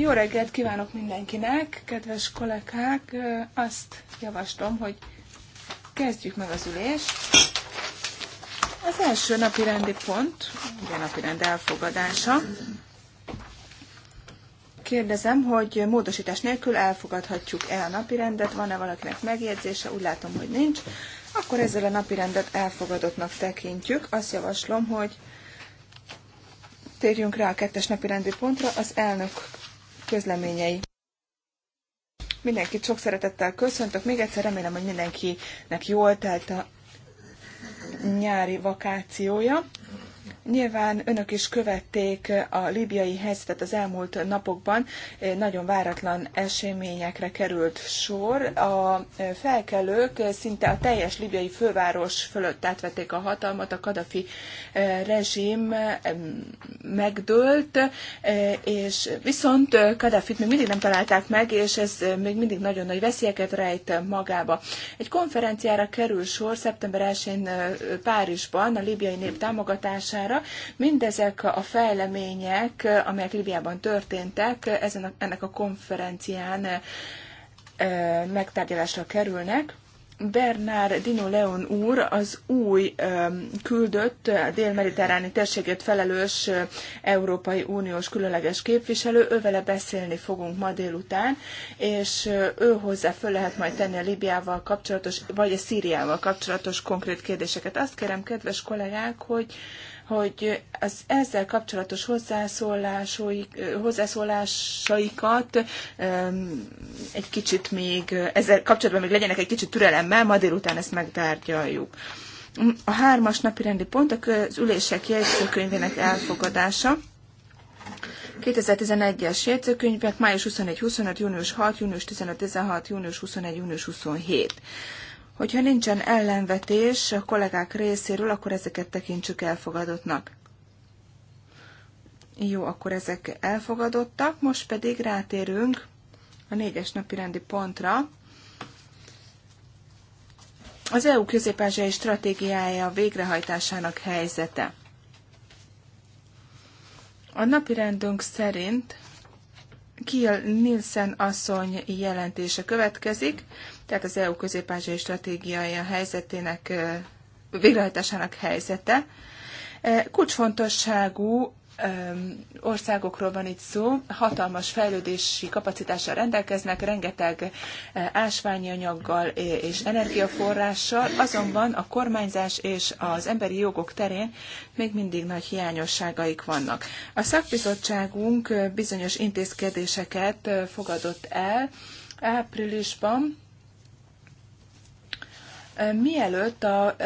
Jó reggelt kívánok mindenkinek, kedves kollégák! Azt javaslom, hogy kezdjük meg az ülést. Az első napi rendi pont, ugye napi rend elfogadása. Kérdezem, hogy módosítás nélkül elfogadhatjuk-e a napi rendet, van-e valakinek megjegyzése, úgy látom, hogy nincs. Akkor ezzel a napi rendet elfogadottnak tekintjük. Azt javaslom, hogy Térjünk rá a kettes napi rendi pontra, az elnök közleményei. Mindenkit sok szeretettel köszöntök. Még egyszer remélem, hogy mindenkinek jól telt a nyári vakációja. Nyilván önök is követték a libiai helyzetet az elmúlt napokban. Nagyon váratlan eseményekre került sor. A felkelők szinte a teljes libiai főváros fölött átvették a hatalmat, a Kadafi eh, rezsim eh, megdőlt, eh, és viszont Kadafit még mindig nem találták meg, és ez még mindig nagyon nagy veszélyeket rejt magába. Egy konferenciára kerül sor szeptember 1-én Párizsban a libiai nép támogatására, számára. Mindezek a fejlemények, amelyek Libiában történtek, ezen a, ennek a konferencián megtárgyalásra kerülnek. Bernard Dino Leon úr az új küldött, dél-mediterráni térségét felelős Európai Uniós különleges képviselő, ővele beszélni fogunk ma délután, és ő hozzá föl lehet majd tenni a Libiával kapcsolatos, vagy a Szíriával kapcsolatos konkrét kérdéseket. Azt kérem, kedves kollégák, hogy hogy az ezzel kapcsolatos hozzászólásaikat egy kicsit még, ezzel kapcsolatban még legyenek egy kicsit türelemmel, ma délután ezt megtárgyaljuk. A hármas napi rendi pont az ülések jegyzőkönyvének elfogadása. 2011-es jegyzőkönyvek május 21 25 június 6, június 15-16, június 21, június 27. Hogyha nincsen ellenvetés a kollégák részéről, akkor ezeket tekintsük elfogadottnak. Jó, akkor ezek elfogadottak, most pedig rátérünk a négyes napi rendi pontra. Az EU közép-ázsiai stratégiája végrehajtásának helyzete. A napi rendünk szerint Kiel Nielsen asszony jelentése következik, tehát az EU közép stratégiai stratégiája helyzetének végrehajtásának helyzete. Kulcsfontosságú országokról van itt szó, hatalmas fejlődési kapacitással rendelkeznek, rengeteg ásványi anyaggal és energiaforrással, azonban a kormányzás és az emberi jogok terén még mindig nagy hiányosságaik vannak. A szakbizottságunk bizonyos intézkedéseket fogadott el áprilisban, Mielőtt a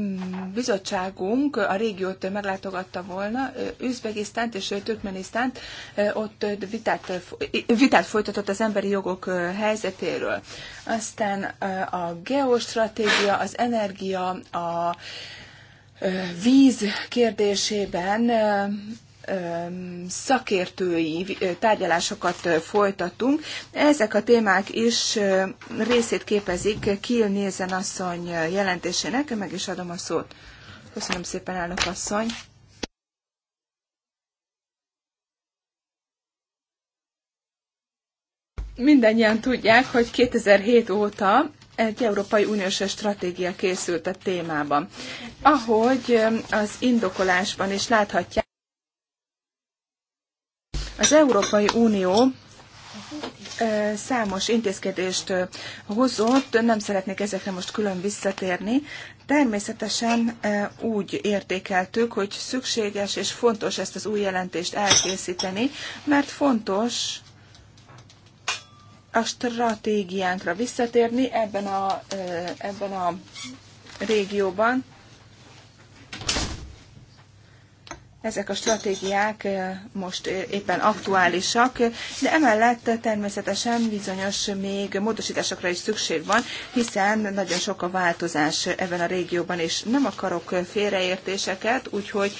mm, bizottságunk a régiót meglátogatta volna, Üzbegisztánt és Türkmenisztánt, ott vitát, vitát folytatott az emberi jogok helyzetéről. Aztán a geostratégia, az energia, a víz kérdésében szakértői tárgyalásokat folytatunk. Ezek a témák is részét képezik Kiel Nézen asszony jelentésének, meg is adom a szót. Köszönöm szépen, elnök asszony! Mindennyian tudják, hogy 2007 óta egy Európai Uniós stratégia készült a témában. Ahogy az indokolásban is láthatják, az Európai Unió számos intézkedést hozott, nem szeretnék ezekre most külön visszatérni. Természetesen úgy értékeltük, hogy szükséges és fontos ezt az új jelentést elkészíteni, mert fontos a stratégiánkra visszatérni ebben a, ebben a régióban, ezek a stratégiák most éppen aktuálisak, de emellett természetesen bizonyos még módosításokra is szükség van, hiszen nagyon sok a változás ebben a régióban, és nem akarok félreértéseket, úgyhogy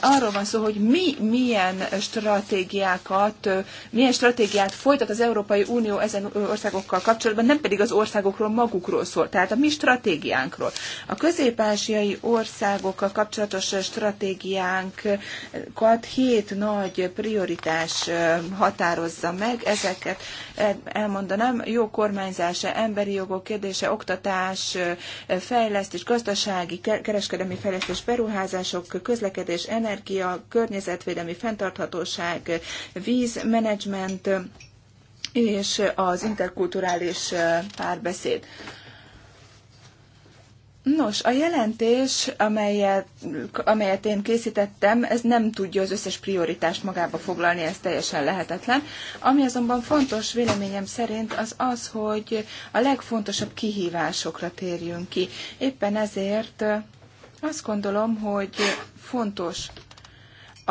arról van szó, hogy mi milyen stratégiákat, milyen stratégiát folytat az Európai Unió ezen országokkal kapcsolatban, nem pedig az országokról magukról szól, tehát a mi stratégiánkról. A közép-ázsiai országokkal kapcsolatos stratégiánk hét nagy prioritás határozza meg. Ezeket e, elmondanám, jó kormányzása, emberi jogok kérdése, oktatás, fejlesztés, gazdasági, kereskedelmi fejlesztés, beruházások, közlekedés, energia, környezetvédelmi fenntarthatóság, vízmenedzsment és az interkulturális párbeszéd. Nos, a jelentés, amelyet, amelyet én készítettem, ez nem tudja az összes prioritást magába foglalni, ez teljesen lehetetlen. Ami azonban fontos véleményem szerint az az, hogy a legfontosabb kihívásokra térjünk ki. Éppen ezért azt gondolom, hogy fontos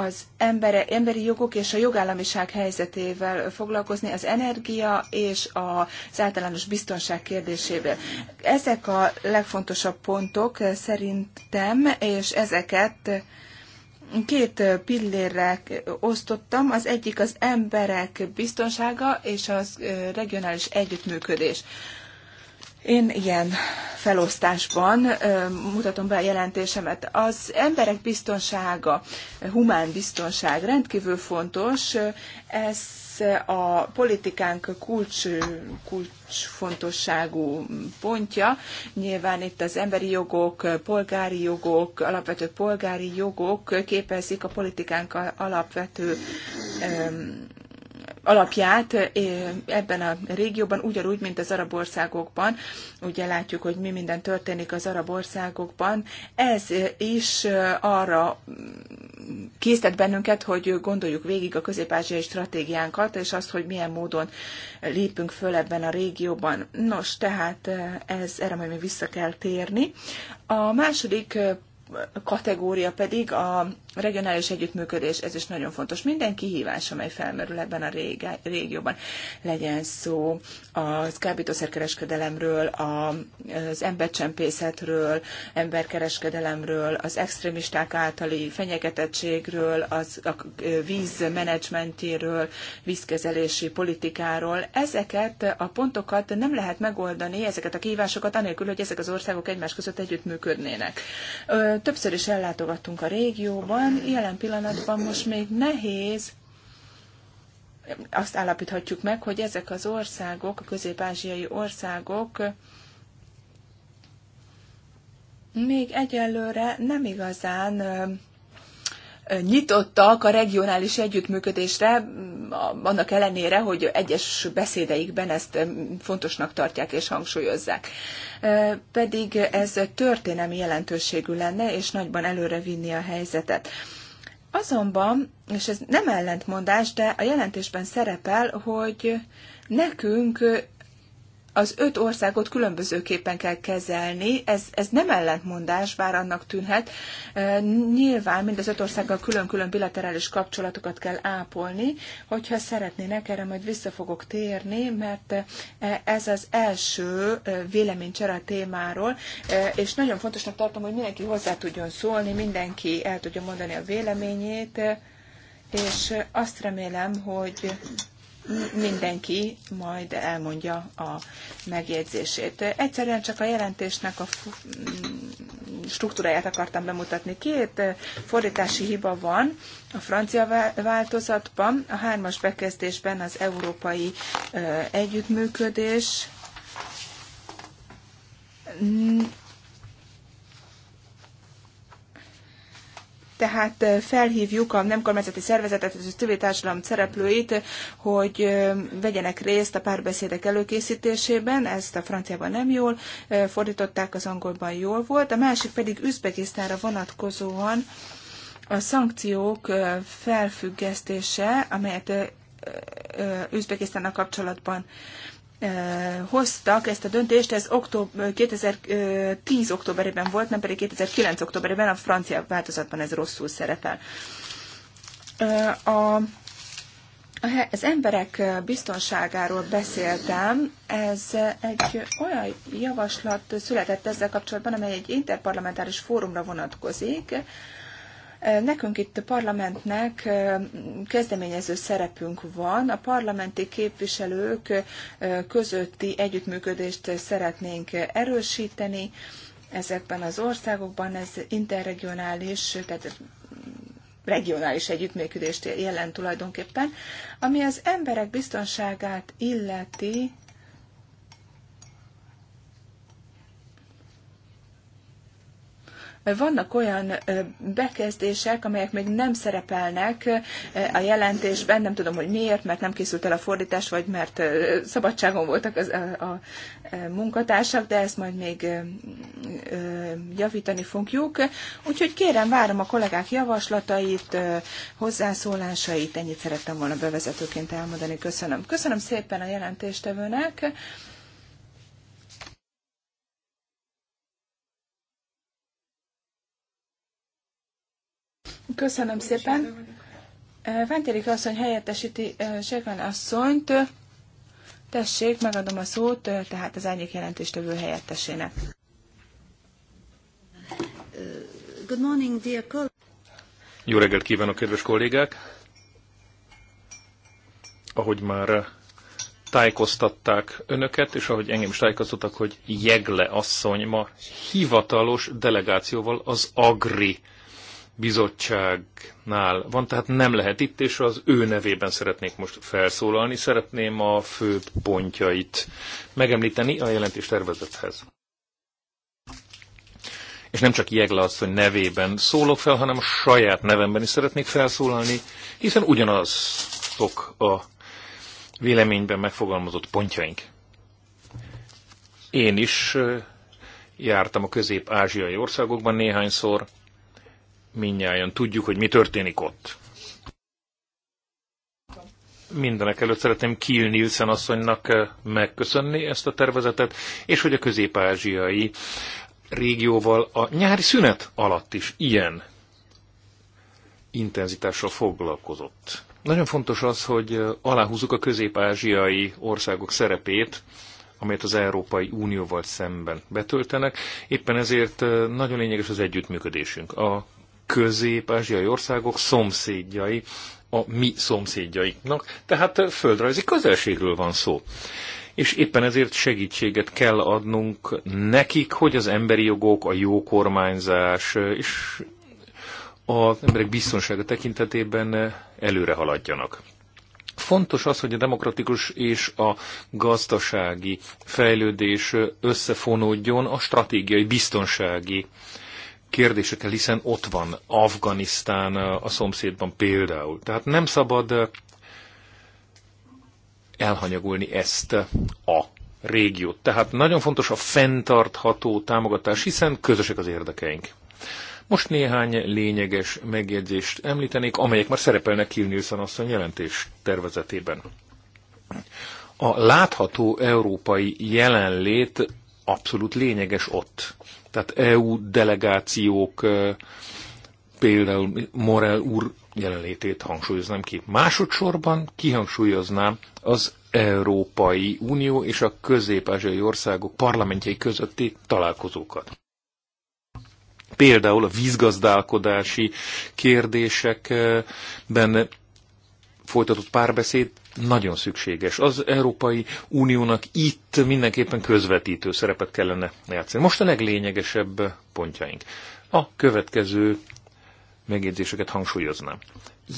az embere, emberi jogok és a jogállamiság helyzetével foglalkozni, az energia és az általános biztonság kérdésével. Ezek a legfontosabb pontok szerintem, és ezeket két pillérre osztottam. Az egyik az emberek biztonsága és az regionális együttműködés. Én ilyen felosztásban mutatom be a jelentésemet. Az emberek biztonsága, humán biztonság rendkívül fontos. Ez a politikánk kulcs, kulcsfontosságú pontja. Nyilván itt az emberi jogok, polgári jogok, alapvető polgári jogok képezik a politikánk alapvető alapját eh, ebben a régióban, ugyanúgy, mint az arab országokban. Ugye látjuk, hogy mi minden történik az arab országokban. Ez eh, is eh, arra mm, késztet bennünket, hogy gondoljuk végig a közép-ázsiai stratégiánkat, és azt, hogy milyen módon lépünk föl ebben a régióban. Nos, tehát ez erre majd még vissza kell térni. A második kategória pedig a regionális együttműködés, ez is nagyon fontos. Minden kihívás, amely felmerül ebben a régióban, legyen szó az kábítószerkereskedelemről, az embercsempészetről, emberkereskedelemről, az extremisták általi fenyegetettségről, az a víz menedzsmentéről, vízkezelési politikáról. Ezeket a pontokat nem lehet megoldani, ezeket a kihívásokat, anélkül, hogy ezek az országok egymás között együttműködnének. Többször is ellátogattunk a régióban, jelen pillanatban most még nehéz azt állapíthatjuk meg, hogy ezek az országok, a közép-ázsiai országok még egyelőre nem igazán nyitottak a regionális együttműködésre, mm, annak ellenére, hogy egyes beszédeikben ezt mm, fontosnak tartják és hangsúlyozzák. Pedig ez történelmi jelentőségű lenne, és nagyban előre vinni a helyzetet. Azonban, és ez nem ellentmondás, de a jelentésben szerepel, hogy nekünk az öt országot különbözőképpen kell kezelni, ez, ez nem ellentmondás, bár annak tűnhet. Nyilván mind az öt országgal külön-külön bilaterális kapcsolatokat kell ápolni, hogyha szeretnének, erre majd vissza fogok térni, mert e, ez az első véleménycsere a témáról, és nagyon fontosnak tartom, hogy mindenki hozzá tudjon szólni, mindenki el tudja mondani a véleményét, és azt remélem, hogy mindenki majd elmondja a megjegyzését. Egyszerűen csak a jelentésnek a struktúráját akartam bemutatni. Két eh, fordítási hiba van a francia változatban, a hármas bekezdésben az európai eh, együttműködés tehát felhívjuk a nem kormányzati szervezetet, az civil társadalom szereplőit, hogy vegyenek részt a párbeszédek előkészítésében, ezt a franciában nem jól fordították, az angolban jól volt, a másik pedig Üzbegisztára vonatkozóan a szankciók felfüggesztése, amelyet Üzbekisztánnal kapcsolatban Eh, hoztak ezt a döntést, ez október, eh, 2010 eh, októberében volt, nem pedig 2009 októberében, a francia változatban ez rosszul szerepel. A, az emberek biztonságáról beszéltem, ez egy olyan javaslat született ezzel kapcsolatban, amely egy interparlamentáris fórumra vonatkozik, Nekünk itt a parlamentnek kezdeményező szerepünk van, a parlamenti képviselők közötti együttműködést szeretnénk erősíteni ezekben az országokban, ez interregionális, tehát regionális együttműködést jelent tulajdonképpen, ami az emberek biztonságát illeti, Vannak olyan bekezdések, amelyek még nem szerepelnek a jelentésben, nem tudom, hogy miért, mert nem készült el a fordítás, vagy mert szabadságon voltak az, a, a munkatársak, de ezt majd még javítani fogjuk. Úgyhogy kérem, várom a kollégák javaslatait, hozzászólásait. Ennyit szerettem volna bevezetőként elmondani. Köszönöm. Köszönöm szépen a jelentéstevőnek. Köszönöm szépen. Fentérik asszony helyettesíti Segan asszonyt. Tessék, megadom a szót, tehát az árnyék jelentéstevő helyettesének. Good morning, dear Jó reggelt kívánok, kedves kollégák! Ahogy már tájékoztatták önöket, és ahogy engem is tájékoztattak, hogy Jegle asszony ma hivatalos delegációval az Agri bizottságnál van, tehát nem lehet itt, és az ő nevében szeretnék most felszólalni. Szeretném a fő pontjait megemlíteni a jelentés tervezethez. És nem csak Jegle asszony nevében szólok fel, hanem a saját nevemben is szeretnék felszólalni, hiszen ugyanazok a véleményben megfogalmazott pontjaink. Én is jártam a közép-ázsiai országokban néhányszor, minnyáján tudjuk, hogy mi történik ott. Mindenek előtt szeretném Kiel Nielsen asszonynak eh, megköszönni ezt a tervezetet, és hogy a közép-ázsiai régióval a nyári szünet alatt is ilyen intenzitással foglalkozott. Nagyon fontos az, hogy eh, aláhúzzuk a közép-ázsiai országok szerepét, amelyet az Európai Unióval szemben betöltenek. Éppen ezért eh, nagyon lényeges az együttműködésünk. A közép-ázsiai országok szomszédjai a mi szomszédjainknak, tehát földrajzi közelségről van szó. És éppen ezért segítséget kell adnunk nekik, hogy az emberi jogok, a jó kormányzás és az emberek biztonsága tekintetében előre haladjanak. Fontos az, hogy a demokratikus és a gazdasági fejlődés összefonódjon a stratégiai biztonsági kérdésekkel, hiszen ott van Afganisztán a szomszédban például. Tehát nem szabad elhanyagolni ezt a régiót. Tehát nagyon fontos a fenntartható támogatás, hiszen közösek az érdekeink. Most néhány lényeges megjegyzést említenék, amelyek már szerepelnek Kill asszony jelentés tervezetében. A látható európai jelenlét abszolút lényeges ott. Tehát EU delegációk, például Morel úr jelenlétét hangsúlyoznám ki. Másodszorban kihangsúlyoznám az Európai Unió és a közép-ázsiai országok parlamentjei közötti találkozókat. Például a vízgazdálkodási kérdésekben folytatott párbeszéd nagyon szükséges. Az Európai Uniónak itt mindenképpen közvetítő szerepet kellene játszani. Most a leglényegesebb pontjaink. A következő megjegyzéseket hangsúlyoznám.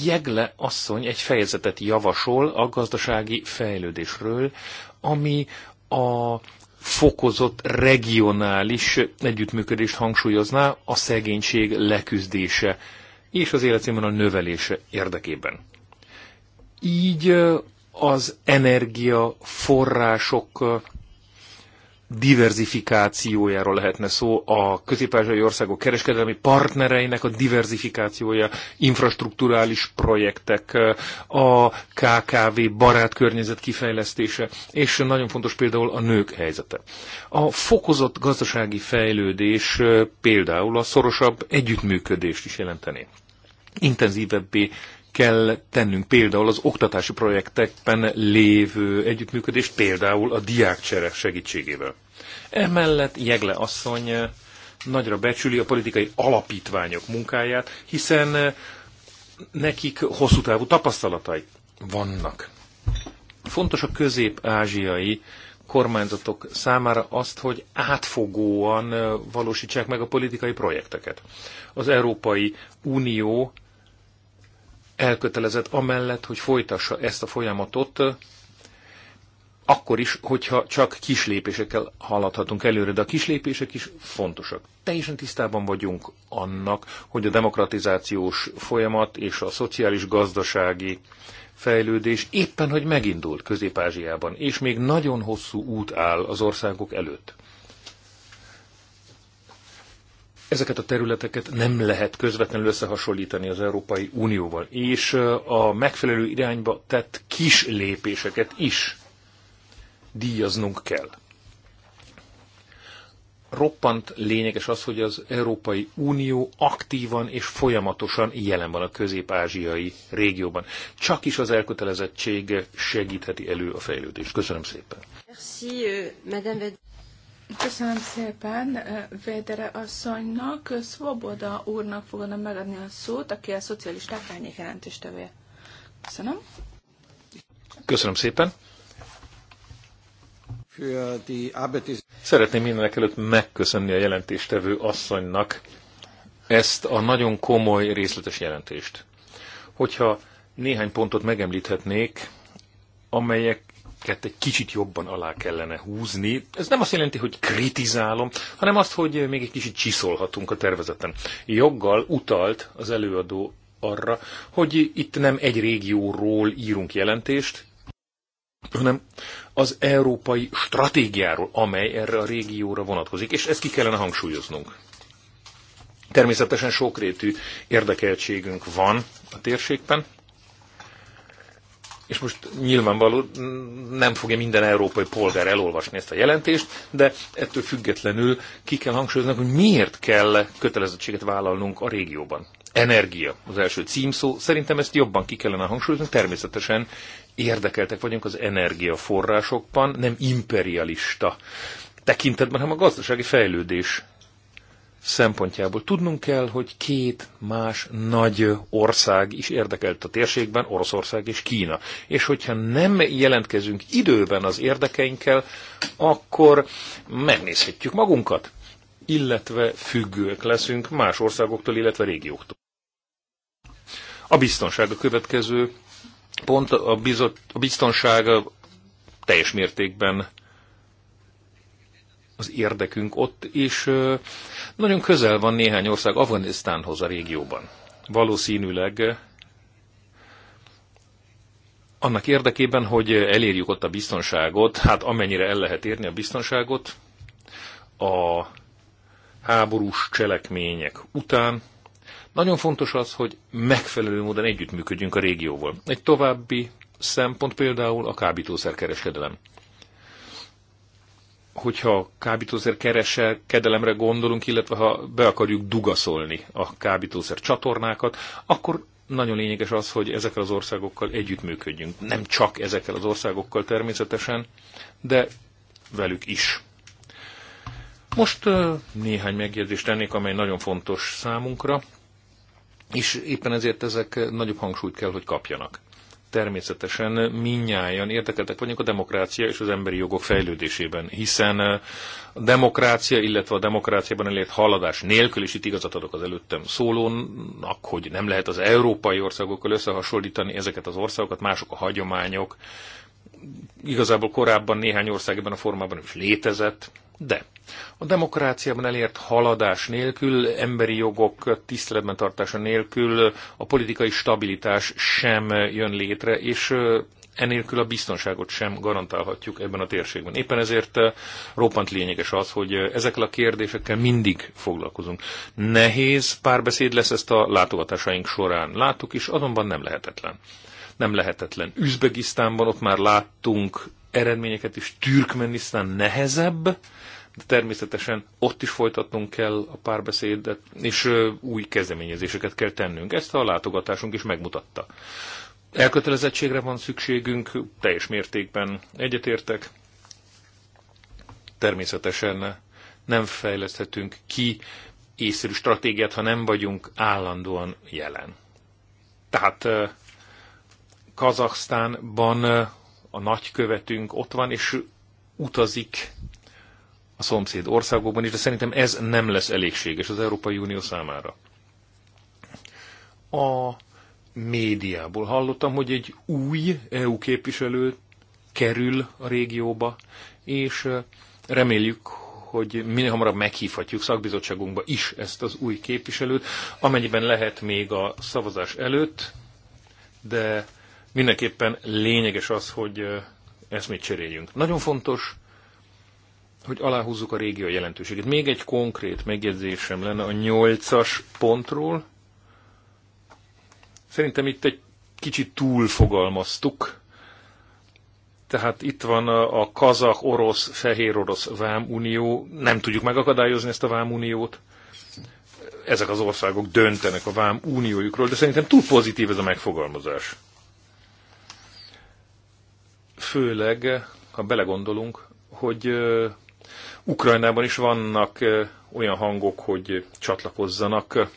Jegle asszony egy fejezetet javasol a gazdasági fejlődésről, ami a fokozott regionális együttműködést hangsúlyozná a szegénység leküzdése és az életszínvonal növelése érdekében. Így az energiaforrások diverzifikációjáról lehetne szó, a közép országok kereskedelmi partnereinek a diverzifikációja, infrastruktúrális projektek, a KKV barátkörnyezet kifejlesztése, és nagyon fontos például a nők helyzete. A fokozott gazdasági fejlődés például a szorosabb együttműködést is jelenteni. Intenzívebbé kell tennünk például az oktatási projektekben lévő együttműködést, például a diákcsere segítségével. Emellett Jegle asszony eh, nagyra becsüli a politikai alapítványok munkáját, hiszen eh, nekik hosszú távú tapasztalatai vannak. Fontos a közép-ázsiai kormányzatok számára azt, hogy átfogóan eh, valósítsák meg a politikai projekteket. Az Európai Unió elkötelezett amellett, hogy folytassa ezt a folyamatot, akkor is, hogyha csak kislépésekkel haladhatunk előre, de a kislépések is fontosak. Teljesen tisztában vagyunk annak, hogy a demokratizációs folyamat és a szociális-gazdasági fejlődés éppen, hogy megindult Közép-Ázsiában, és még nagyon hosszú út áll az országok előtt. ezeket a területeket nem lehet közvetlenül összehasonlítani az Európai Unióval, és a megfelelő irányba tett kis lépéseket is díjaznunk kell. Roppant lényeges az, hogy az Európai Unió aktívan és folyamatosan jelen van a közép-ázsiai régióban. Csak is az elkötelezettség segítheti elő a fejlődést. Köszönöm szépen. Merci, uh, Köszönöm szépen eh, Védere asszonynak. Svoboda úrnak fogadom megadni a szót, aki a szocialisták árnyék jelentéstevője. Köszönöm. Köszönöm szépen. Szeretném mindenek előtt megköszönni a jelentéstevő asszonynak ezt a nagyon komoly részletes jelentést. Hogyha néhány pontot megemlíthetnék, amelyek egy kicsit jobban alá kellene húzni. Ez nem azt jelenti, hogy kritizálom, hanem azt, hogy még egy kicsit csiszolhatunk a tervezeten. Joggal utalt az előadó arra, hogy itt nem egy régióról írunk jelentést, hanem az európai stratégiáról, amely erre a régióra vonatkozik, és ezt ki kellene hangsúlyoznunk. Természetesen sokrétű érdekeltségünk van a térségben, és most nyilvánvaló nem fogja minden európai polgár elolvasni ezt a jelentést, de ettől függetlenül ki kell hangsúlyoznunk, hogy miért kell kötelezettséget vállalnunk a régióban. Energia az első címszó, szerintem ezt jobban ki kellene hangsúlyozni, természetesen érdekeltek vagyunk az energiaforrásokban, nem imperialista tekintetben, hanem a gazdasági fejlődés szempontjából. Tudnunk kell, hogy két más nagy ország is érdekelt a térségben, Oroszország és Kína. És hogyha nem jelentkezünk időben az érdekeinkkel, akkor megnézhetjük magunkat, illetve függőek leszünk más országoktól, illetve régióktól. A biztonság a következő pont, a, bizot, a biztonság teljes mértékben az érdekünk ott, és nagyon közel van néhány ország Afganisztánhoz a régióban. Valószínűleg annak érdekében, hogy elérjük ott a biztonságot, hát amennyire el lehet érni a biztonságot, a háborús cselekmények után, nagyon fontos az, hogy megfelelő módon együttműködjünk a régióval. Egy további szempont például a kábítószerkereskedelem hogyha kábítószer kedelemre gondolunk, illetve ha be akarjuk dugaszolni a kábítószer csatornákat, akkor nagyon lényeges az, hogy ezekkel az országokkal együttműködjünk. Nem csak ezekkel az országokkal természetesen, de velük is. Most néhány megjegyzést tennék, amely nagyon fontos számunkra, és éppen ezért ezek nagyobb hangsúlyt kell, hogy kapjanak természetesen minnyáján érdekeltek vagyunk a demokrácia és az emberi jogok fejlődésében, hiszen eh, a demokrácia, illetve a demokráciában elért haladás nélkül, és itt igazat adok az előttem szólónak, hogy nem lehet az európai országokkal összehasonlítani ezeket az országokat, mások a hagyományok, igazából korábban néhány ország ebben a formában is létezett, de a demokráciában elért haladás nélkül, emberi jogok tiszteletben tartása nélkül a politikai stabilitás sem jön létre, és enélkül a biztonságot sem garantálhatjuk ebben a térségben. Éppen ezért roppant lényeges az, hogy ezekkel a kérdésekkel mindig foglalkozunk. Nehéz párbeszéd lesz ezt a látogatásaink során. Láttuk is, azonban nem lehetetlen. Nem lehetetlen. Üzbegisztánban ott már láttunk eredményeket is. Türkmenisztán nehezebb, de természetesen ott is folytatnunk kell a párbeszédet, és új kezdeményezéseket kell tennünk. Ezt a látogatásunk is megmutatta. Elkötelezettségre van szükségünk, teljes mértékben egyetértek. Természetesen nem fejleszthetünk ki észszerű stratégiát, ha nem vagyunk állandóan jelen. Tehát Kazaksztánban a nagykövetünk ott van, és utazik a szomszéd országokban is, de szerintem ez nem lesz elégséges az Európai Unió számára. A médiából hallottam, hogy egy új EU képviselő kerül a régióba, és reméljük, hogy minél hamarabb meghívhatjuk szakbizottságunkba is ezt az új képviselőt, amennyiben lehet még a szavazás előtt, de mindenképpen lényeges az, hogy ezt mit cseréljünk. Nagyon fontos, hogy aláhúzzuk a régió jelentőségét. Még egy konkrét megjegyzésem lenne a nyolcas pontról. Szerintem itt egy kicsit túlfogalmaztuk. Tehát itt van a kazak, orosz, fehér orosz vámunió. Nem tudjuk megakadályozni ezt a vámuniót. Ezek az országok döntenek a vámuniójukról, de szerintem túl pozitív ez a megfogalmazás főleg, ha belegondolunk, hogy Ukrajnában is vannak olyan hangok, hogy csatlakozzanak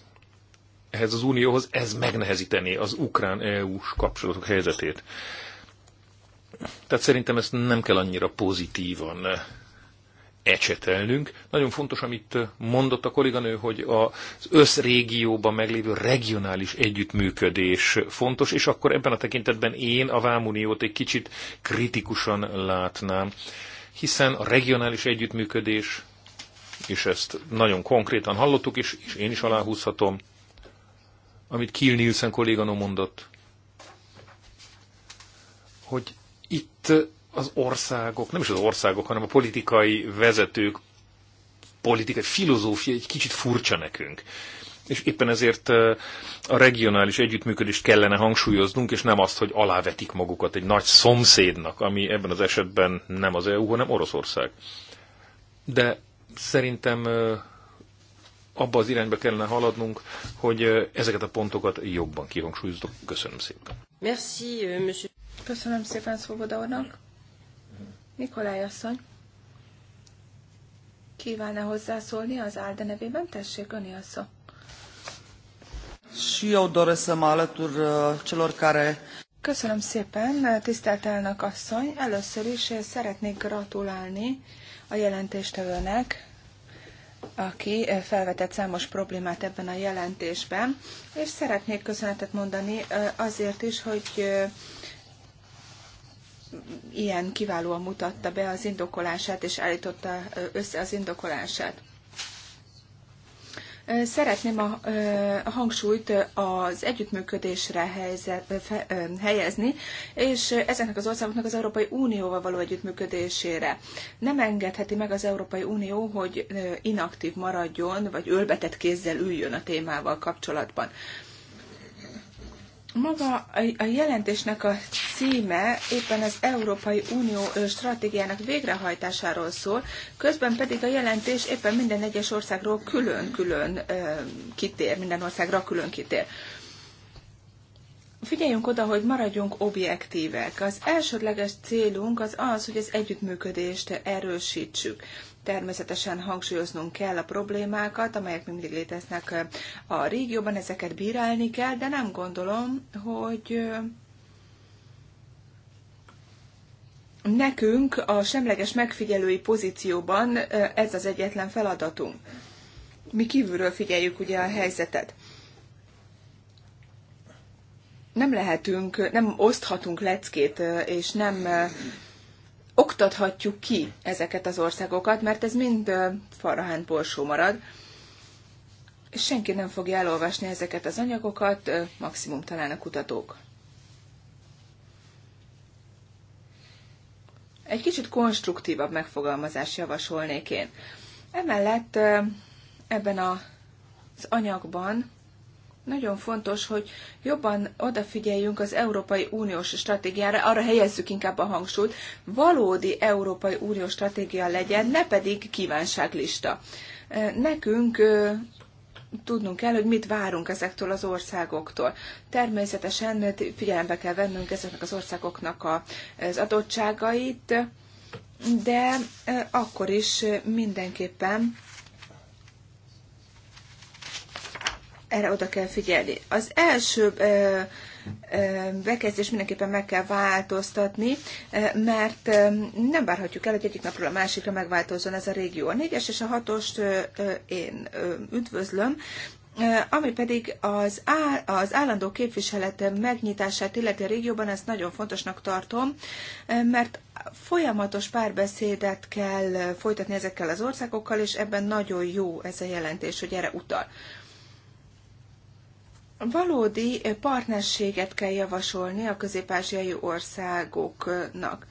ehhez az unióhoz, ez megnehezíteni az ukrán-EU-s kapcsolatok helyzetét. Tehát szerintem ezt nem kell annyira pozitívan ecsetelnünk. Nagyon fontos, amit mondott a kolléganő, hogy az összrégióban meglévő regionális együttműködés fontos, és akkor ebben a tekintetben én a Vámuniót egy kicsit kritikusan látnám, hiszen a regionális együttműködés, és ezt nagyon konkrétan hallottuk és én is aláhúzhatom, amit Kiel Nielsen kolléganő mondott, hogy itt az országok, nem is az országok, hanem a politikai vezetők politikai filozófia egy kicsit furcsa nekünk. És éppen ezért a regionális együttműködést kellene hangsúlyoznunk, és nem azt, hogy alávetik magukat egy nagy szomszédnak, ami ebben az esetben nem az EU, hanem Oroszország. De szerintem abba az irányba kellene haladnunk, hogy ezeket a pontokat jobban kihangsúlyozok. Köszönöm szépen. Merci, euh, monsieur. Köszönöm szépen Szoboda úrnak. Nikolaj asszony, kívánna -e hozzászólni az Álde nevében? Tessék, öni a szó. Și eu doresc să mă alătur uh, celor care... Köszönöm szépen, tisztelt elnök asszony. Először is szeretnék gratulálni a jelentéstevőnek, aki felvetett számos problémát ebben a jelentésben, és szeretnék köszönetet mondani azért is, hogy ilyen kiválóan mutatta be az indokolását, és állította össze az indokolását. Szeretném a, hangsúlyt az együttműködésre helyezni, és ezeknek az országoknak az Európai Unióval való együttműködésére. Nem engedheti meg az Európai Unió, hogy inaktív maradjon, vagy ölbetett kézzel üljön a témával kapcsolatban. Maga a jelentésnek a címe éppen az Európai Unió stratégiának végrehajtásáról szól, közben pedig a jelentés éppen minden egyes országról külön-külön kitér, minden országra külön kitér. Figyeljünk oda, hogy maradjunk objektívek. Az elsődleges célunk az az, hogy az együttműködést erősítsük. Természetesen hangsúlyoznunk kell a problémákat, amelyek mindig léteznek a régióban, ezeket bírálni kell, de nem gondolom, hogy nekünk a semleges megfigyelői pozícióban ez az egyetlen feladatunk. Mi kívülről figyeljük ugye a helyzetet. Nem lehetünk, nem oszthatunk leckét, és nem oktathatjuk ki ezeket az országokat, mert ez mind farahán borsó marad. Senki nem fogja elolvasni ezeket az anyagokat, maximum talán a kutatók. Egy kicsit konstruktívabb megfogalmazás javasolnék én. Emellett ebben az anyagban nagyon fontos, hogy jobban odafigyeljünk az Európai Uniós stratégiára, arra helyezzük inkább a hangsúlyt, valódi Európai Uniós stratégia legyen, ne pedig kívánságlista. Nekünk tudnunk kell, hogy mit várunk ezektől az országoktól. Természetesen figyelembe kell vennünk ezeknek az országoknak az adottságait, de akkor is mindenképpen erre oda kell figyelni. Az első bekezdés mindenképpen meg kell változtatni, mert nem várhatjuk el, hogy egyik napról a másikra megváltozzon ez a régió. A négyes és a hatost én üdvözlöm, ami pedig az, áll, az állandó képviselet megnyitását illeti a régióban, ezt nagyon fontosnak tartom, mert folyamatos párbeszédet kell folytatni ezekkel az országokkal, és ebben nagyon jó ez a jelentés, hogy erre utal. Valódi partnerséget kell javasolni a közép-ázsiai országoknak.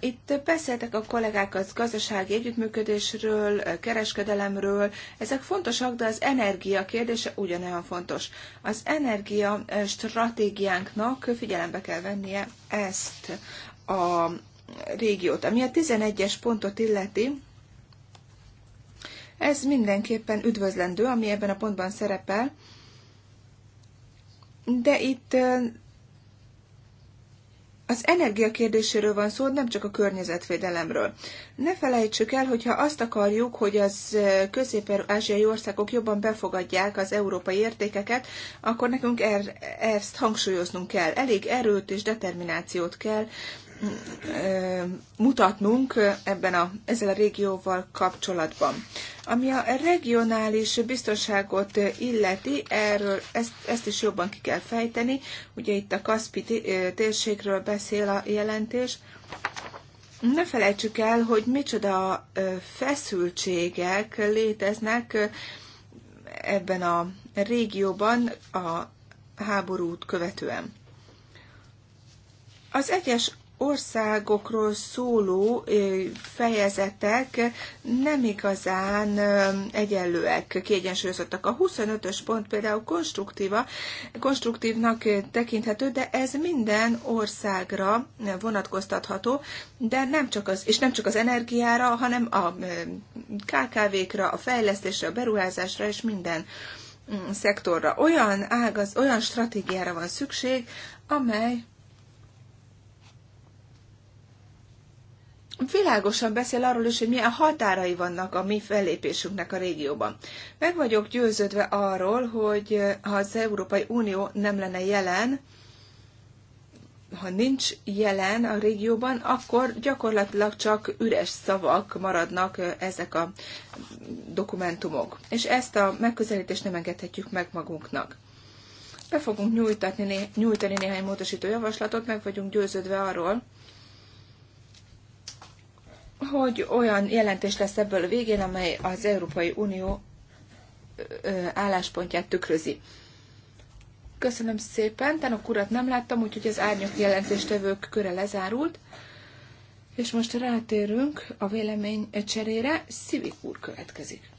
Itt beszéltek a kollégák az gazdasági együttműködésről, kereskedelemről. Ezek fontosak, de az energia kérdése ugyanolyan fontos. Az energia stratégiánknak figyelembe kell vennie ezt a régiót. Ami a 11-es pontot illeti, ez mindenképpen üdvözlendő, ami ebben a pontban szerepel de itt az energia kérdéséről van szó, nem csak a környezetvédelemről. Ne felejtsük el, hogyha azt akarjuk, hogy az közép-ázsiai országok jobban befogadják az európai értékeket, akkor nekünk er, ezt hangsúlyoznunk kell. Elég erőt és determinációt kell mutatnunk ebben a, ezzel a régióval kapcsolatban. Ami a regionális biztonságot illeti, erről ezt, ezt is jobban ki kell fejteni. Ugye itt a Kaspi térségről beszél a jelentés. Ne felejtsük el, hogy micsoda feszültségek léteznek ebben a régióban a háborút követően. Az egyes országokról szóló fejezetek nem igazán egyenlőek, kiegyensúlyozottak. A 25-ös pont például konstruktíva, konstruktívnak tekinthető, de ez minden országra vonatkoztatható, de nem csak az, és nem csak az energiára, hanem a KKV-kra, a fejlesztésre, a beruházásra és minden mm, szektorra. Olyan ágaz, olyan stratégiára van szükség, amely világosan beszél arról is, hogy milyen határai vannak a mi fellépésünknek a régióban. Meg vagyok győződve arról, hogy ha az Európai Unió nem lenne jelen, ha nincs jelen a régióban, akkor gyakorlatilag csak üres szavak maradnak ezek a dokumentumok. És ezt a megközelítést nem engedhetjük meg magunknak. Be fogunk nyújtani, nyújtani néhány módosító javaslatot, meg vagyunk győződve arról, hogy olyan jelentés lesz ebből a végén, amely az Európai Unió álláspontját tükrözi. Köszönöm szépen, Tanok urat nem láttam, úgyhogy az árnyok jelentéstevők köre lezárult. És most rátérünk a vélemény cserére. Szivik úr következik.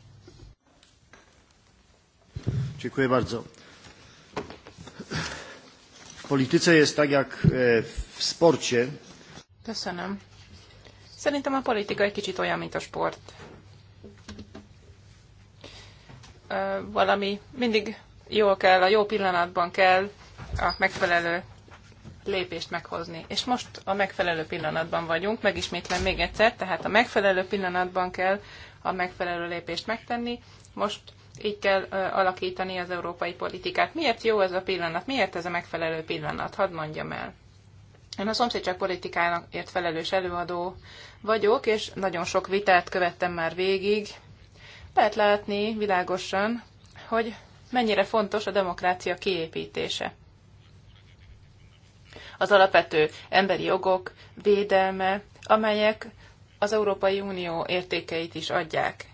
Dziękuję bardzo. W polityce jest tak jak e, w sporcie. Köszönöm. Szerintem a politika egy kicsit olyan, mint a sport. Valami mindig jó kell, a jó pillanatban kell a megfelelő lépést meghozni. És most a megfelelő pillanatban vagyunk, megismétlen még egyszer, tehát a megfelelő pillanatban kell a megfelelő lépést megtenni. Most így kell ö, alakítani az európai politikát. Miért jó ez a pillanat? Miért ez a megfelelő pillanat? Hadd mondjam el. Én a szomszédság politikának ért felelős előadó vagyok, és nagyon sok vitát követtem már végig. Lehet látni világosan, hogy mennyire fontos a demokrácia kiépítése. Az alapvető emberi jogok védelme, amelyek az Európai Unió értékeit is adják.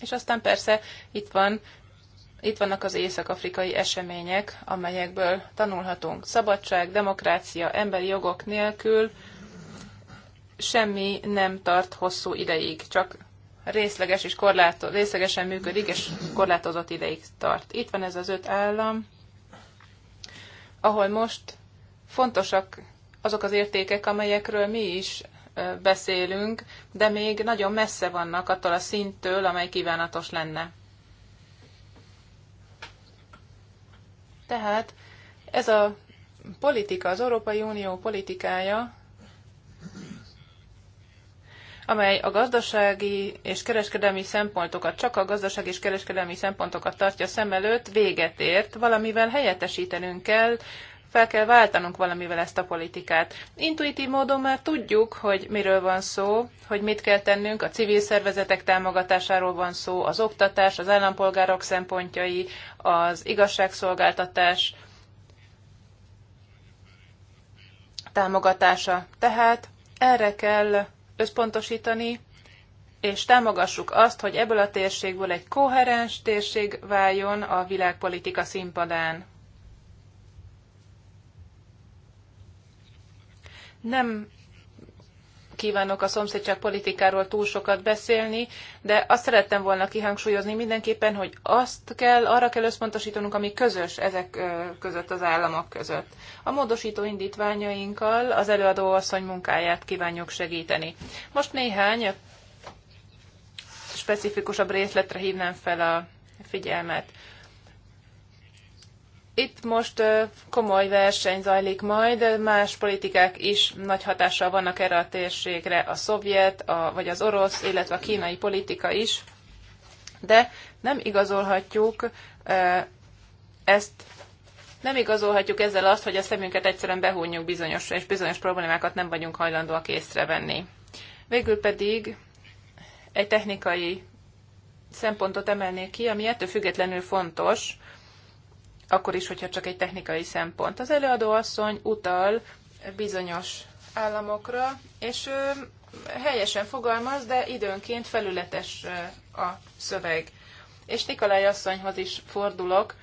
És aztán persze itt van itt vannak az észak-afrikai események, amelyekből tanulhatunk. Szabadság, demokrácia, emberi jogok nélkül semmi nem tart hosszú ideig, csak részleges és korláto- részlegesen működik, és korlátozott ideig tart. Itt van ez az öt állam, ahol most fontosak azok az értékek, amelyekről mi is beszélünk, de még nagyon messze vannak attól a szinttől, amely kívánatos lenne. Tehát ez a politika, az Európai Unió politikája, amely a gazdasági és kereskedelmi szempontokat, csak a gazdasági és kereskedelmi szempontokat tartja szem előtt, véget ért, valamivel helyettesítenünk kell fel kell váltanunk valamivel ezt a politikát. Intuitív módon már tudjuk, hogy miről van szó, hogy mit kell tennünk, a civil szervezetek támogatásáról van szó, az oktatás, az állampolgárok szempontjai, az igazságszolgáltatás támogatása. Tehát erre kell összpontosítani, és támogassuk azt, hogy ebből a térségből egy koherens térség váljon a világpolitika színpadán. Nem kívánok a szomszédság politikáról túl sokat beszélni, de azt szerettem volna kihangsúlyozni mindenképpen, hogy azt kell, arra kell összpontosítanunk, ami közös ezek között az államok között. A módosító indítványainkkal az előadó asszony munkáját kívánjuk segíteni. Most néhány specifikusabb részletre hívnám fel a figyelmet. Itt most komoly verseny zajlik majd, más politikák is nagy hatással vannak erre a térségre, a szovjet, a, vagy az orosz, illetve a kínai politika is, de nem igazolhatjuk ezt nem igazolhatjuk ezzel azt, hogy a szemünket egyszerűen behúnyjuk bizonyos, és bizonyos problémákat nem vagyunk hajlandóak észrevenni. Végül pedig egy technikai szempontot emelnék ki, ami ettől függetlenül fontos, akkor is, hogyha csak egy technikai szempont. Az előadó asszony utal bizonyos államokra, és helyesen fogalmaz, de időnként felületes a szöveg. És Nikolaj asszonyhoz is fordulok.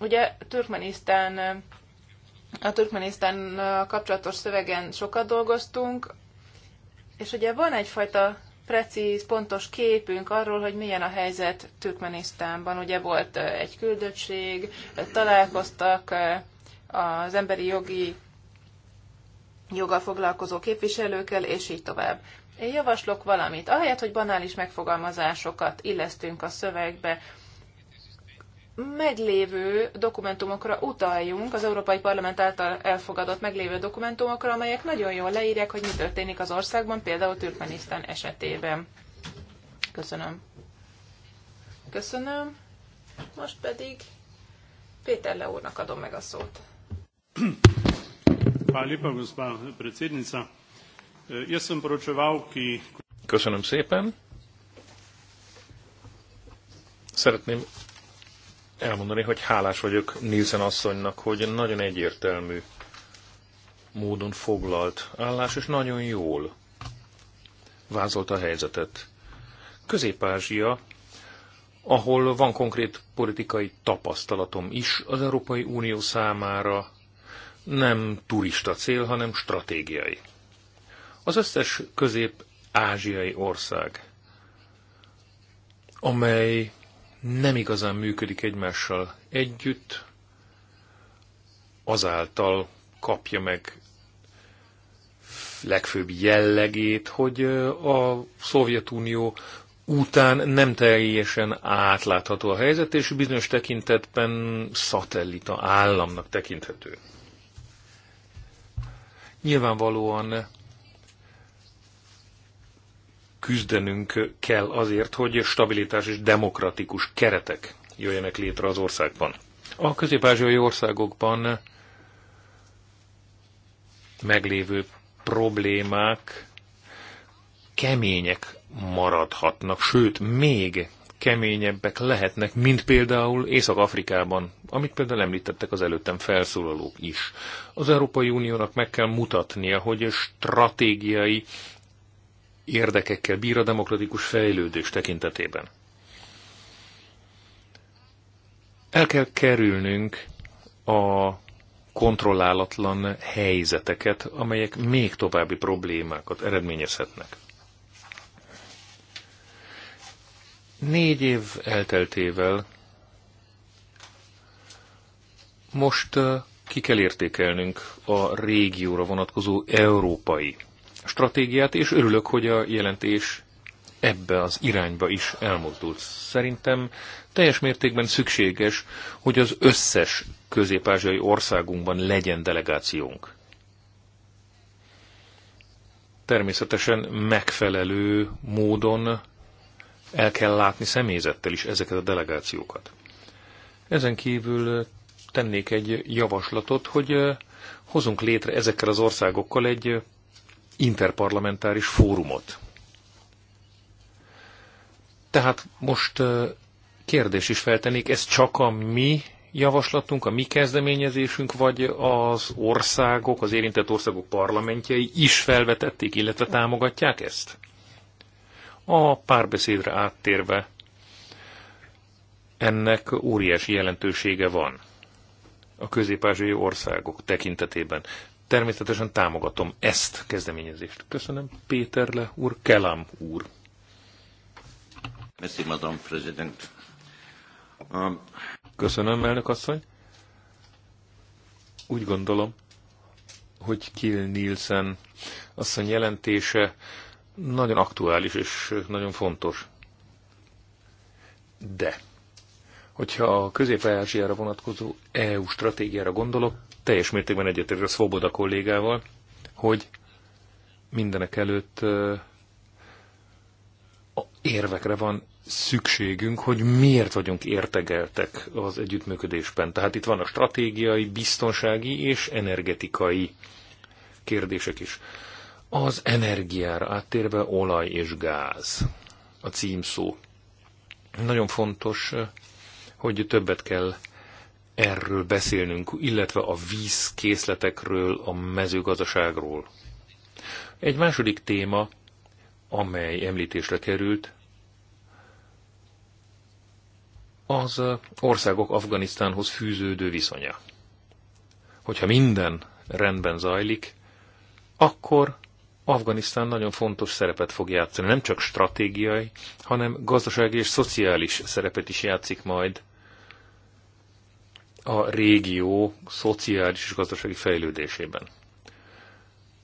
Ugye Türkmenisztán, a Türkmenisztán kapcsolatos szövegen sokat dolgoztunk, és ugye van egyfajta precíz, pontos képünk arról, hogy milyen a helyzet Türkmenisztánban. Ugye volt egy küldöttség, találkoztak az emberi jogi joggal foglalkozó képviselőkkel, és így tovább. Én javaslok valamit. Ahelyett, hogy banális megfogalmazásokat illesztünk a szövegbe, meglévő dokumentumokra utaljunk, az Európai Parlament által elfogadott meglévő dokumentumokra, amelyek nagyon jól leírják, hogy mi történik az országban, például Türkmenisztán esetében. Köszönöm. Köszönöm. Most pedig Péter Le úrnak adom meg a szót. Köszönöm szépen. Szeretném elmondani, hogy hálás vagyok Nielsen asszonynak, hogy nagyon egyértelmű módon foglalt állás, és nagyon jól vázolta a helyzetet. Közép-Ázsia, ahol van konkrét politikai tapasztalatom is, az Európai Unió számára nem turista cél, hanem stratégiai. Az összes közép-ázsiai ország, amely nem igazán működik egymással együtt, azáltal kapja meg legfőbb jellegét, hogy a Szovjetunió után nem teljesen átlátható a helyzet, és bizonyos tekintetben szatellita államnak tekinthető. Nyilvánvalóan küzdenünk kell azért, hogy stabilitás és demokratikus keretek jöjjenek létre az országban. A közép országokban meglévő problémák kemények maradhatnak, sőt, még keményebbek lehetnek, mint például Észak-Afrikában, amit például említettek az előttem felszólalók is. Az Európai Uniónak meg kell mutatnia, hogy stratégiai érdekekkel bír a demokratikus fejlődés tekintetében. El kell kerülnünk a kontrollálatlan helyzeteket, amelyek még további problémákat eredményezhetnek. Négy év elteltével most uh, ki kell értékelnünk a régióra vonatkozó európai stratégiát, és örülök, hogy a jelentés ebbe az irányba is elmozdult. Szerintem teljes mértékben szükséges, hogy az összes közép országunkban legyen delegációnk. Természetesen megfelelő módon el kell látni személyzettel is ezeket a delegációkat. Ezen kívül tennék egy javaslatot, hogy eh, hozunk létre ezekkel az országokkal egy interparlamentáris fórumot. Tehát most kérdés is feltennék, ez csak a mi javaslatunk, a mi kezdeményezésünk, vagy az országok, az érintett országok parlamentjei is felvetették, illetve támogatják ezt? A párbeszédre áttérve ennek óriási jelentősége van a közép országok tekintetében természetesen támogatom ezt kezdeményezést. Köszönöm, Péterle úr, Kelam úr. Merci, Madame President. Um... Köszönöm, elnök asszony. Úgy gondolom, hogy Kill Nielsen asszony jelentése nagyon aktuális és nagyon fontos. De, hogyha a közép-ázsiára vonatkozó EU stratégiára gondolok, teljes mértékben egyetértek a Svoboda kollégával, hogy mindenek előtt a érvekre van szükségünk, hogy miért vagyunk értegeltek az együttműködésben. Tehát itt van a stratégiai, biztonsági és energetikai kérdések is. Az energiára áttérve olaj és gáz a címszó. Nagyon fontos, hogy többet kell erről beszélnünk, illetve a vízkészletekről, a mezőgazdaságról. Egy második téma, amely említésre került, az országok Afganisztánhoz fűződő viszonya. Hogyha minden rendben zajlik, akkor Afganisztán nagyon fontos szerepet fog játszani, nem csak stratégiai, hanem gazdasági és szociális szerepet is játszik majd a régió szociális és gazdasági fejlődésében.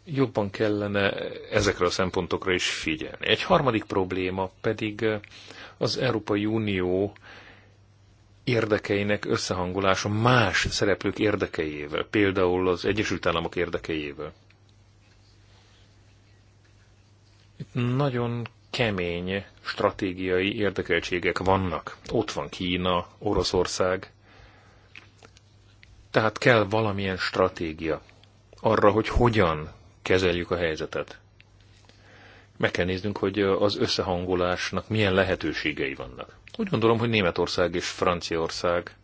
Jobban kellene ezekre a szempontokra is figyelni. Egy harmadik probléma pedig az Európai Unió érdekeinek összehangolása más szereplők érdekeiével, például az Egyesült Államok érdekeiével. Itt nagyon kemény stratégiai érdekeltségek vannak. Ott van Kína, Oroszország, tehát kell valamilyen stratégia arra, hogy hogyan kezeljük a helyzetet. Meg kell néznünk, hogy az összehangolásnak milyen lehetőségei vannak. Úgy gondolom, hogy Németország és Franciaország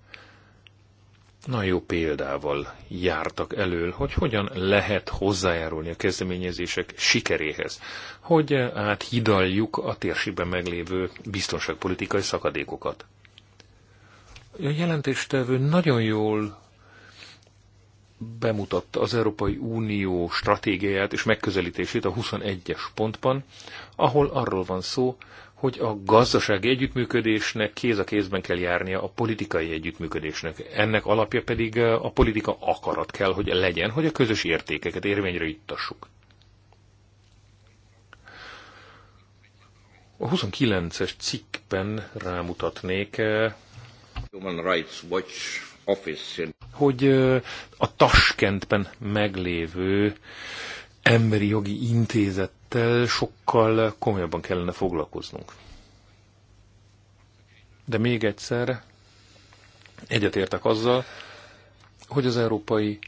nagyon jó példával jártak elől, hogy hogyan lehet hozzájárulni a kezdeményezések sikeréhez, hogy áthidaljuk a térségben meglévő biztonságpolitikai szakadékokat. A jelentéstevő nagyon jól bemutatta az Európai Unió stratégiáját és megközelítését a 21-es pontban, ahol arról van szó, hogy a gazdasági együttműködésnek kéz a kézben kell járnia a politikai együttműködésnek. Ennek alapja pedig a politika akarat kell, hogy legyen, hogy a közös értékeket érvényre juttassuk. A 29-es cikkben rámutatnék eh, Human Rights Watch hogy a Taskentben meglévő emberi jogi intézettel sokkal komolyabban kellene foglalkoznunk. De még egyszer egyetértek azzal, hogy az Európai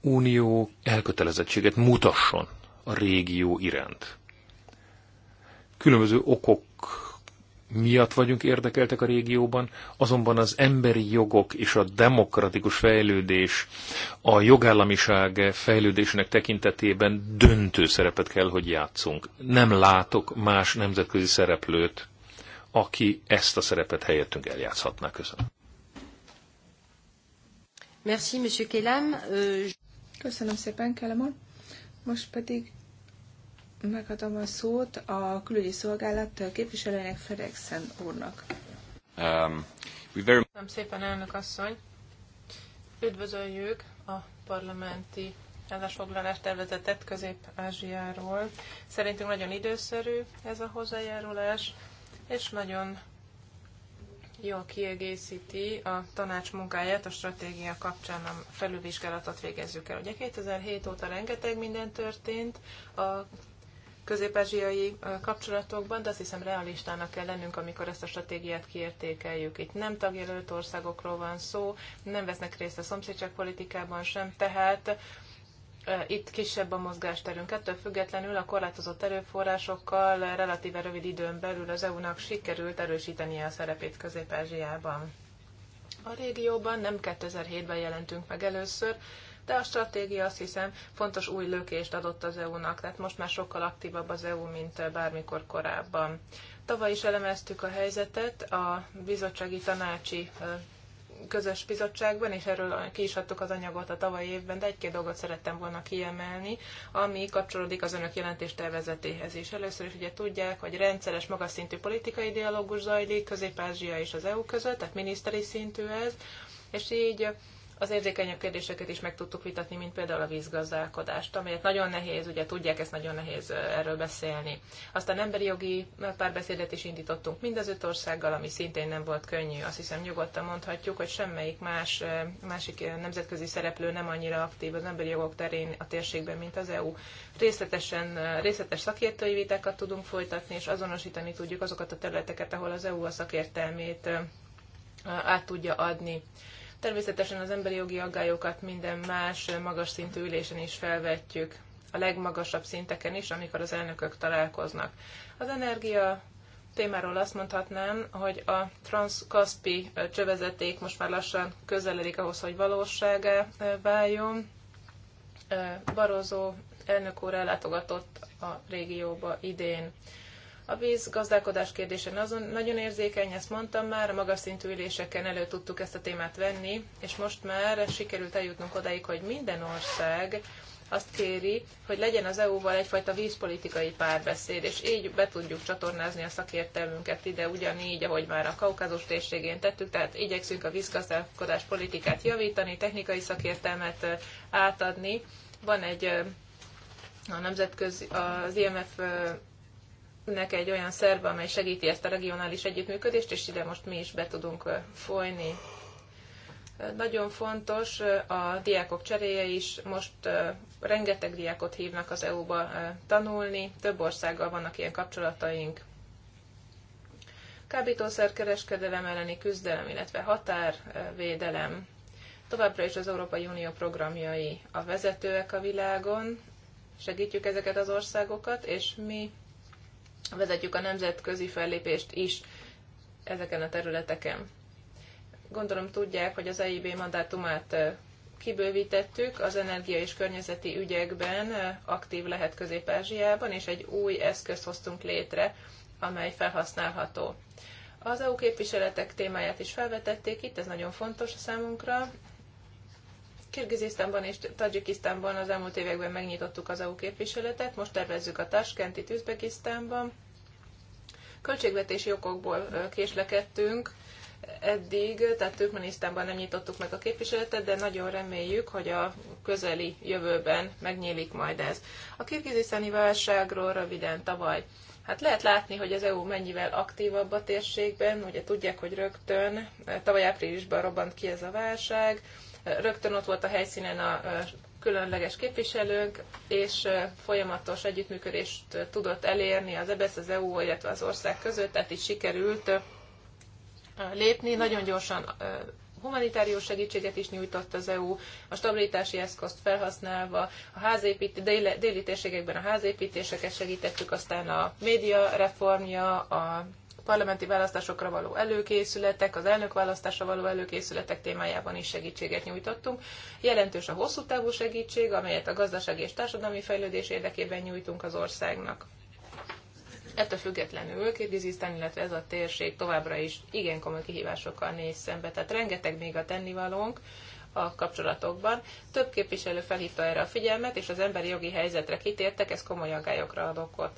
Unió elkötelezettséget mutasson a régió iránt. Különböző okok miatt vagyunk érdekeltek a régióban, azonban az emberi jogok és a demokratikus fejlődés, a jogállamiság fejlődésének tekintetében döntő szerepet kell, hogy játszunk. Nem látok más nemzetközi szereplőt, aki ezt a szerepet helyettünk eljátszhatná. Köszönöm. Merci, Monsieur euh, Köszönöm szépen, Kellem Most pedig Megadom a szót a külügyi szolgálat képviselőjének Fedexen úrnak. Um, Köszönöm szépen, elnök asszony. Üdvözöljük a parlamenti állásfoglalás tervezetet Közép-Ázsiáról. Szerintünk nagyon időszerű ez a hozzájárulás, és nagyon jól kiegészíti a tanács munkáját a stratégia kapcsán a felülvizsgálatot végezzük el. Ugye 2007 óta rengeteg minden történt, a közép kapcsolatokban, de azt hiszem realistának kell lennünk, amikor ezt a stratégiát kiértékeljük. Itt nem tagjelölt országokról van szó, nem vesznek részt a politikában sem, tehát itt kisebb a mozgásterünk. Ettől függetlenül a korlátozott erőforrásokkal relatíve rövid időn belül az EU-nak sikerült erősítenie a szerepét Közép-Ázsiában. A régióban nem 2007-ben jelentünk meg először, de a stratégia azt hiszem fontos új lökést adott az EU-nak, tehát most már sokkal aktívabb az EU, mint bármikor korábban. Tavaly is elemeztük a helyzetet a bizottsági tanácsi közös bizottságban, és erről ki is adtuk az anyagot a tavalyi évben, de egy-két dolgot szerettem volna kiemelni, ami kapcsolódik az önök jelentés tervezetéhez is. Először is ugye tudják, hogy rendszeres, magas szintű politikai dialógus zajlik Közép-Ázsia és az EU között, tehát miniszteri szintű ez, és így az érzékenyebb kérdéseket is meg tudtuk vitatni, mint például a vízgazdálkodást, amelyet nagyon nehéz, ugye tudják, ezt nagyon nehéz erről beszélni. Aztán emberi jogi párbeszédet is indítottunk mind az öt országgal, ami szintén nem volt könnyű. Azt hiszem nyugodtan mondhatjuk, hogy semmelyik más, másik nemzetközi szereplő nem annyira aktív az emberi jogok terén a térségben, mint az EU. Részletesen, részletes szakértői vitákat tudunk folytatni, és azonosítani tudjuk azokat a területeket, ahol az EU a szakértelmét át tudja adni. Természetesen az emberi jogi aggályokat minden más magas szintű ülésen is felvetjük, a legmagasabb szinteken is, amikor az elnökök találkoznak. Az energia témáról azt mondhatnám, hogy a transzkaszpi csövezeték most már lassan közeledik ahhoz, hogy valóságá váljon. Barozó elnök úr ellátogatott a régióba idén. A gazdálkodás kérdése azon nagyon érzékeny, ezt mondtam már, a magas szintű üléseken elő tudtuk ezt a témát venni, és most már sikerült eljutnunk odáig, hogy minden ország azt kéri, hogy legyen az EU-val egyfajta vízpolitikai párbeszéd, és így be tudjuk csatornázni a szakértelmünket ide, ugyanígy, ahogy már a kaukázus térségén tettük, tehát igyekszünk a vízgazdálkodás politikát javítani, technikai szakértelmet átadni. Van egy a nemzetközi, az IMF nek egy olyan szerve, amely segíti ezt a regionális együttműködést, és ide most mi is be tudunk folyni. Nagyon fontos a diákok cseréje is. Most rengeteg diákot hívnak az EU-ba tanulni, több országgal vannak ilyen kapcsolataink. Kábítószerkereskedelem elleni küzdelem, illetve határvédelem. Továbbra is az Európai Unió programjai a vezetőek a világon, segítjük ezeket az országokat, és mi vezetjük a nemzetközi fellépést is ezeken a területeken. Gondolom tudják, hogy az EIB mandátumát kibővítettük, az energia és környezeti ügyekben aktív lehet Közép-Ázsiában, és egy új eszközt hoztunk létre, amely felhasználható. Az EU képviseletek témáját is felvetették itt, ez nagyon fontos a számunkra. Kirgizisztánban és Tajikisztánban az elmúlt években megnyitottuk az EU képviseletet, most tervezzük a Tashkenti Üzbegisztánban. Költségvetési okokból késlekedtünk eddig, tehát Türkmenisztánban nem nyitottuk meg a képviseletet, de nagyon reméljük, hogy a közeli jövőben megnyílik majd ez. A kirgizisztáni válságról röviden tavaly. Hát lehet látni, hogy az EU mennyivel aktívabb a térségben, ugye tudják, hogy rögtön tavaly áprilisban robbant ki ez a válság, Rögtön ott volt a helyszínen a különleges képviselőnk, és folyamatos együttműködést tudott elérni az EBSZ, e az EU, illetve az ország között, tehát így sikerült lépni. Nagyon gyorsan humanitárius segítséget is nyújtott az EU, a stabilitási eszközt felhasználva, a házépít, déli, déli térségekben a házépítéseket segítettük, aztán a média reformja, a parlamenti választásokra való előkészületek, az elnökválasztásra való előkészületek témájában is segítséget nyújtottunk. Jelentős a hosszú távú segítség, amelyet a gazdasági és társadalmi fejlődés érdekében nyújtunk az országnak. Ettől függetlenül Kirgizisztán, illetve ez a térség továbbra is igen komoly kihívásokkal néz szembe, tehát rengeteg még a tennivalónk a kapcsolatokban. Több képviselő felhívta erre a figyelmet, és az emberi jogi helyzetre kitértek, ez komoly aggályokra ad okot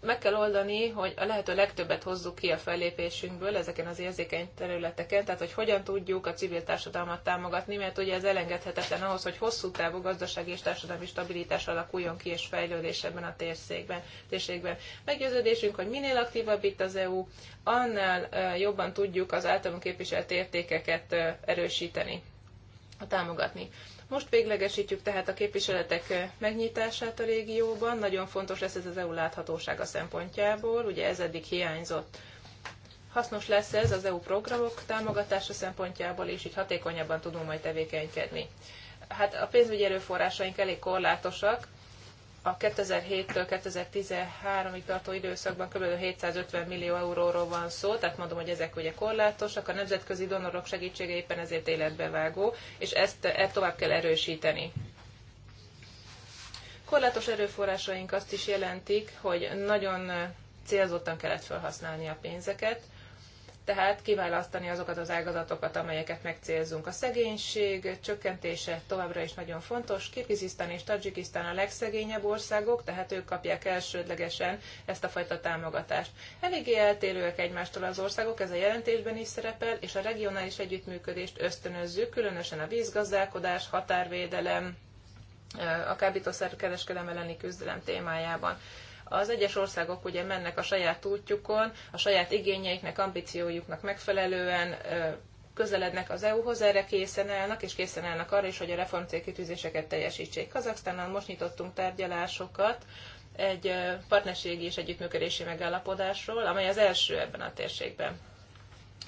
meg kell oldani, hogy a lehető legtöbbet hozzuk ki a fellépésünkből ezeken az érzékeny területeken, tehát hogy hogyan tudjuk a civil társadalmat támogatni, mert ugye ez elengedhetetlen ahhoz, hogy hosszú távú gazdasági és társadalmi stabilitás alakuljon ki és fejlődés ebben a térségben. térségben. Meggyőződésünk, hogy minél aktívabb itt az EU, annál jobban tudjuk az általunk képviselt értékeket erősíteni, támogatni. Most véglegesítjük tehát a képviseletek megnyitását a régióban. Nagyon fontos lesz ez az EU láthatósága szempontjából, ugye ez eddig hiányzott. Hasznos lesz ez az EU programok támogatása szempontjából, és így hatékonyabban tudunk majd tevékenykedni. Hát a pénzügyi erőforrásaink elég korlátosak, a 2007-től 2013-ig tartó időszakban kb. 750 millió euróról van szó, tehát mondom, hogy ezek ugye korlátosak, a nemzetközi donorok segítsége éppen ezért életbevágó, és ezt, ezt tovább kell erősíteni. Korlátos erőforrásaink azt is jelentik, hogy nagyon e, célzottan kellett felhasználni a pénzeket, tehát kiválasztani azokat az ágazatokat, amelyeket megcélzunk. A szegénység csökkentése továbbra is nagyon fontos. Kirgizisztán és Tadzsikisztán a legszegényebb országok, tehát ők kapják elsődlegesen ezt a fajta támogatást. Eléggé eltérőek egymástól az országok, ez a jelentésben is szerepel, és a regionális együttműködést ösztönözzük, különösen a vízgazdálkodás, határvédelem, a kábítószerkereskedelem elleni küzdelem témájában. Az egyes országok ugye mennek a saját útjukon, a saját igényeiknek, ambíciójuknak megfelelően közelednek az EU-hoz, erre készen állnak, és készen állnak arra is, hogy a reform célkitűzéseket teljesítsék. Kazaksztánnal most nyitottunk tárgyalásokat egy partnerségi és együttműködési megállapodásról, amely az első ebben a térségben.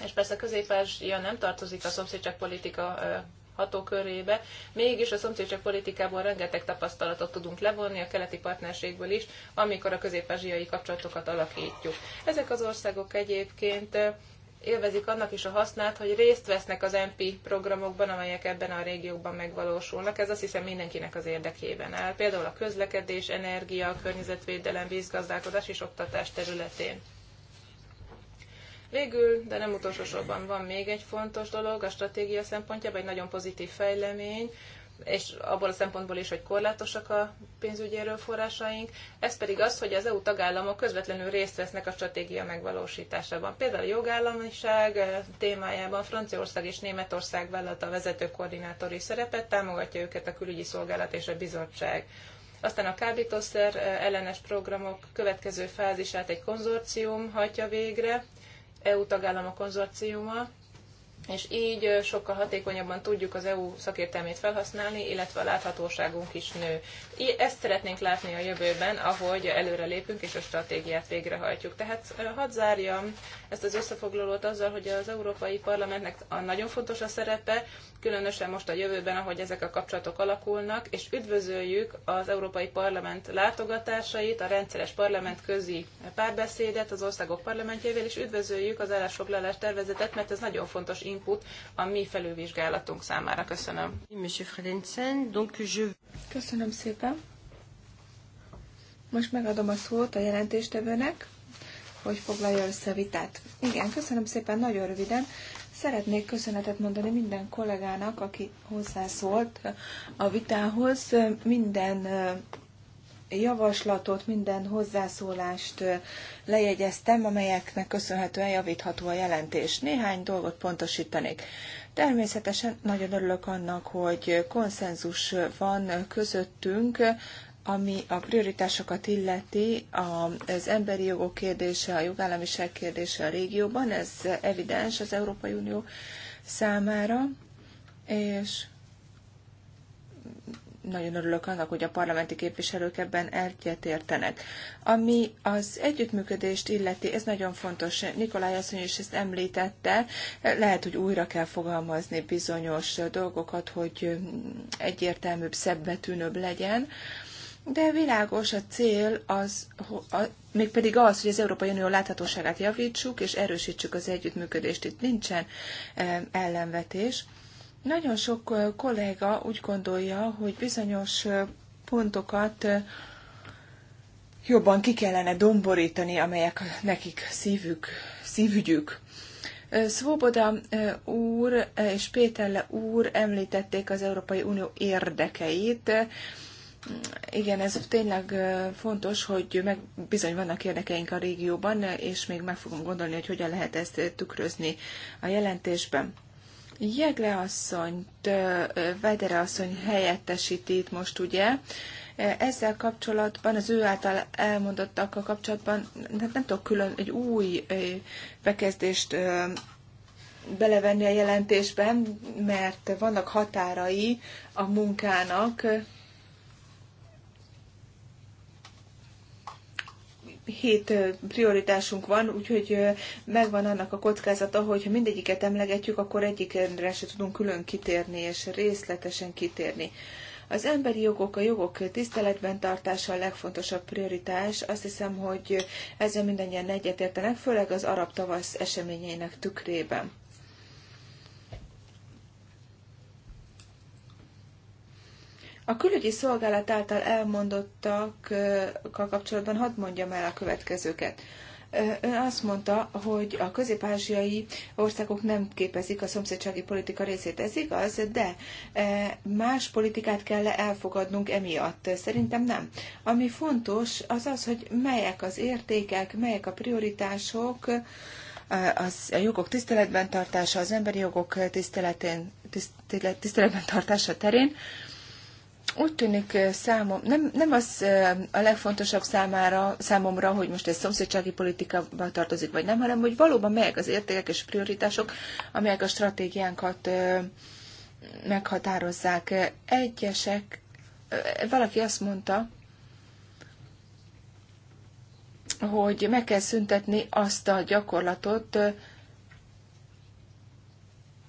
És persze Közép-Ázsia nem tartozik a szomszédságpolitika hatókörébe. Mégis a szomszédság politikából rengeteg tapasztalatot tudunk levonni a keleti partnerségből is, amikor a közép-ázsiai kapcsolatokat alakítjuk. Ezek az országok egyébként élvezik annak is a hasznát, hogy részt vesznek az MP programokban, amelyek ebben a régiókban megvalósulnak. Ez azt hiszem mindenkinek az érdekében áll. Például a közlekedés, energia, környezetvédelem, vízgazdálkodás és oktatás területén. Végül, de nem utolsó sorban van még egy fontos dolog a stratégia szempontjában, egy nagyon pozitív fejlemény, és abból a szempontból is, hogy korlátosak a pénzügyi erőforrásaink, ez pedig az, hogy az EU tagállamok közvetlenül részt vesznek a stratégia megvalósításában. Például a jogállamiság eh, témájában Franciaország és Németország vállalta a vezető koordinátori szerepet, támogatja őket a külügyi szolgálat és a bizottság. Aztán a kábítószer eh, ellenes programok következő fázisát egy konzorcium hajtja végre, EU tagállama konzorciuma, és így sokkal hatékonyabban tudjuk az EU szakértelmét felhasználni, illetve a láthatóságunk is nő. Ezt szeretnénk látni a jövőben, ahogy előre lépünk és a stratégiát végrehajtjuk. Tehát hadd zárjam ezt az összefoglalót azzal, hogy az Európai Parlamentnek a nagyon fontos a szerepe, különösen most a jövőben, ahogy ezek a kapcsolatok alakulnak, és üdvözöljük az Európai Parlament látogatásait, a rendszeres parlament közi párbeszédet az országok parlamentjével, és üdvözöljük az állásfoglalás tervezetet, mert ez nagyon fontos input a mi felülvizsgálatunk számára. Köszönöm. Köszönöm szépen. Most megadom a szót a jelentéstevőnek hogy foglalja össze a vitát. Igen, köszönöm szépen, nagyon röviden. Szeretnék köszönetet mondani minden kollégának, aki hozzászólt a vitához. Minden javaslatot, minden hozzászólást lejegyeztem, amelyeknek köszönhetően javítható a jelentés. Néhány dolgot pontosítanék. Természetesen nagyon örülök annak, hogy konszenzus van közöttünk ami a prioritásokat illeti, az emberi jogok kérdése, a jogállamiság kérdése a régióban, ez evidens az Európai Unió számára, és nagyon örülök annak, hogy a parlamenti képviselők ebben egyetértenek. Ami az együttműködést illeti, ez nagyon fontos. Nikolaj asszony is ezt említette, lehet, hogy újra kell fogalmazni bizonyos dolgokat, hogy egyértelműbb, szebbetűnőbb legyen de világos a cél, az, a, mégpedig az, hogy az Európai Unió láthatóságát javítsuk és erősítsük az együttműködést. Itt nincsen eh, ellenvetés. Nagyon sok eh, kolléga úgy gondolja, hogy bizonyos eh, pontokat jobban ki kellene domborítani, amelyek nekik szívük, szívügyük. Svoboda úr és Péterle úr említették az Európai Unió érdekeit, igen, ez tényleg fontos, hogy meg bizony vannak érdekeink a régióban, és még meg fogom gondolni, hogy hogyan lehet ezt tükrözni a jelentésben. Jegle asszonyt, Vedere asszony helyettesíti itt most, ugye? Ezzel kapcsolatban, az ő által elmondottakkal kapcsolatban nem, hát nem tudok külön egy új bekezdést belevenni a jelentésben, mert vannak határai a munkának, hét prioritásunk van, úgyhogy megvan annak a kockázata, hogy ha mindegyiket emlegetjük, akkor egyikre se tudunk külön kitérni és részletesen kitérni. Az emberi jogok, a jogok tiszteletben tartása a legfontosabb prioritás. Azt hiszem, hogy ezzel mindannyian egyetértenek, főleg az arab tavasz eseményeinek tükrében. A külügyi szolgálat által elmondottakkal kapcsolatban hadd mondjam el a következőket. Ön azt mondta, hogy a közép-ázsiai országok nem képezik a szomszédsági politika részét. Ez igaz, de más politikát kell elfogadnunk emiatt. Szerintem nem. Ami fontos, az az, hogy melyek az értékek, melyek a prioritások, az, a jogok tiszteletben tartása, az emberi jogok tiszteletén, tiszteletben tartása terén, úgy tűnik számom, nem, nem az a legfontosabb számára, számomra, hogy most ez szomszédsági politikába tartozik, vagy nem, hanem hogy valóban melyek az értékek és prioritások, amelyek a stratégiánkat meghatározzák. Egyesek, valaki azt mondta, hogy meg kell szüntetni azt a gyakorlatot,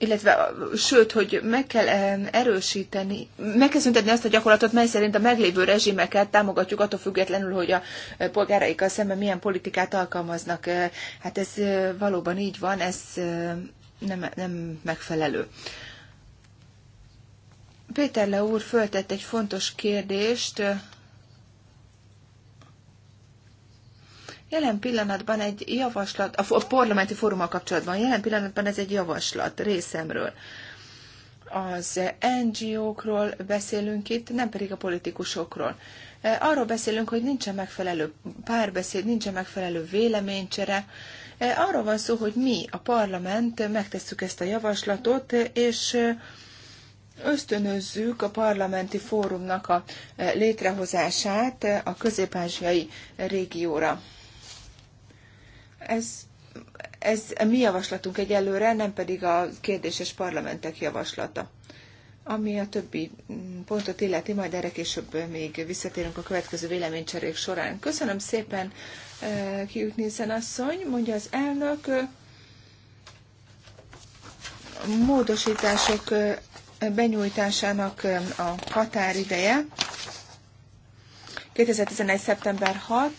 illetve sőt, hogy meg kell eh, erősíteni, meg kell szüntetni azt a gyakorlatot, mely szerint a meglévő rezsimeket támogatjuk attól függetlenül, hogy a eh, polgáraikkal szemben milyen politikát alkalmaznak. Eh, hát ez valóban így van, ez nem, nem megfelelő. Péter Le úr föltett egy fontos kérdést Jelen pillanatban egy javaslat, a parlamenti fórummal kapcsolatban, jelen pillanatban ez egy javaslat részemről. Az NGO-król beszélünk itt, nem pedig a politikusokról. E, arról beszélünk, hogy nincsen megfelelő párbeszéd, nincsen megfelelő véleménycsere. E, arról van szó, hogy mi, a parlament, megtesszük ezt a javaslatot, és e, ösztönözzük a parlamenti fórumnak a létrehozását a közép-ázsiai régióra. Ez, ez a mi javaslatunk egyelőre, nem pedig a kérdéses parlamentek javaslata. Ami a többi pontot illeti, majd erre később még visszatérünk a következő véleménycserék során. Köszönöm szépen, eh, Kiút Nielsen asszony, mondja az elnök. Módosítások eh, benyújtásának eh, a határideje 2011. szeptember 6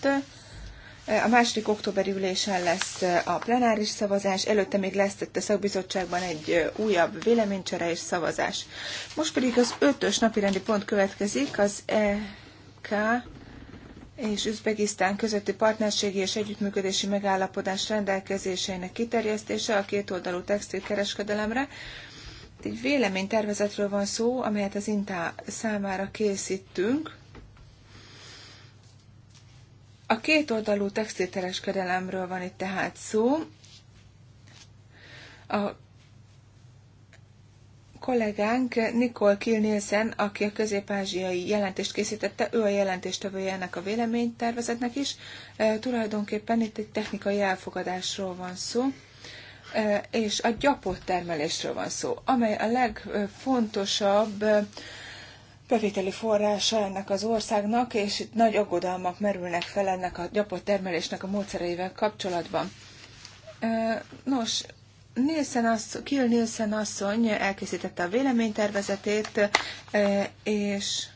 a második októberi ülésen lesz a plenáris szavazás, előtte még lesz itt a szakbizottságban egy újabb véleménycsere és szavazás. Most pedig az ötös napirendi pont következik, az EK és Üzbegisztán közötti partnerségi és együttműködési megállapodás rendelkezéseinek kiterjesztése a kétoldalú textilkereskedelemre. Egy véleménytervezetről van szó, amelyet az INTA számára készítünk. A kétoldalú textilkereskedelemről van itt tehát szó. A kollégánk Nikol Kill aki a közép-ázsiai jelentést készítette, ő a jelentéstevője ennek a véleménytervezetnek is. E, tulajdonképpen itt egy technikai elfogadásról van szó, e, és a gyapott termelésről van szó, amely a legfontosabb bevételi forrása ennek az országnak, és itt nagy aggodalmak merülnek fel ennek a gyapott termelésnek a módszereivel kapcsolatban. Nos, Nielsen asszony, Kill Nielsen asszony elkészítette a véleménytervezetét, és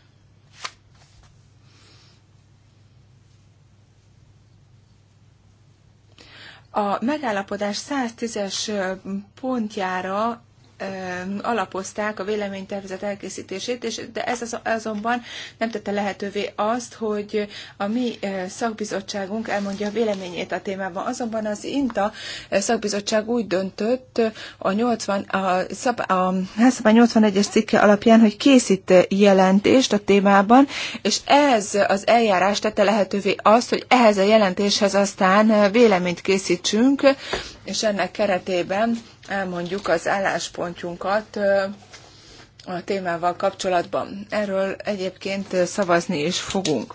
a megállapodás 110-es pontjára alapozták a véleménytervezet elkészítését, és, de ez az, azonban nem tette lehetővé azt, hogy a mi eh, szakbizottságunk elmondja a véleményét a témában. Azonban az INTA eh, szakbizottság úgy döntött a, 80, a, szab, a 81-es cikke alapján, hogy készít jelentést a témában, és ez az eljárás tette lehetővé azt, hogy ehhez a jelentéshez aztán eh, véleményt készítsünk, és ennek keretében elmondjuk az álláspontjunkat a témával kapcsolatban. Erről egyébként szavazni is fogunk.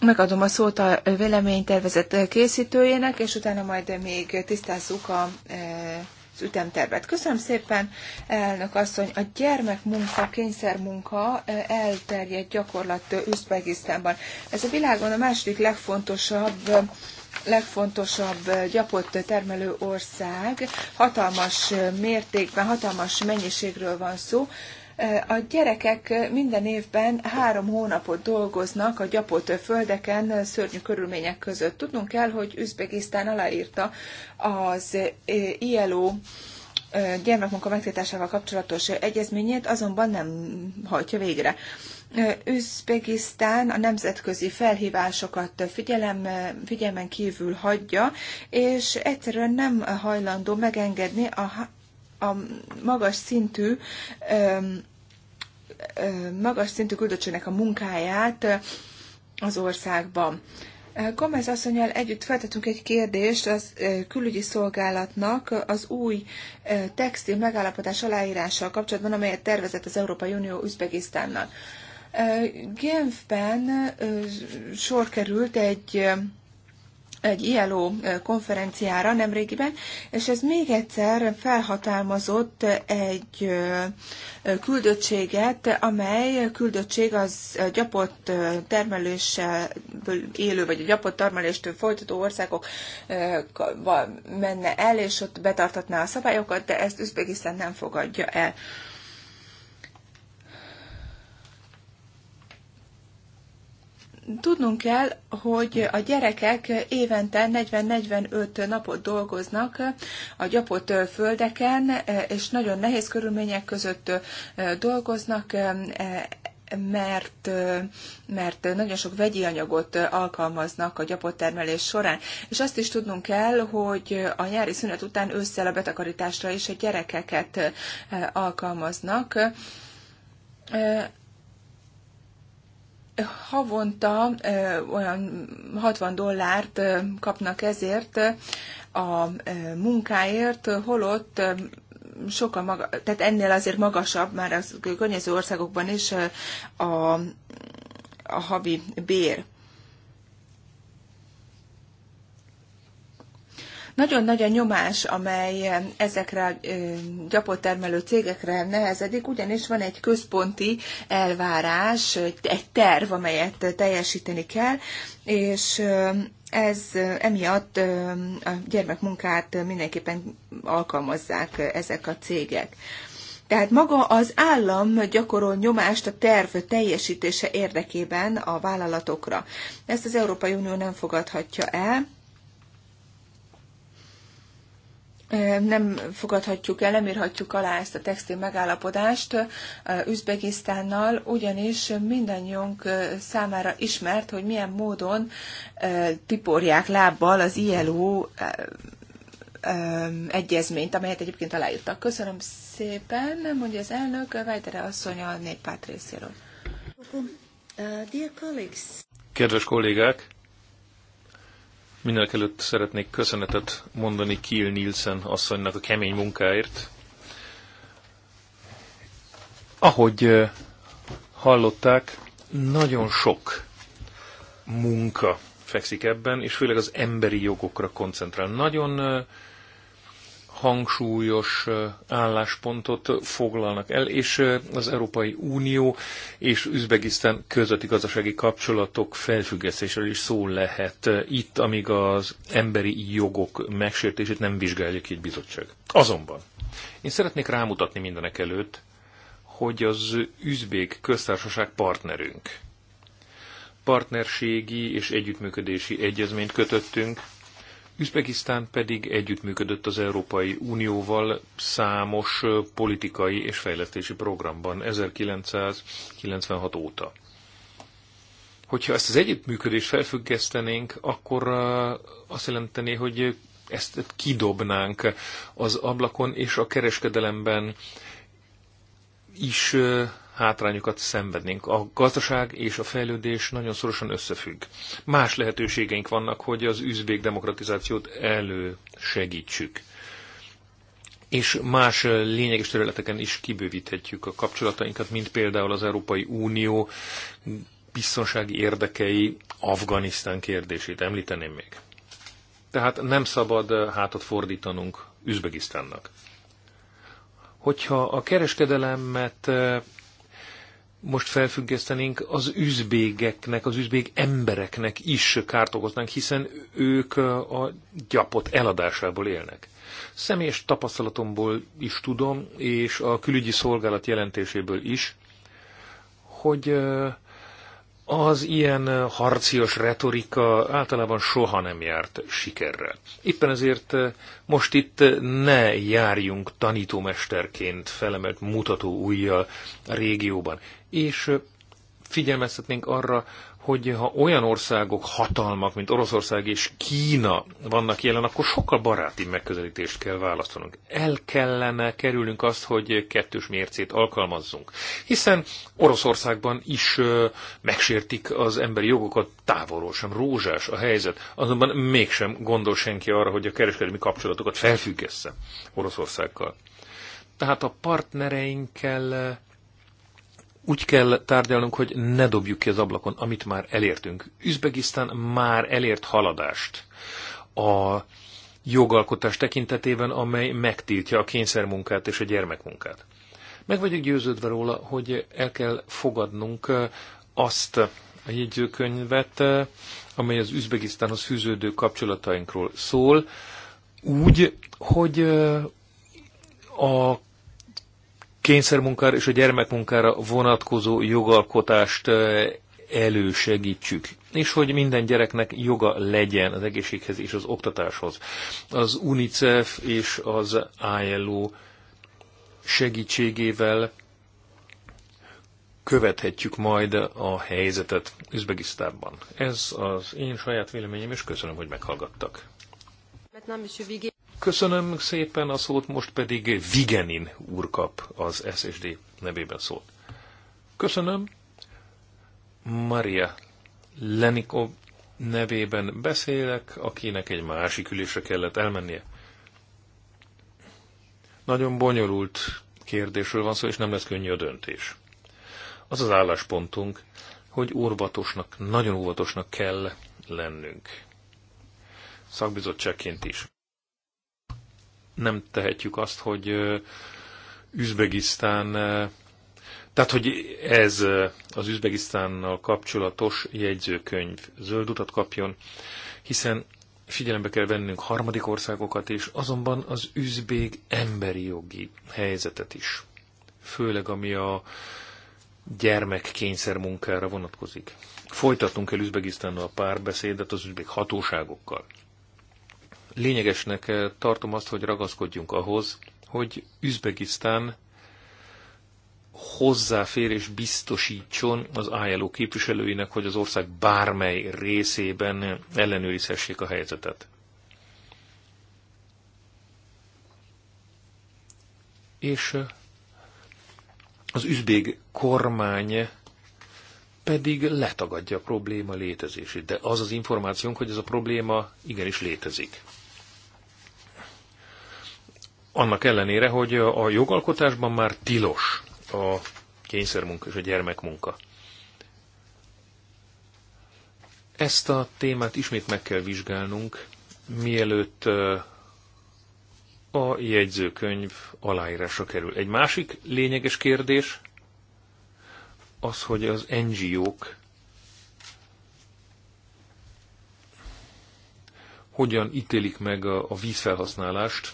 Megadom a szót a véleménytervezet készítőjének, és utána majd még tisztázzuk a, az ütemtervet. Köszönöm szépen, elnök asszony. A gyermekmunka, kényszermunka elterjedt gyakorlat Üzbegisztánban. Ez a világon a második legfontosabb legfontosabb eh, gyapott termelő ország, hatalmas eh, mértékben, hatalmas mennyiségről van szó. Eh, a gyerekek minden évben három hónapot dolgoznak a gyapott földeken szörnyű körülmények között. Tudnunk kell, hogy Üzbegisztán aláírta az ILO gyermekmunka megtétásával kapcsolatos egyezményét, azonban nem hajtja végre. Üzbegisztán a nemzetközi felhívásokat figyelem, figyelmen kívül hagyja, és egyszerűen nem hajlandó megengedni a, a magas szintű magas szintű küldöttségnek a munkáját az országban. Gomez asszonyjal együtt feltettünk egy kérdést az külügyi szolgálatnak az új textil megállapodás aláírással kapcsolatban, amelyet tervezett az Európai Unió Üzbegisztánnal. Genfben sor került egy egy ILO konferenciára nemrégiben, és ez még egyszer felhatalmazott egy küldöttséget, amely küldöttség az gyapott termeléssel élő, vagy a gyapott termeléstől folytató országok menne el, és ott betartatná a szabályokat, de ezt Üzbegisztán nem fogadja el. Tudnunk kell, hogy a gyerekek évente 40-45 napot dolgoznak a gyapott földeken, és nagyon nehéz körülmények között dolgoznak, mert, mert nagyon sok vegyi anyagot alkalmaznak a termelés során. És azt is tudnunk kell, hogy a nyári szünet után ősszel a betakarításra is a gyerekeket alkalmaznak havonta olyan 60 dollárt kapnak ezért a munkáért, holott sokkal maga, tehát ennél azért magasabb már a környező országokban is a, a havi bér. Nagyon nagy a nyomás, amely ezekre a gyapot termelő cégekre nehezedik, ugyanis van egy központi elvárás, egy terv, amelyet teljesíteni kell, és ez emiatt a gyermekmunkát mindenképpen alkalmazzák ezek a cégek. Tehát maga az állam gyakorol nyomást a terv teljesítése érdekében a vállalatokra. Ezt az Európai Unió nem fogadhatja el, nem fogadhatjuk el, nem írhatjuk alá ezt a textil megállapodást Üzbegisztánnal, ugyanis mindannyiunk számára ismert, hogy milyen módon tiporják lábbal az ILO egyezményt, amelyet egyébként aláírtak. Köszönöm szépen, mondja az elnök, Vejtere asszony a néppárt részéről. Kedves kollégák, Mindenek előtt szeretnék köszönetet mondani Kiel Nielsen asszonynak a kemény munkáért. Ahogy hallották, nagyon sok munka fekszik ebben, és főleg az emberi jogokra koncentrál. Nagyon hangsúlyos álláspontot foglalnak el, és az Európai Unió és Üzbegisztán közötti gazdasági kapcsolatok felfüggesztéséről is szó lehet itt, amíg az emberi jogok megsértését nem vizsgálja ki egy bizottság. Azonban én szeretnék rámutatni mindenek előtt, hogy az üzbék köztársaság partnerünk. Partnerségi és együttműködési egyezményt kötöttünk, Üzbegisztán pedig együttműködött az Európai Unióval számos politikai és fejlesztési programban 1996 óta. Hogyha ezt az együttműködést felfüggesztenénk, akkor azt jelenteni, hogy ezt kidobnánk az ablakon, és a kereskedelemben is hátrányokat szenvednénk. A gazdaság és a fejlődés nagyon szorosan összefügg. Más lehetőségeink vannak, hogy az üzbék demokratizációt elősegítsük. És más lényeges területeken is kibővíthetjük a kapcsolatainkat, mint például az Európai Unió biztonsági érdekei Afganisztán kérdését említeném még. Tehát nem szabad hátat fordítanunk Üzbegisztánnak. Hogyha a kereskedelemet most felfüggesztenénk, az üzbégeknek, az üzbég embereknek is kárt okoznánk, hiszen ők a gyapot eladásából élnek. Személyes tapasztalatomból is tudom, és a külügyi szolgálat jelentéséből is, hogy az ilyen harcios retorika általában soha nem járt sikerrel. Éppen ezért most itt ne járjunk tanítómesterként felemelt mutató újjal a régióban, és figyelmeztetnénk arra, hogy ha olyan országok, hatalmak, mint Oroszország és Kína vannak jelen, akkor sokkal baráti megközelítést kell választanunk. El kellene kerülnünk azt, hogy kettős mércét alkalmazzunk. Hiszen Oroszországban is megsértik az emberi jogokat, távolról sem rózsás a helyzet, azonban mégsem gondol senki arra, hogy a kereskedelmi kapcsolatokat felfüggesse Oroszországgal. Tehát a partnereinkkel úgy kell tárgyalnunk, hogy ne dobjuk ki az ablakon, amit már elértünk. Üzbegisztán már elért haladást a jogalkotás tekintetében, amely megtiltja a kényszermunkát és a gyermekmunkát. Meg vagyok győződve róla, hogy el kell fogadnunk azt a jegyzőkönyvet, amely az Üzbegisztánhoz fűződő kapcsolatainkról szól, úgy, hogy a kényszermunkára és a gyermekmunkára vonatkozó jogalkotást eh, elősegítsük, és hogy minden gyereknek joga legyen az egészséghez és az oktatáshoz. Az UNICEF és az ILO segítségével követhetjük majd a helyzetet Üzbegisztánban. Ez az én saját véleményem, és köszönöm, hogy meghallgattak. Köszönöm szépen a szót, most pedig Vigenin úr kap az SSD nevében szót. Köszönöm. Maria Lenikov nevében beszélek, akinek egy másik ülésre kellett elmennie. Nagyon bonyolult kérdésről van szó, és nem lesz könnyű a döntés. Az az álláspontunk, hogy óvatosnak, nagyon óvatosnak kell lennünk. Szakbizottságként is nem tehetjük azt, hogy Üzbegisztán, tehát hogy ez az Üzbegisztánnal kapcsolatos jegyzőkönyv zöld utat kapjon, hiszen figyelembe kell vennünk harmadik országokat is, azonban az üzbég emberi jogi helyzetet is, főleg ami a kényszer munkára vonatkozik. Folytatunk el Üzbegisztánnal a párbeszédet az üzbék hatóságokkal lényegesnek eh, tartom azt, hogy ragaszkodjunk ahhoz, hogy Üzbegisztán hozzáférés biztosítson az ILO képviselőinek, hogy az ország bármely részében ellenőrizhessék a helyzetet. És eh, az üzbég kormány pedig letagadja a probléma létezését. De az az információnk, hogy ez a probléma igenis létezik annak ellenére, hogy a jogalkotásban már tilos a kényszermunka és a gyermekmunka. Ezt a témát ismét meg kell vizsgálnunk, mielőtt a jegyzőkönyv aláírása kerül. Egy másik lényeges kérdés az, hogy az NGO-k hogyan ítélik meg a vízfelhasználást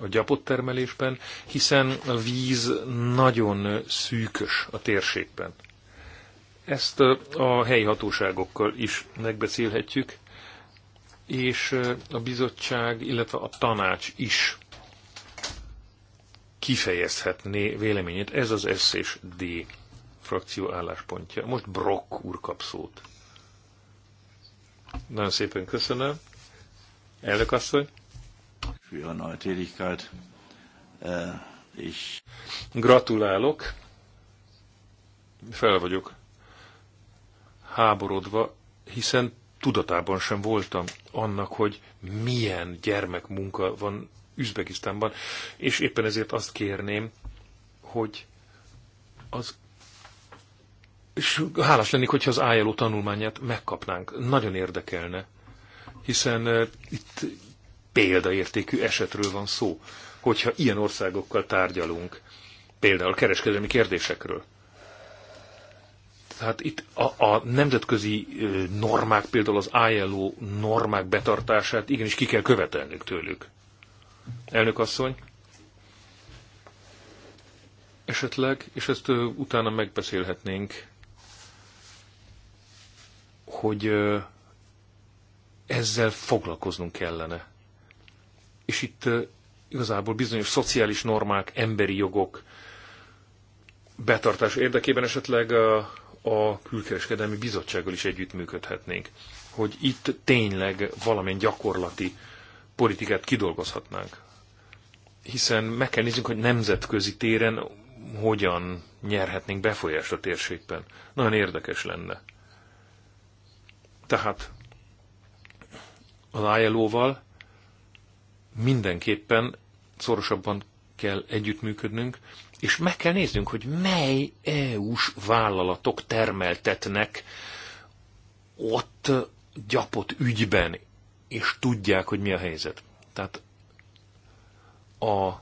a gyapottermelésben, hiszen a víz nagyon szűkös a térségben. Ezt a helyi hatóságokkal is megbeszélhetjük, és a bizottság, illetve a tanács is kifejezhetné véleményét. Ez az S és D frakció álláspontja. Most Brock úr kap szót. Nagyon szépen köszönöm. Elnök asszony. Äh, Gratulálok. Fel vagyok háborodva, hiszen tudatában sem voltam annak, hogy milyen gyermekmunka van Üzbegisztánban, és éppen ezért azt kérném, hogy az és hálás lennék, hogyha az ájáló tanulmányát megkapnánk. Nagyon érdekelne, hiszen eh, itt példaértékű esetről van szó, hogyha ilyen országokkal tárgyalunk, például kereskedelmi kérdésekről. Tehát itt a, a nemzetközi normák, például az ILO normák betartását igenis ki kell követelnünk tőlük. Elnök asszony, esetleg, és ezt utána megbeszélhetnénk, hogy ezzel foglalkoznunk kellene és itt igazából bizonyos szociális normák, emberi jogok betartás érdekében esetleg a, a külkereskedelmi bizottsággal is együttműködhetnénk, hogy itt tényleg valamilyen gyakorlati politikát kidolgozhatnánk. Hiszen meg kell néznünk, hogy nemzetközi téren hogyan nyerhetnénk befolyást a térségben. Nagyon érdekes lenne. Tehát az ILO-val mindenképpen szorosabban kell együttműködnünk, és meg kell néznünk, hogy mely EU-s vállalatok termeltetnek ott gyapot ügyben, és tudják, hogy mi a helyzet. Tehát a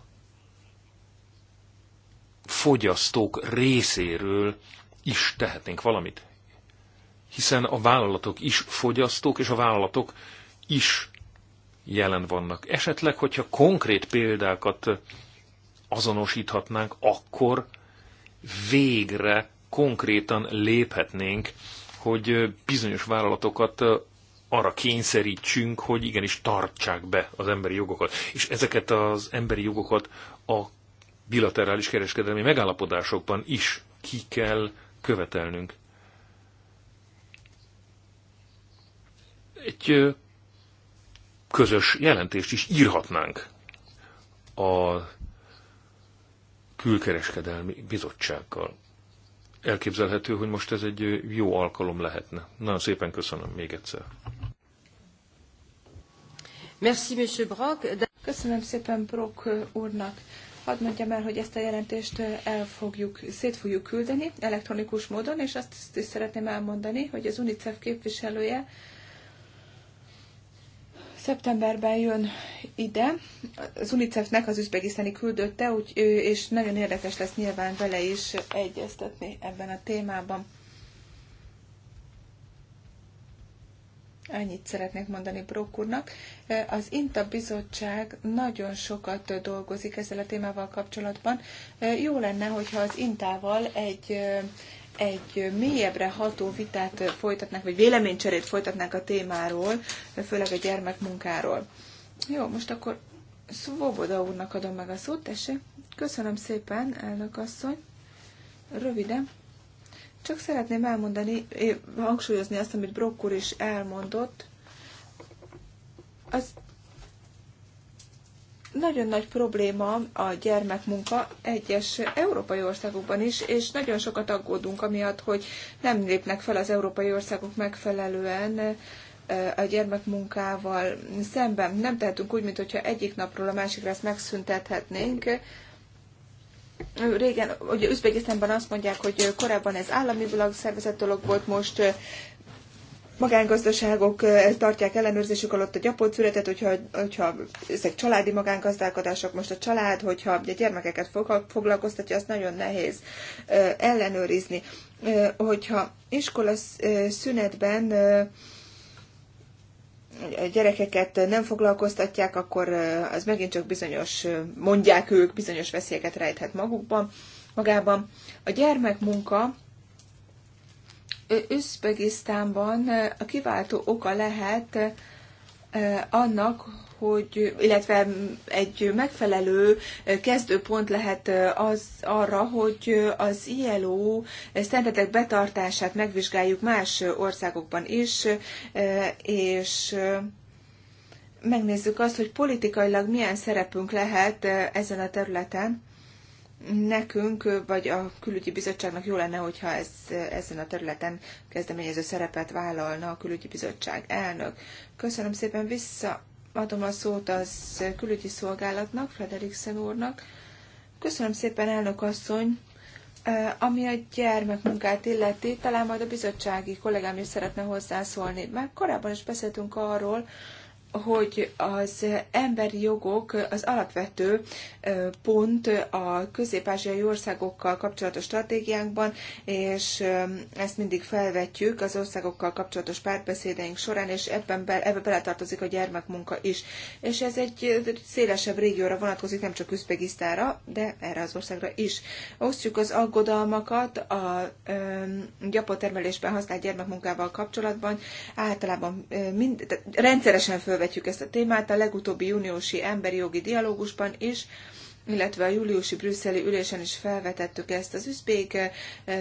fogyasztók részéről is tehetnénk valamit. Hiszen a vállalatok is fogyasztók, és a vállalatok is jelen vannak. Esetleg, hogyha konkrét példákat azonosíthatnánk, akkor végre konkrétan léphetnénk, hogy bizonyos vállalatokat arra kényszerítsünk, hogy igenis tartsák be az emberi jogokat. És ezeket az emberi jogokat a bilaterális kereskedelmi megállapodásokban is ki kell követelnünk. Egy közös jelentést is írhatnánk a külkereskedelmi bizottsággal. Elképzelhető, hogy most ez egy jó alkalom lehetne. Nagyon szépen köszönöm még egyszer. Merci, Monsieur Brock. De... Köszönöm szépen Brock úrnak. Hadd mondjam el, hogy ezt a jelentést el fogjuk, szét fogjuk küldeni elektronikus módon, és azt is szeretném elmondani, hogy az UNICEF képviselője Szeptemberben jön ide az UNICEF-nek az üzbegiszteni küldötte, úgy, és nagyon érdekes lesz nyilván vele is egyeztetni ebben a témában. Ennyit szeretnék mondani Brók úrnak. Az INTA bizottság nagyon sokat dolgozik ezzel a témával kapcsolatban. Jó lenne, hogyha az INTA-val egy egy mélyebbre ható vitát folytatnak, vagy véleménycserét folytatnak a témáról, főleg a gyermekmunkáról. Jó, most akkor Svoboda úrnak adom meg a szót, tessé. Köszönöm szépen, elnök asszony. Röviden. Csak szeretném elmondani, eh, hangsúlyozni azt, amit Brokkur is elmondott. Az nagyon nagy probléma a gyermekmunka egyes európai országokban is, és nagyon sokat aggódunk amiatt, hogy nem lépnek fel az európai országok megfelelően a gyermekmunkával szemben. Nem tehetünk úgy, mintha egyik napról a másikra ezt megszüntethetnénk. Régen, ugye Üzbegisztánban azt mondják, hogy korábban ez államilag szervezett dolog volt, most magángazdaságok eh, tartják ellenőrzésük alatt a gyapott születet, hogyha, hogyha ezek családi magángazdálkodások, most a család, hogyha a gyermekeket foglalkoztatja, azt nagyon nehéz eh, ellenőrizni. Eh, hogyha iskola szünetben gyerekeket nem foglalkoztatják, akkor az megint csak bizonyos, mondják ők, bizonyos veszélyeket rejthet magukban, magában. A gyermekmunka Üzbegisztánban eh, a kiváltó oka lehet eh, annak, hogy, illetve egy megfelelő eh, kezdőpont lehet az arra, hogy az ILO szentetek betartását megvizsgáljuk más országokban is, és megnézzük azt, hogy politikailag milyen szerepünk lehet ezen a területen nekünk, vagy a külügyi bizottságnak jó lenne, hogyha ez, ezen a területen kezdeményező szerepet vállalna a külügyi bizottság elnök. Köszönöm szépen, visszaadom a szót az külügyi szolgálatnak, Frederiksen úrnak. Köszönöm szépen, elnök asszony. Ami a gyermekmunkát illeti, talán majd a bizottsági kollégám is szeretne hozzászólni. Már korábban is beszéltünk arról, hogy az emberi jogok az alapvető pont a közép-ázsiai országokkal kapcsolatos stratégiánkban, és ezt mindig felvetjük az országokkal kapcsolatos párbeszédeink során, és ebben be, ebbe beletartozik a gyermekmunka is. És ez egy szélesebb régióra vonatkozik, nem csak Üzbegisztára, de erre az országra is. Osztjuk az aggodalmakat a gyapotermelésben használt gyermekmunkával kapcsolatban, általában mind, rendszeresen föl fölvetjük ezt a témát a legutóbbi júniusi emberi jogi dialógusban is, illetve a júliusi brüsszeli ülésen is felvetettük ezt. Az üzbék eh,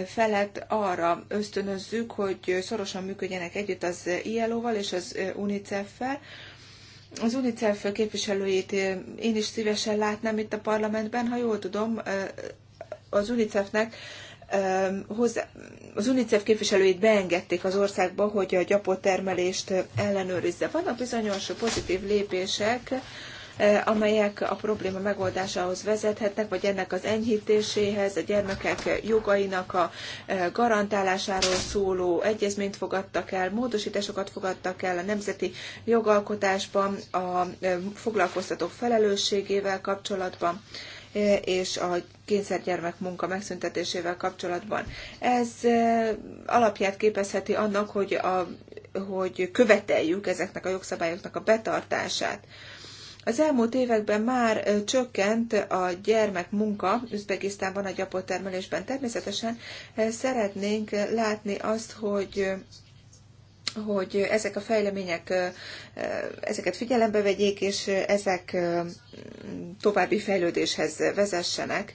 felett arra ösztönözzük, hogy szorosan működjenek együtt az ILO-val és az eh, UNICEF-fel, az UNICEF képviselőjét eh, én is szívesen látnám itt a parlamentben, ha jól tudom, az UNICEF-nek hozzá, az UNICEF képviselőit beengedték az országba, hogy a gyapottermelést ellenőrizze. Vannak bizonyos pozitív lépések, amelyek a probléma megoldásához vezethetnek, vagy ennek az enyhítéséhez, a gyermekek jogainak a garantálásáról szóló egyezményt fogadtak el, módosításokat fogadtak el a nemzeti jogalkotásban, a foglalkoztatók felelősségével kapcsolatban E, és a kényszergyermek munka megszüntetésével kapcsolatban. Ez e, alapját képezheti annak, hogy, a, hogy követeljük ezeknek a jogszabályoknak a betartását. Az elmúlt években már e, csökkent a gyermek munka Üzbegisztánban a gyapottermelésben. Természetesen szeretnénk látni azt, hogy hogy ezek a fejlemények, ezeket figyelembe vegyék, és ezek további fejlődéshez vezessenek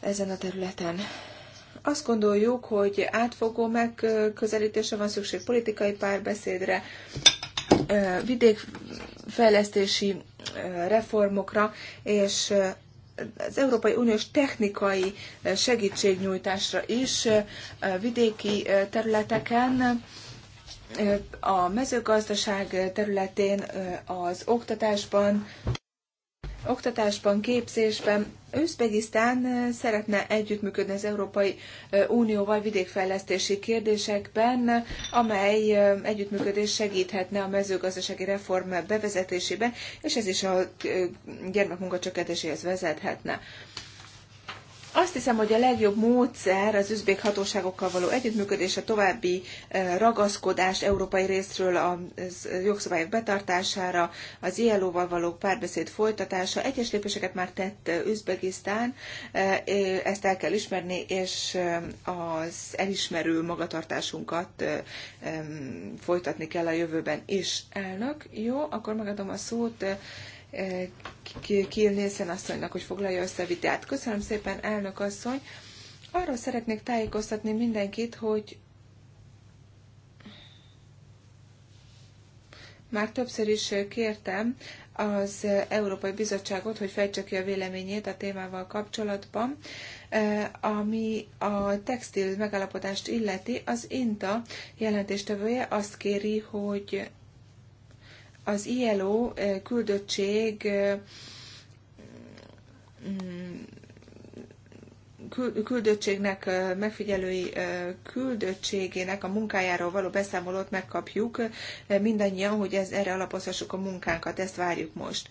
ezen a területen. Azt gondoljuk, hogy átfogó megközelítésre van szükség politikai párbeszédre, vidékfejlesztési reformokra, és az Európai Uniós technikai eh, segítségnyújtásra is eh, vidéki eh, területeken, a mezőgazdaság területén, az oktatásban, oktatásban, képzésben, Üzbegisztán szeretne együttműködni az Európai Unióval vidékfejlesztési kérdésekben, amely együttműködés segíthetne a mezőgazdasági reform bevezetésében, és ez is a gyermekmunka csökkentéséhez vezethetne. Azt hiszem, hogy a legjobb módszer az üzbék hatóságokkal való együttműködés, a további eh, ragaszkodás európai részről a jogszabályok betartására, az ILO-val való párbeszéd folytatása. Egyes lépéseket már tett eh, Üzbegisztán, eh, ezt el kell ismerni, és az elismerő magatartásunkat folytatni kell a jövőben is. Elnök, jó, akkor megadom a szót Kiel Nielsen asszonynak, hogy foglalja össze a vitát. Köszönöm szépen, elnök asszony. Arról szeretnék tájékoztatni mindenkit, hogy már többször is kértem az Európai Bizottságot, hogy fejtse ki a véleményét a témával kapcsolatban, e, ami a textil megállapodást illeti, az INTA jelentéstevője azt kéri, hogy az ILO küldöttség mm, küldöttségnek, megfigyelői küldöttségének a munkájáról való beszámolót megkapjuk mindannyian, hogy ez, erre alapozhassuk a munkánkat, ezt várjuk most.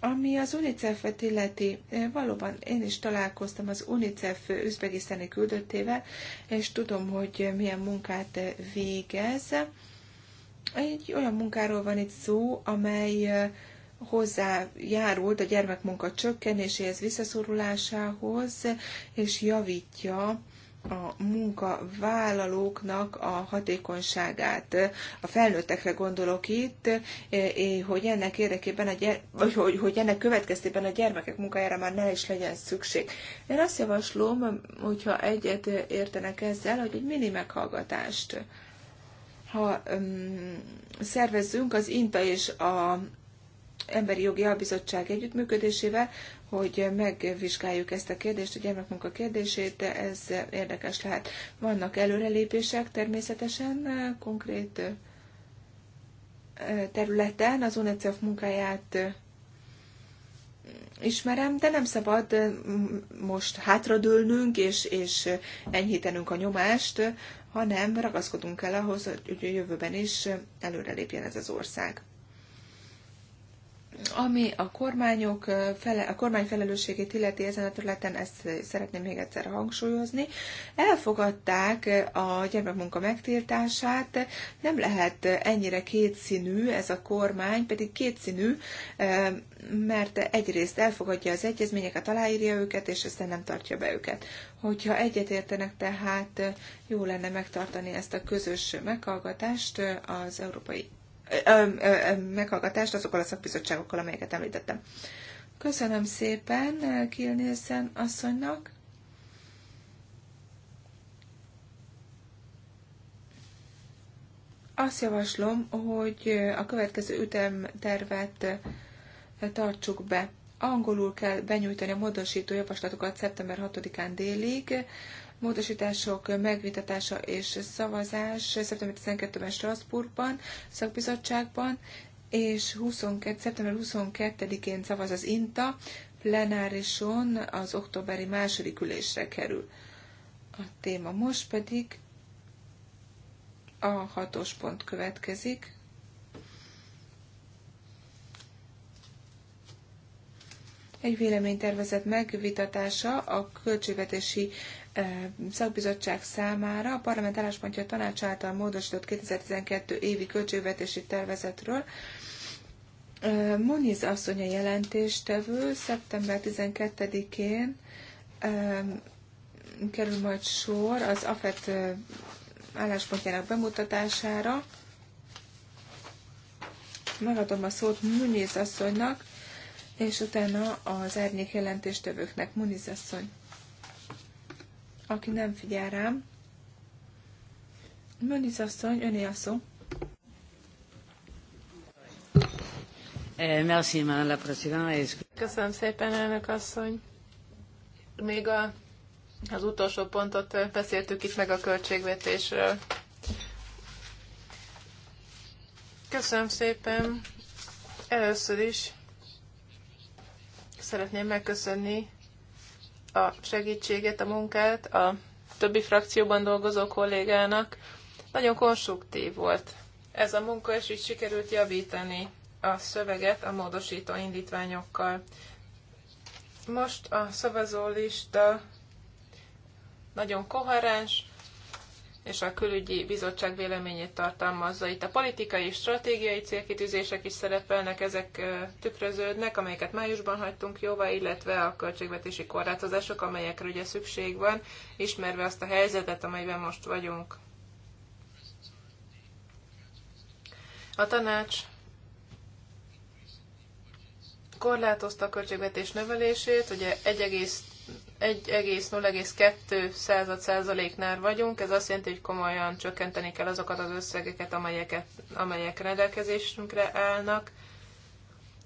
Ami az UNICEF-et illeti, valóban én is találkoztam az UNICEF üzbegisztáni küldöttével, és tudom, hogy milyen munkát végez. Egy olyan munkáról van itt szó, amely hozzájárult a gyermekmunka csökkenéséhez, visszaszorulásához, és javítja a munkavállalóknak a hatékonyságát. A felnőttekre gondolok itt, hogy ennek érdekében, a gyere, vagy hogy, hogy ennek következtében a gyermekek munkájára már ne is legyen szükség. Én azt javaslom, hogyha egyet értenek ezzel, hogy egy mini meghallgatást ha um, szervezzünk az INTA és a Emberi Jogi Albizottság együttműködésével, hogy megvizsgáljuk ezt a kérdést, a gyermekmunka kérdését, de ez érdekes lehet. Vannak előrelépések természetesen konkrét területen, az UNICEF munkáját ismerem, de nem szabad most hátradőlnünk és, és enyhítenünk a nyomást hanem ragaszkodunk el ahhoz, hogy a jövőben is előrelépjen ez az ország. Ami a, kormányok fele, a kormány felelősségét illeti ezen a területen, ezt szeretném még egyszer hangsúlyozni, elfogadták a gyermekmunka megtiltását, nem lehet ennyire kétszínű ez a kormány, pedig kétszínű, mert egyrészt elfogadja az egyezményeket, aláírja őket, és aztán nem tartja be őket. Hogyha egyetértenek, tehát jó lenne megtartani ezt a közös meghallgatást az európai ö, ö, meghallgatást azokkal a szakbizottságokkal, amelyeket említettem. Köszönöm szépen Kilnészen asszonynak. Azt javaslom, hogy a következő ütemtervet tartsuk be angolul kell benyújtani a módosító javaslatokat szeptember 6-án délig, módosítások megvitatása és szavazás szeptember 12-ben Strasbourgban, szakbizottságban, és 22, szeptember 22-én szavaz az INTA, plenárison az októberi második ülésre kerül a téma. Most pedig a hatos pont következik. egy véleménytervezet megvitatása a költségvetési eh, szakbizottság számára a parlament álláspontja a tanács által módosított 2012 évi költségvetési tervezetről. Eh, Moniz asszony a jelentéstevő szeptember 12-én eh, kerül majd sor az AFET álláspontjának bemutatására. Megadom a szót Muniz asszonynak, és utána az árnyék jelentéstevőknek Muniz asszony, aki nem figyel rám. Muniz asszony, öné a szó. Eh, Köszönöm szépen, elnök asszony. Még a, az utolsó pontot eh, beszéltük itt meg a költségvetésről. Köszönöm szépen. Először is szeretném megköszönni a segítséget, a munkát a többi frakcióban dolgozó kollégának. Nagyon konstruktív volt ez a munka, és így sikerült javítani a szöveget a módosító indítványokkal. Most a szavazólista nagyon koherens, és a külügyi bizottság véleményét tartalmazza. Itt a politikai és stratégiai célkitűzések is szerepelnek, ezek tükröződnek, amelyeket májusban hagytunk jóvá, illetve a költségvetési korlátozások, amelyekre ugye szükség van, ismerve azt a helyzetet, amelyben most vagyunk. A tanács korlátozta a költségvetés növelését, ugye 1, 1,0,2%-nál vagyunk, ez azt jelenti, hogy komolyan csökkenteni kell azokat az összegeket, amelyeket, amelyek rendelkezésünkre állnak,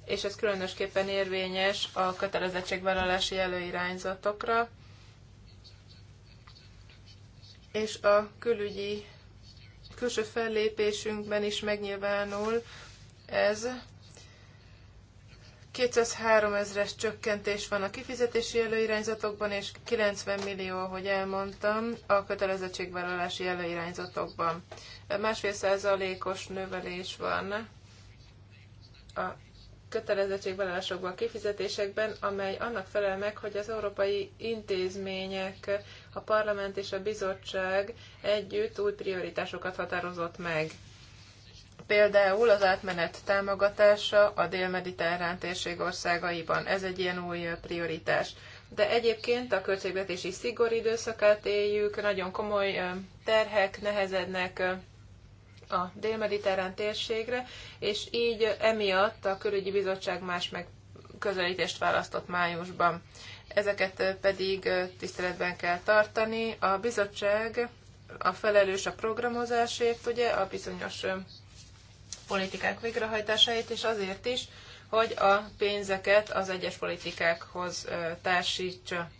és ez különösképpen érvényes a kötelezettségvállalási előirányzatokra, és a külügyi, külső fellépésünkben is megnyilvánul ez, 203 ezres csökkentés van a kifizetési előirányzatokban, és 90 millió, ahogy elmondtam, a kötelezettségvállalási előirányzatokban. Másfél százalékos növelés van a kötelezettségvállalásokban, a kifizetésekben, amely annak felel meg, hogy az európai intézmények, a parlament és a bizottság együtt új prioritásokat határozott meg Például az átmenet támogatása a dél-mediterrán térség országaiban. Ez egy ilyen új prioritás. De egyébként a költségvetési szigor időszakát éljük, nagyon komoly terhek nehezednek a dél-mediterrán térségre, és így emiatt a külügyi bizottság más megközelítést választott májusban. Ezeket pedig tiszteletben kell tartani. A bizottság a felelős a programozásért, ugye, a bizonyos politikák végrehajtásáért, és azért is, hogy a pénzeket az egyes politikákhoz társítsa.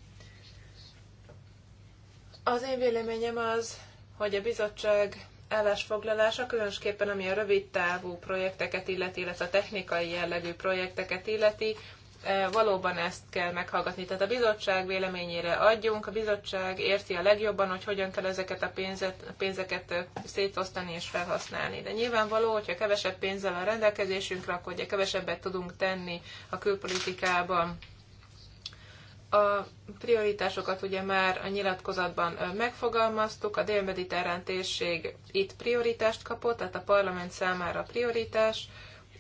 Az én véleményem az, hogy a bizottság állásfoglalása, különösképpen ami a rövid távú projekteket illeti, illetve a technikai jellegű projekteket illeti, E, valóban ezt kell meghallgatni. Tehát a bizottság véleményére adjunk, a bizottság érti a legjobban, hogy hogyan kell ezeket a pénzet, pénzeket e, szétosztani és felhasználni. De nyilvánvaló, hogyha kevesebb pénzzel a rendelkezésünkre, akkor ugye kevesebbet tudunk tenni a külpolitikában. A prioritásokat ugye már a nyilatkozatban e, megfogalmaztuk, a dél térség itt prioritást kapott, tehát a parlament számára prioritás,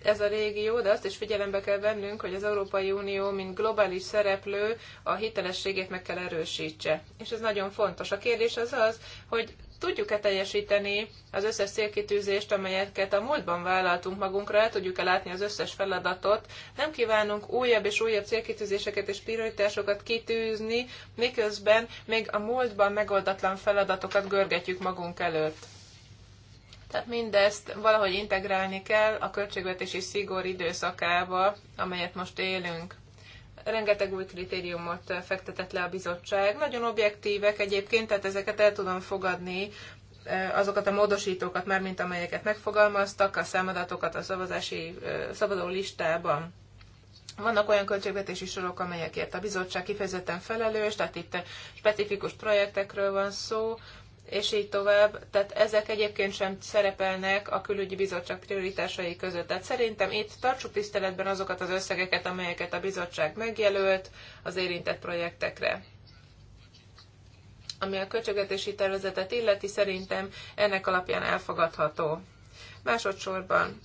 ez a régió, de azt is figyelembe kell vennünk, hogy az Európai Unió, mint globális szereplő, a hitelességét meg kell erősítse. És ez nagyon fontos. A kérdés az az, hogy tudjuk-e teljesíteni az összes célkitűzést, amelyeket a múltban vállaltunk magunkra, el tudjuk-e látni az összes feladatot. Nem kívánunk újabb és újabb célkitűzéseket és prioritásokat kitűzni, miközben még a múltban megoldatlan feladatokat görgetjük magunk előtt. Tehát mindezt valahogy integrálni kell a költségvetési szigor időszakába, amelyet most élünk. Rengeteg új kritériumot fektetett le a bizottság. Nagyon objektívek egyébként, tehát ezeket el tudom fogadni, e, azokat a módosítókat, már mint amelyeket megfogalmaztak, a számadatokat a szavazási e, szabadó listában. Vannak olyan költségvetési sorok, amelyekért a bizottság kifejezetten felelős, tehát itt specifikus projektekről van szó, és így tovább. Tehát ezek egyébként sem szerepelnek a külügyi bizottság prioritásai között. Tehát szerintem itt tartsuk tiszteletben azokat az összegeket, amelyeket a bizottság megjelölt az érintett projektekre. Ami a költségvetési tervezetet illeti, szerintem ennek alapján elfogadható. Másodszorban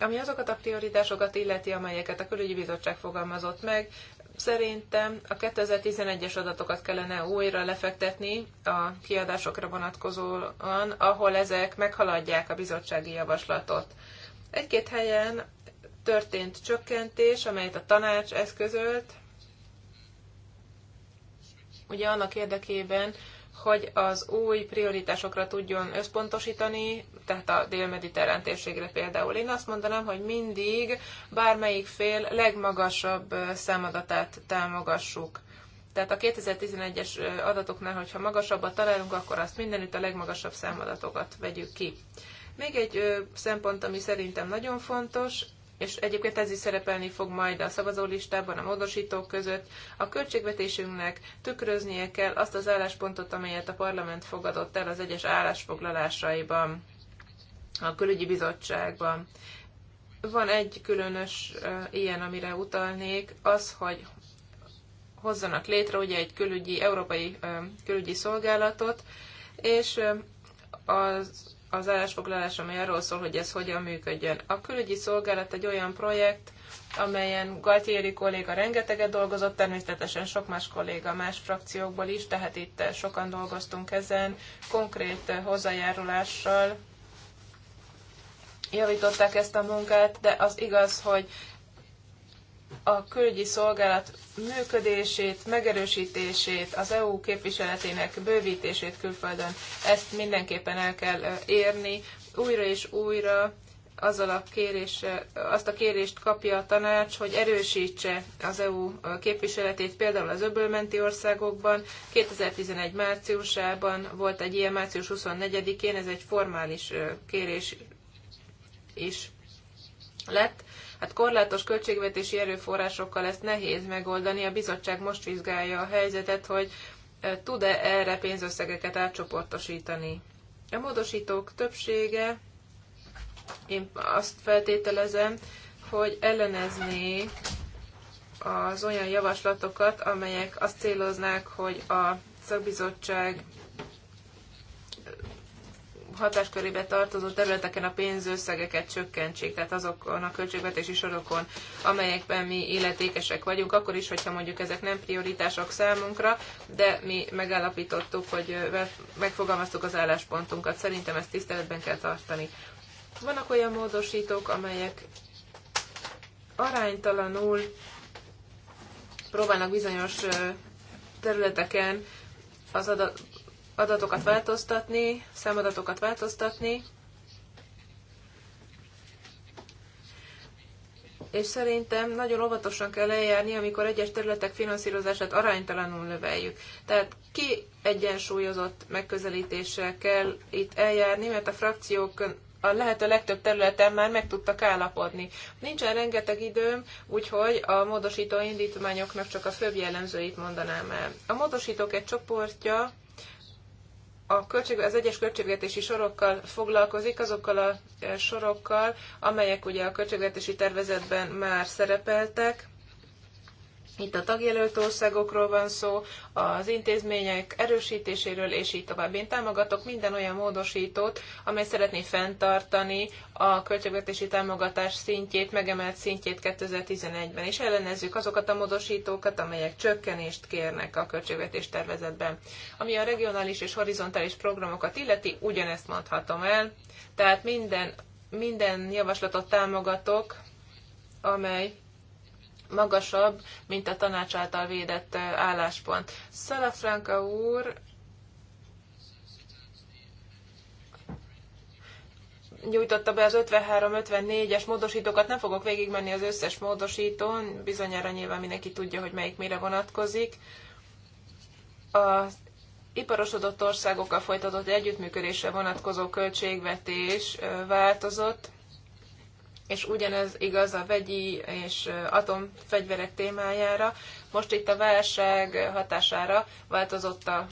ami azokat a prioritásokat illeti, amelyeket a külügyi bizottság fogalmazott meg, Szerintem a 2011-es adatokat kellene újra lefektetni a kiadásokra vonatkozóan, ahol ezek meghaladják a bizottsági javaslatot. Egy-két helyen történt csökkentés, amelyet a tanács eszközölt, ugye annak érdekében, hogy az új prioritásokra tudjon összpontosítani, tehát a dél-mediterrán térségre például. Én azt mondanám, hogy mindig bármelyik fél legmagasabb számadatát támogassuk. Tehát a 2011-es adatoknál, hogyha magasabbat találunk, akkor azt mindenütt a legmagasabb számadatokat vegyük ki. Még egy szempont, ami szerintem nagyon fontos, és egyébként ez is szerepelni fog majd a szavazólistában, a módosítók között, a költségvetésünknek tükröznie kell azt az álláspontot, amelyet a parlament fogadott el az egyes állásfoglalásaiban, a külügyi bizottságban. Van egy különös ilyen, amire utalnék, az, hogy hozzanak létre ugye egy külügyi, európai külügyi szolgálatot, és az az állásfoglalás, amely arról szól, hogy ez hogyan működjön. A külügyi szolgálat egy olyan projekt, amelyen Galtieri kolléga rengeteget dolgozott, természetesen sok más kolléga más frakciókból is, tehát itt sokan dolgoztunk ezen, konkrét hozzájárulással javították ezt a munkát, de az igaz, hogy a külügyi szolgálat működését, megerősítését, az EU képviseletének bővítését külföldön, ezt mindenképpen el kell érni. Újra és újra azzal a kérés, azt a kérést kapja a tanács, hogy erősítse az EU képviseletét például az öbölmenti országokban. 2011 márciusában volt egy ilyen március 24-én, ez egy formális kérés is lett. Hát korlátos költségvetési erőforrásokkal ezt nehéz megoldani. A bizottság most vizsgálja a helyzetet, hogy e, tud-e erre pénzösszegeket átcsoportosítani. A módosítók többsége, én azt feltételezem, hogy ellenezné az olyan javaslatokat, amelyek azt céloznák, hogy a szakbizottság hatáskörébe tartozó területeken a pénzösszegeket csökkentsék, tehát azokon a költségvetési sorokon, amelyekben mi életékesek vagyunk, akkor is, hogyha mondjuk ezek nem prioritások számunkra, de mi megállapítottuk, hogy megfogalmaztuk az álláspontunkat. Szerintem ezt tiszteletben kell tartani. Vannak olyan módosítók, amelyek aránytalanul próbálnak bizonyos területeken az adat, adatokat változtatni, számadatokat változtatni, és szerintem nagyon óvatosan kell eljárni, amikor egyes területek finanszírozását aránytalanul növeljük. Tehát ki egyensúlyozott megközelítéssel kell itt eljárni, mert a frakciók a lehető legtöbb területen már meg tudtak állapodni. Nincsen rengeteg időm, úgyhogy a módosító indítványoknak csak a főbb jellemzőit mondanám el. A módosítók egy csoportja a költség, az egyes költségvetési sorokkal foglalkozik, azokkal a e, sorokkal, amelyek ugye a költségvetési tervezetben már szerepeltek, itt a tagjelölt országokról van szó, az intézmények erősítéséről, és így tovább. Én támogatok minden olyan módosítót, amely szeretné fenntartani a költségvetési támogatás szintjét, megemelt szintjét 2011-ben, és ellenezzük azokat a módosítókat, amelyek csökkenést kérnek a költségvetés tervezetben. Ami a regionális és horizontális programokat illeti, ugyanezt mondhatom el, tehát minden, minden javaslatot támogatok, amely magasabb, mint a tanács által védett álláspont. Franka úr nyújtotta be az 53-54-es módosítókat, nem fogok végigmenni az összes módosítón, bizonyára nyilván mindenki tudja, hogy melyik mire vonatkozik. A iparosodott országokkal folytatott együttműködésre vonatkozó költségvetés változott, és ugyanez igaz a vegyi és atomfegyverek témájára. Most itt a válság hatására változott a,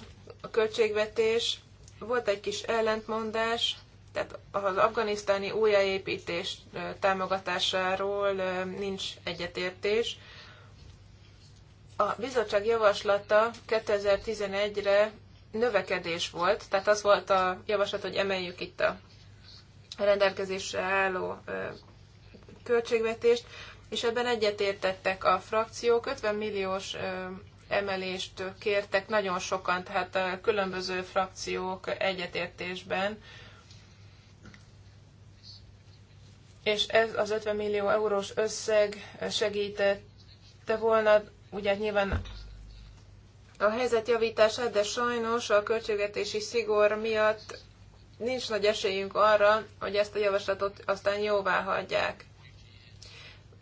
költségvetés, volt egy kis ellentmondás, tehát az afganisztáni újjáépítés támogatásáról nincs egyetértés. A bizottság javaslata 2011-re növekedés volt, tehát az volt a javaslat, hogy emeljük itt a rendelkezésre álló költségvetést, és ebben egyetértettek a frakciók, 50 milliós emelést kértek nagyon sokan, tehát a különböző frakciók egyetértésben. És ez az 50 millió eurós összeg segítette volna, ugye nyilván a helyzet javítását, de sajnos a költségvetési szigor miatt nincs nagy esélyünk arra, hogy ezt a javaslatot aztán jóvá hagyják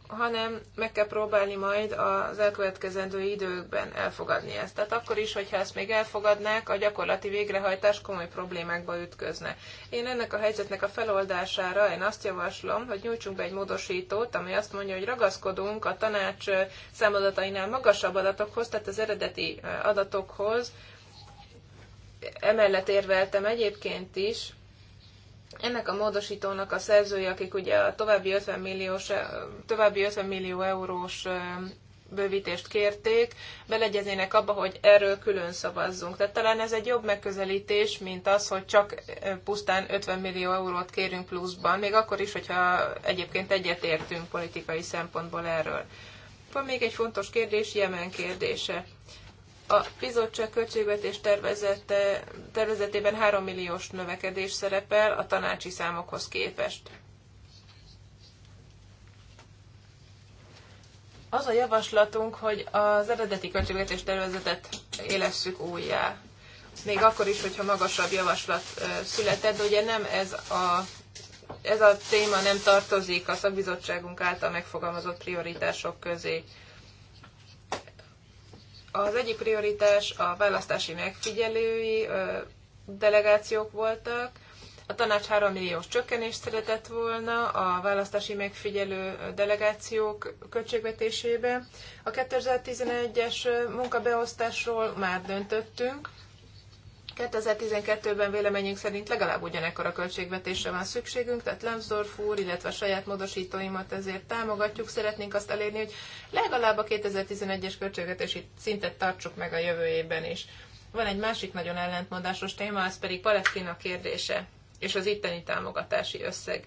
hanem meg kell próbálni majd az elkövetkezendő időkben elfogadni ezt. Tehát akkor is, hogyha ezt még elfogadnák, a gyakorlati végrehajtás komoly problémákba ütközne. Én ennek a helyzetnek a feloldására én azt javaslom, hogy nyújtsunk be egy módosítót, ami azt mondja, hogy ragaszkodunk a tanács számadatainál magasabb adatokhoz, tehát az eredeti adatokhoz. Emellett érveltem egyébként is, ennek a módosítónak a szerzői, akik ugye a további 50, milliós, további 50 millió eurós bővítést kérték, belegyeznének abba, hogy erről külön szavazzunk. Tehát talán ez egy jobb megközelítés, mint az, hogy csak pusztán 50 millió eurót kérünk pluszban, még akkor is, hogyha egyébként egyetértünk politikai szempontból erről. Van még egy fontos kérdés, Jemen kérdése. A bizottság költségvetés tervezete, tervezetében 3 milliós növekedés szerepel a tanácsi számokhoz képest. Az a javaslatunk, hogy az eredeti költségvetés tervezetet élesszük újjá. Még akkor is, hogyha magasabb javaslat született, de ugye nem ez a, ez a téma nem tartozik a szakbizottságunk által megfogalmazott prioritások közé. Az egyik prioritás a választási megfigyelői delegációk voltak, a tanács 3 milliós csökkenést szeretett volna a választási megfigyelő delegációk költségvetésébe. A 2011-es munkabeosztásról már döntöttünk, 2012-ben véleményünk szerint legalább ugyanekkor a költségvetésre van szükségünk, tehát Lambsdorff úr, illetve a saját módosítóimat ezért támogatjuk, szeretnénk azt elérni, hogy legalább a 2011-es költségvetési szintet tartsuk meg a jövő évben is. Van egy másik nagyon ellentmondásos téma, ez pedig Palesztina kérdése és az itteni támogatási összeg.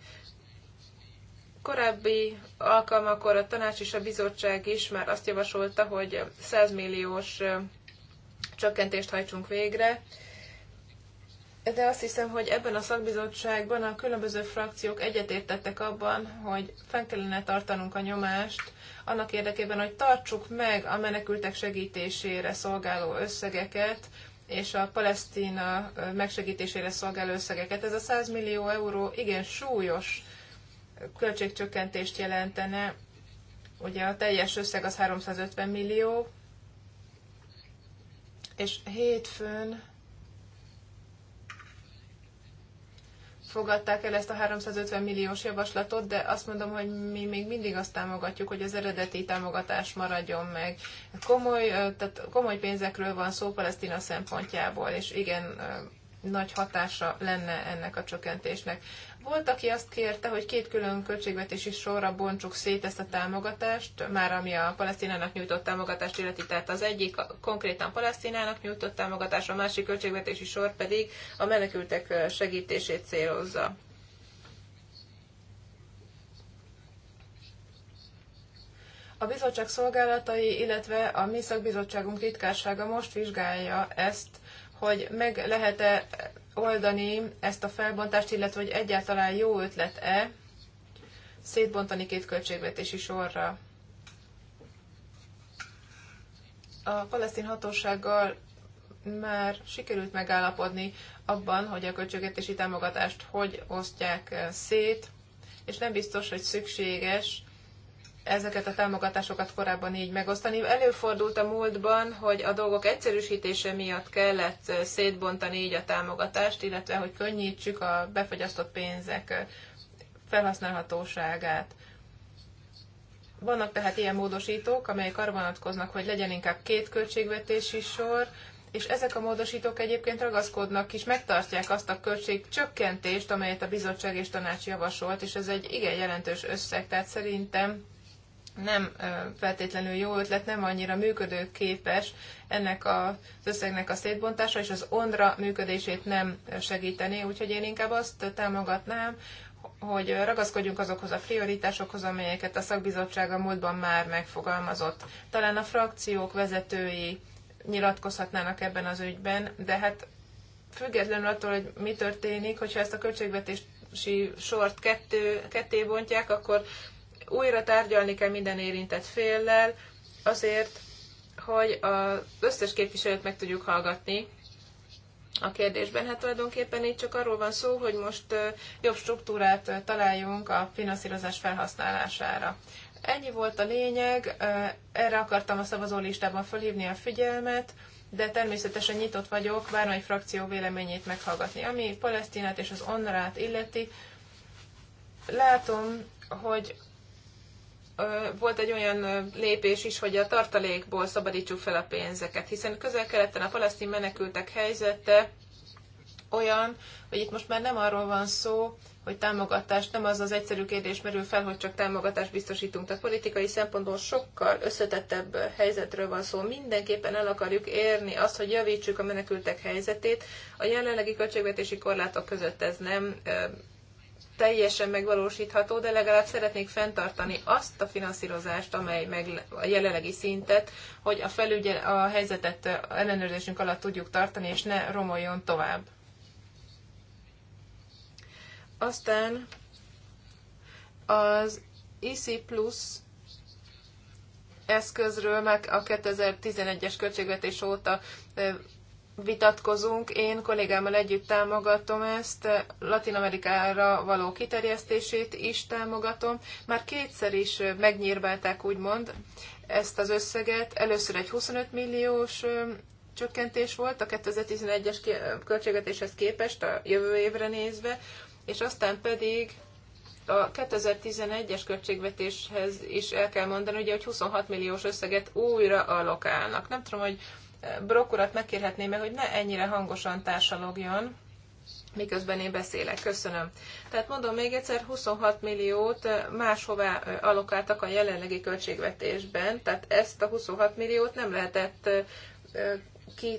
Korábbi alkalmakor a tanács és a bizottság is már azt javasolta, hogy 100 milliós csökkentést hajtsunk végre, de azt hiszem, hogy ebben a szakbizottságban a különböző frakciók egyetértettek abban, hogy fenn kellene tartanunk a nyomást, annak érdekében, hogy tartsuk meg a menekültek segítésére szolgáló összegeket, és a Palesztina megsegítésére szolgáló összegeket. Ez a 100 millió euró igen súlyos költségcsökkentést jelentene. Ugye a teljes összeg az 350 millió, és hétfőn fogadták el ezt a 350 milliós javaslatot, de azt mondom, hogy mi még mindig azt támogatjuk, hogy az eredeti támogatás maradjon meg. Komoly, tehát komoly pénzekről van szó Palesztina szempontjából, és igen, nagy hatása lenne ennek a csökkentésnek. Volt, aki azt kérte, hogy két külön költségvetési sorra bontsuk szét ezt a támogatást, már ami a palesztinának nyújtott támogatást illeti, tehát az egyik konkrétan palesztinának nyújtott támogatás, a másik költségvetési sor pedig a menekültek segítését célozza. A bizottság szolgálatai, illetve a mi szakbizottságunk ritkássága most vizsgálja ezt, hogy meg lehet-e oldani ezt a felbontást, illetve hogy egyáltalán jó ötlet-e szétbontani két költségvetési sorra. A palesztin hatósággal már sikerült megállapodni abban, hogy a költségvetési támogatást hogy osztják szét, és nem biztos, hogy szükséges ezeket a támogatásokat korábban így megosztani. Előfordult a múltban, hogy a dolgok egyszerűsítése miatt kellett szétbontani így a támogatást, illetve hogy könnyítsük a befogyasztott pénzek felhasználhatóságát. Vannak tehát ilyen módosítók, amelyek arra vonatkoznak, hogy legyen inkább két költségvetési sor, és ezek a módosítók egyébként ragaszkodnak és megtartják azt a költségcsökkentést, amelyet a bizottság és tanács javasolt, és ez egy igen jelentős összeg, tehát szerintem nem feltétlenül jó ötlet, nem annyira működőképes ennek az összegnek a szétbontása, és az ondra működését nem segítené, úgyhogy én inkább azt támogatnám, hogy ragaszkodjunk azokhoz a prioritásokhoz, amelyeket a szakbizottság a múltban már megfogalmazott. Talán a frakciók vezetői nyilatkozhatnának ebben az ügyben, de hát függetlenül attól, hogy mi történik, hogyha ezt a költségvetést költségvetési sort kettő, ketté bontják, akkor újra tárgyalni kell minden érintett féllel, azért, hogy az összes képviselőt meg tudjuk hallgatni a kérdésben. Hát tulajdonképpen itt csak arról van szó, hogy most jobb struktúrát találjunk a finanszírozás felhasználására. Ennyi volt a lényeg, erre akartam a szavazólistában fölhívni a figyelmet, de természetesen nyitott vagyok bármely frakció véleményét meghallgatni, ami Palesztinát és az Onrát illeti. Látom, hogy volt egy olyan lépés is, hogy a tartalékból szabadítsuk fel a pénzeket, hiszen közel-keleten a palesztin menekültek helyzete olyan, hogy itt most már nem arról van szó, hogy támogatást, nem az az egyszerű kérdés merül fel, hogy csak támogatást biztosítunk. Tehát politikai szempontból sokkal összetettebb helyzetről van szó. Mindenképpen el akarjuk érni azt, hogy javítsuk a menekültek helyzetét. A jelenlegi költségvetési korlátok között ez nem teljesen megvalósítható, de legalább szeretnék fenntartani azt a finanszírozást, amely meg a jelenlegi szintet, hogy a, felügyel, a helyzetet ellenőrzésünk alatt tudjuk tartani, és ne romoljon tovább. Aztán az IC Plus eszközről, meg a 2011-es költségvetés óta vitatkozunk. Én kollégámmal együtt támogatom ezt, Latin Amerikára való kiterjesztését is támogatom. Már kétszer is megnyírbálták, úgymond, ezt az összeget. Először egy 25 milliós csökkentés volt a 2011-es költségvetéshez képest a jövő évre nézve, és aztán pedig a 2011-es költségvetéshez is el kell mondani, ugye, hogy 26 milliós összeget újra alokálnak. Nem tudom, hogy Brokurat megkérhetném -e, hogy ne ennyire hangosan társalogjon, miközben én beszélek. Köszönöm. Tehát mondom még egyszer, 26 milliót eh, máshová eh, alokáltak a jelenlegi költségvetésben, tehát ezt a 26 milliót nem lehetett eh, ki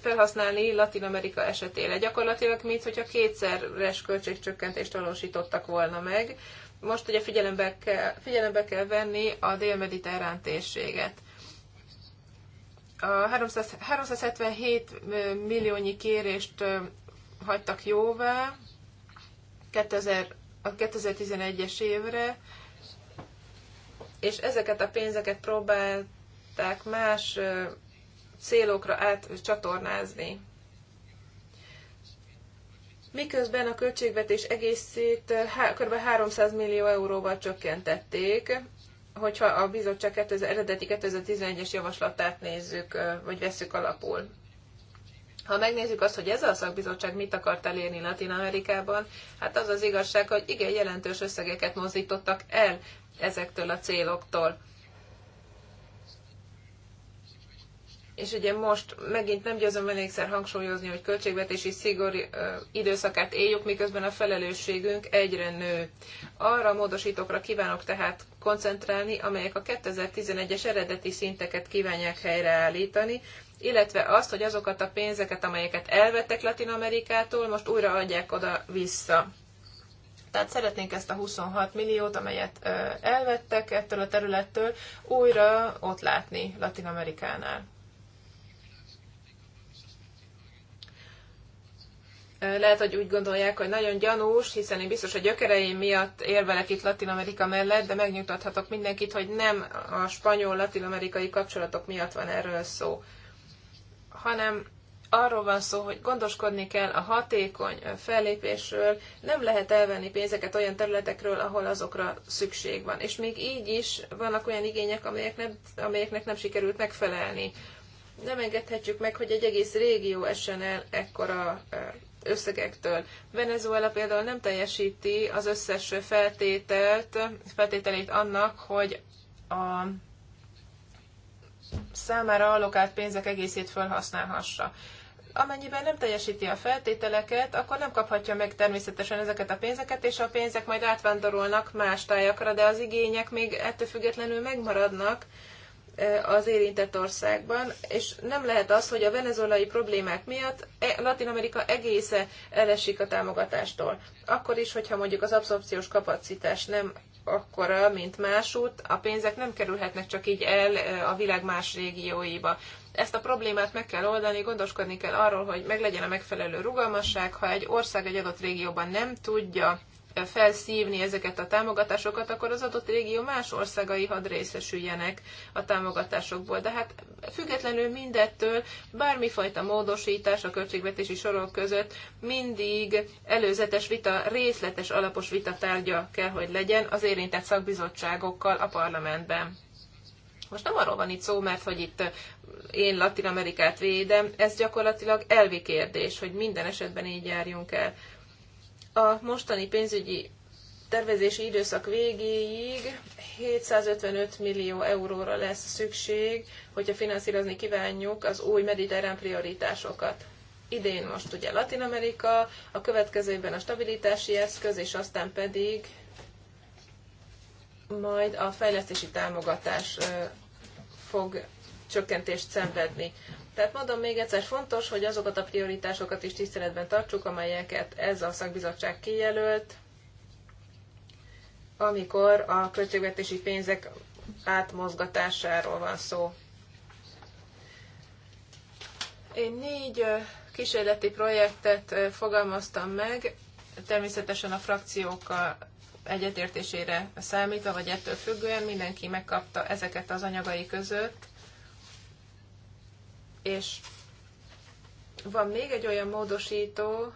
felhasználni Latin Amerika esetére. Gyakorlatilag, mint hogyha kétszeres költségcsökkentést valósítottak volna meg. Most ugye figyelembe kell, figyelembe kell venni a dél-mediterrán térséget. A 300, 377 milliónyi kérést hagytak jóvá 2000, a 2011-es évre, és ezeket a pénzeket próbálták más célokra átcsatornázni. Miközben a költségvetés egészét kb. 300 millió euróval csökkentették, hogyha a bizottság 2000, eredeti 2011-es javaslatát nézzük, vagy veszük alapul. Ha megnézzük azt, hogy ez a szakbizottság mit akart elérni Latin Amerikában, hát az az igazság, hogy igen jelentős összegeket mozdítottak el ezektől a céloktól. És ugye most megint nem győzöm elégszer hangsúlyozni, hogy költségvetési szigor időszakát éljük, miközben a felelősségünk egyre nő. Arra a módosítókra kívánok tehát koncentrálni, amelyek a 2011-es eredeti szinteket kívánják helyreállítani, illetve azt, hogy azokat a pénzeket, amelyeket elvettek Latin Amerikától, most újra adják oda vissza. Tehát szeretnénk ezt a 26 milliót, amelyet elvettek ettől a területtől, újra ott látni Latin Amerikánál. lehet, hogy úgy gondolják, hogy nagyon gyanús, hiszen én biztos a gyökereim miatt érvelek itt Latin Amerika mellett, de megnyugtathatok mindenkit, hogy nem a spanyol-latin amerikai kapcsolatok miatt van erről szó, hanem arról van szó, hogy gondoskodni kell a hatékony fellépésről, nem lehet elvenni pénzeket olyan területekről, ahol azokra szükség van. És még így is vannak olyan igények, amelyek nem, amelyeknek nem sikerült megfelelni. Nem engedhetjük meg, hogy egy egész régió essen el ekkora összegektől. Venezuela például nem teljesíti az összes feltételt, feltételét annak, hogy a számára allokált pénzek egészét felhasználhassa. Amennyiben nem teljesíti a feltételeket, akkor nem kaphatja meg természetesen ezeket a pénzeket, és a pénzek majd átvándorolnak más tájakra, de az igények még ettől függetlenül megmaradnak, Eh, az érintett országban, és nem lehet az, hogy a venezuelai problémák miatt e- Latin Amerika egésze elesik a támogatástól. Akkor is, hogyha mondjuk az abszorpciós kapacitás nem akkora, mint másút, a pénzek nem kerülhetnek csak így el eh, a világ más régióiba. Ezt a problémát meg kell oldani, gondoskodni kell arról, hogy meglegyen a megfelelő rugalmasság, ha egy ország egy adott régióban nem tudja felszívni ezeket a támogatásokat, akkor az adott régió más országai had részesüljenek a támogatásokból. De hát függetlenül mindettől bármifajta módosítás a költségvetési sorok között mindig előzetes vita, részletes alapos vita tárgya kell, hogy legyen az érintett szakbizottságokkal a parlamentben. Most nem arról van itt szó, mert hogy itt én Latin Amerikát védem, ez gyakorlatilag elvi kérdés, hogy minden esetben így járjunk el a mostani pénzügyi tervezési időszak végéig 755 millió euróra lesz szükség, hogyha finanszírozni kívánjuk az új mediterrán prioritásokat. Idén most ugye Latin Amerika, a következőben a stabilitási eszköz, és aztán pedig majd a fejlesztési támogatás fog csökkentést szenvedni. Tehát mondom még egyszer, fontos, hogy azokat a prioritásokat is tiszteletben tartsuk, amelyeket ez a szakbizottság kijelölt, amikor a költségvetési pénzek átmozgatásáról van szó. Én négy kísérleti projektet fogalmaztam meg, természetesen a frakciókkal egyetértésére számítva, vagy ettől függően mindenki megkapta ezeket az anyagai között. És van még egy olyan módosító,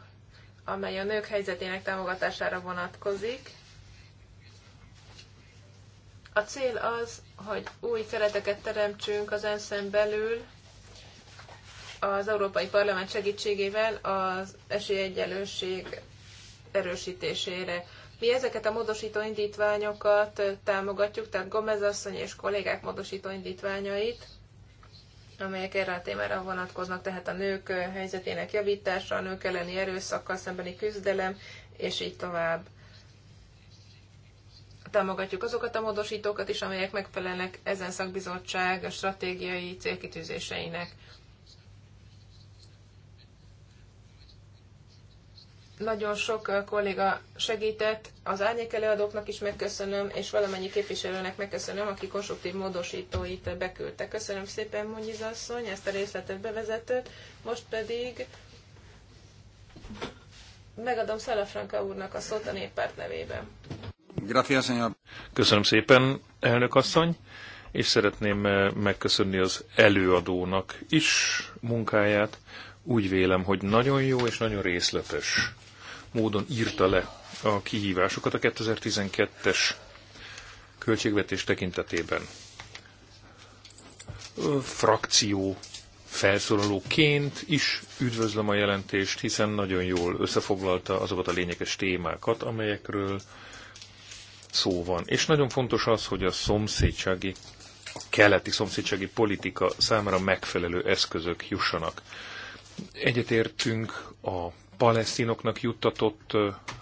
amely a nők helyzetének támogatására vonatkozik. A cél az, hogy új kereteket teremtsünk az ensz belül, az Európai Parlament segítségével az esélyegyenlőség erősítésére. Mi ezeket a módosító indítványokat támogatjuk, tehát Gomez asszony és kollégák módosító indítványait, amelyek erre a témára vonatkoznak, tehát a nők helyzetének javítása, a nők elleni erőszakkal szembeni küzdelem, és így tovább. Támogatjuk azokat a módosítókat is, amelyek megfelelnek ezen szakbizottság stratégiai célkitűzéseinek. Nagyon sok kolléga segített, az árnyék előadóknak is megköszönöm, és valamennyi képviselőnek megköszönöm, aki konstruktív módosítóit beküldte. Köszönöm szépen, Mondjiz asszony, ezt a részletet bevezetőt. Most pedig megadom Franka úrnak a szót a néppárt nevében. Köszönöm szépen, elnök asszony, és szeretném megköszönni az előadónak is munkáját. Úgy vélem, hogy nagyon jó és nagyon részletes módon írta le a kihívásokat a 2012-es költségvetés tekintetében. Frakció felszólalóként is üdvözlöm a jelentést, hiszen nagyon jól összefoglalta azokat a lényeges témákat, amelyekről szó van. És nagyon fontos az, hogy a szomszédsági, a keleti szomszédsági politika számára megfelelő eszközök jussanak. Egyetértünk a palesztinoknak juttatott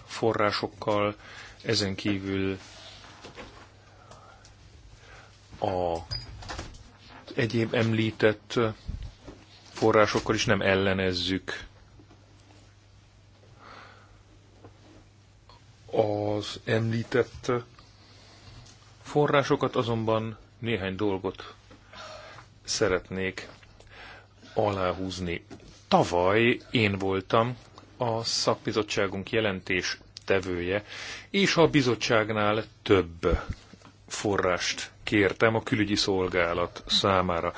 forrásokkal, ezen kívül a egyéb említett forrásokkal is nem ellenezzük az említett forrásokat, azonban néhány dolgot szeretnék aláhúzni. Tavaly én voltam a szakbizottságunk jelentés tevője, és a bizottságnál több forrást kértem a külügyi szolgálat számára.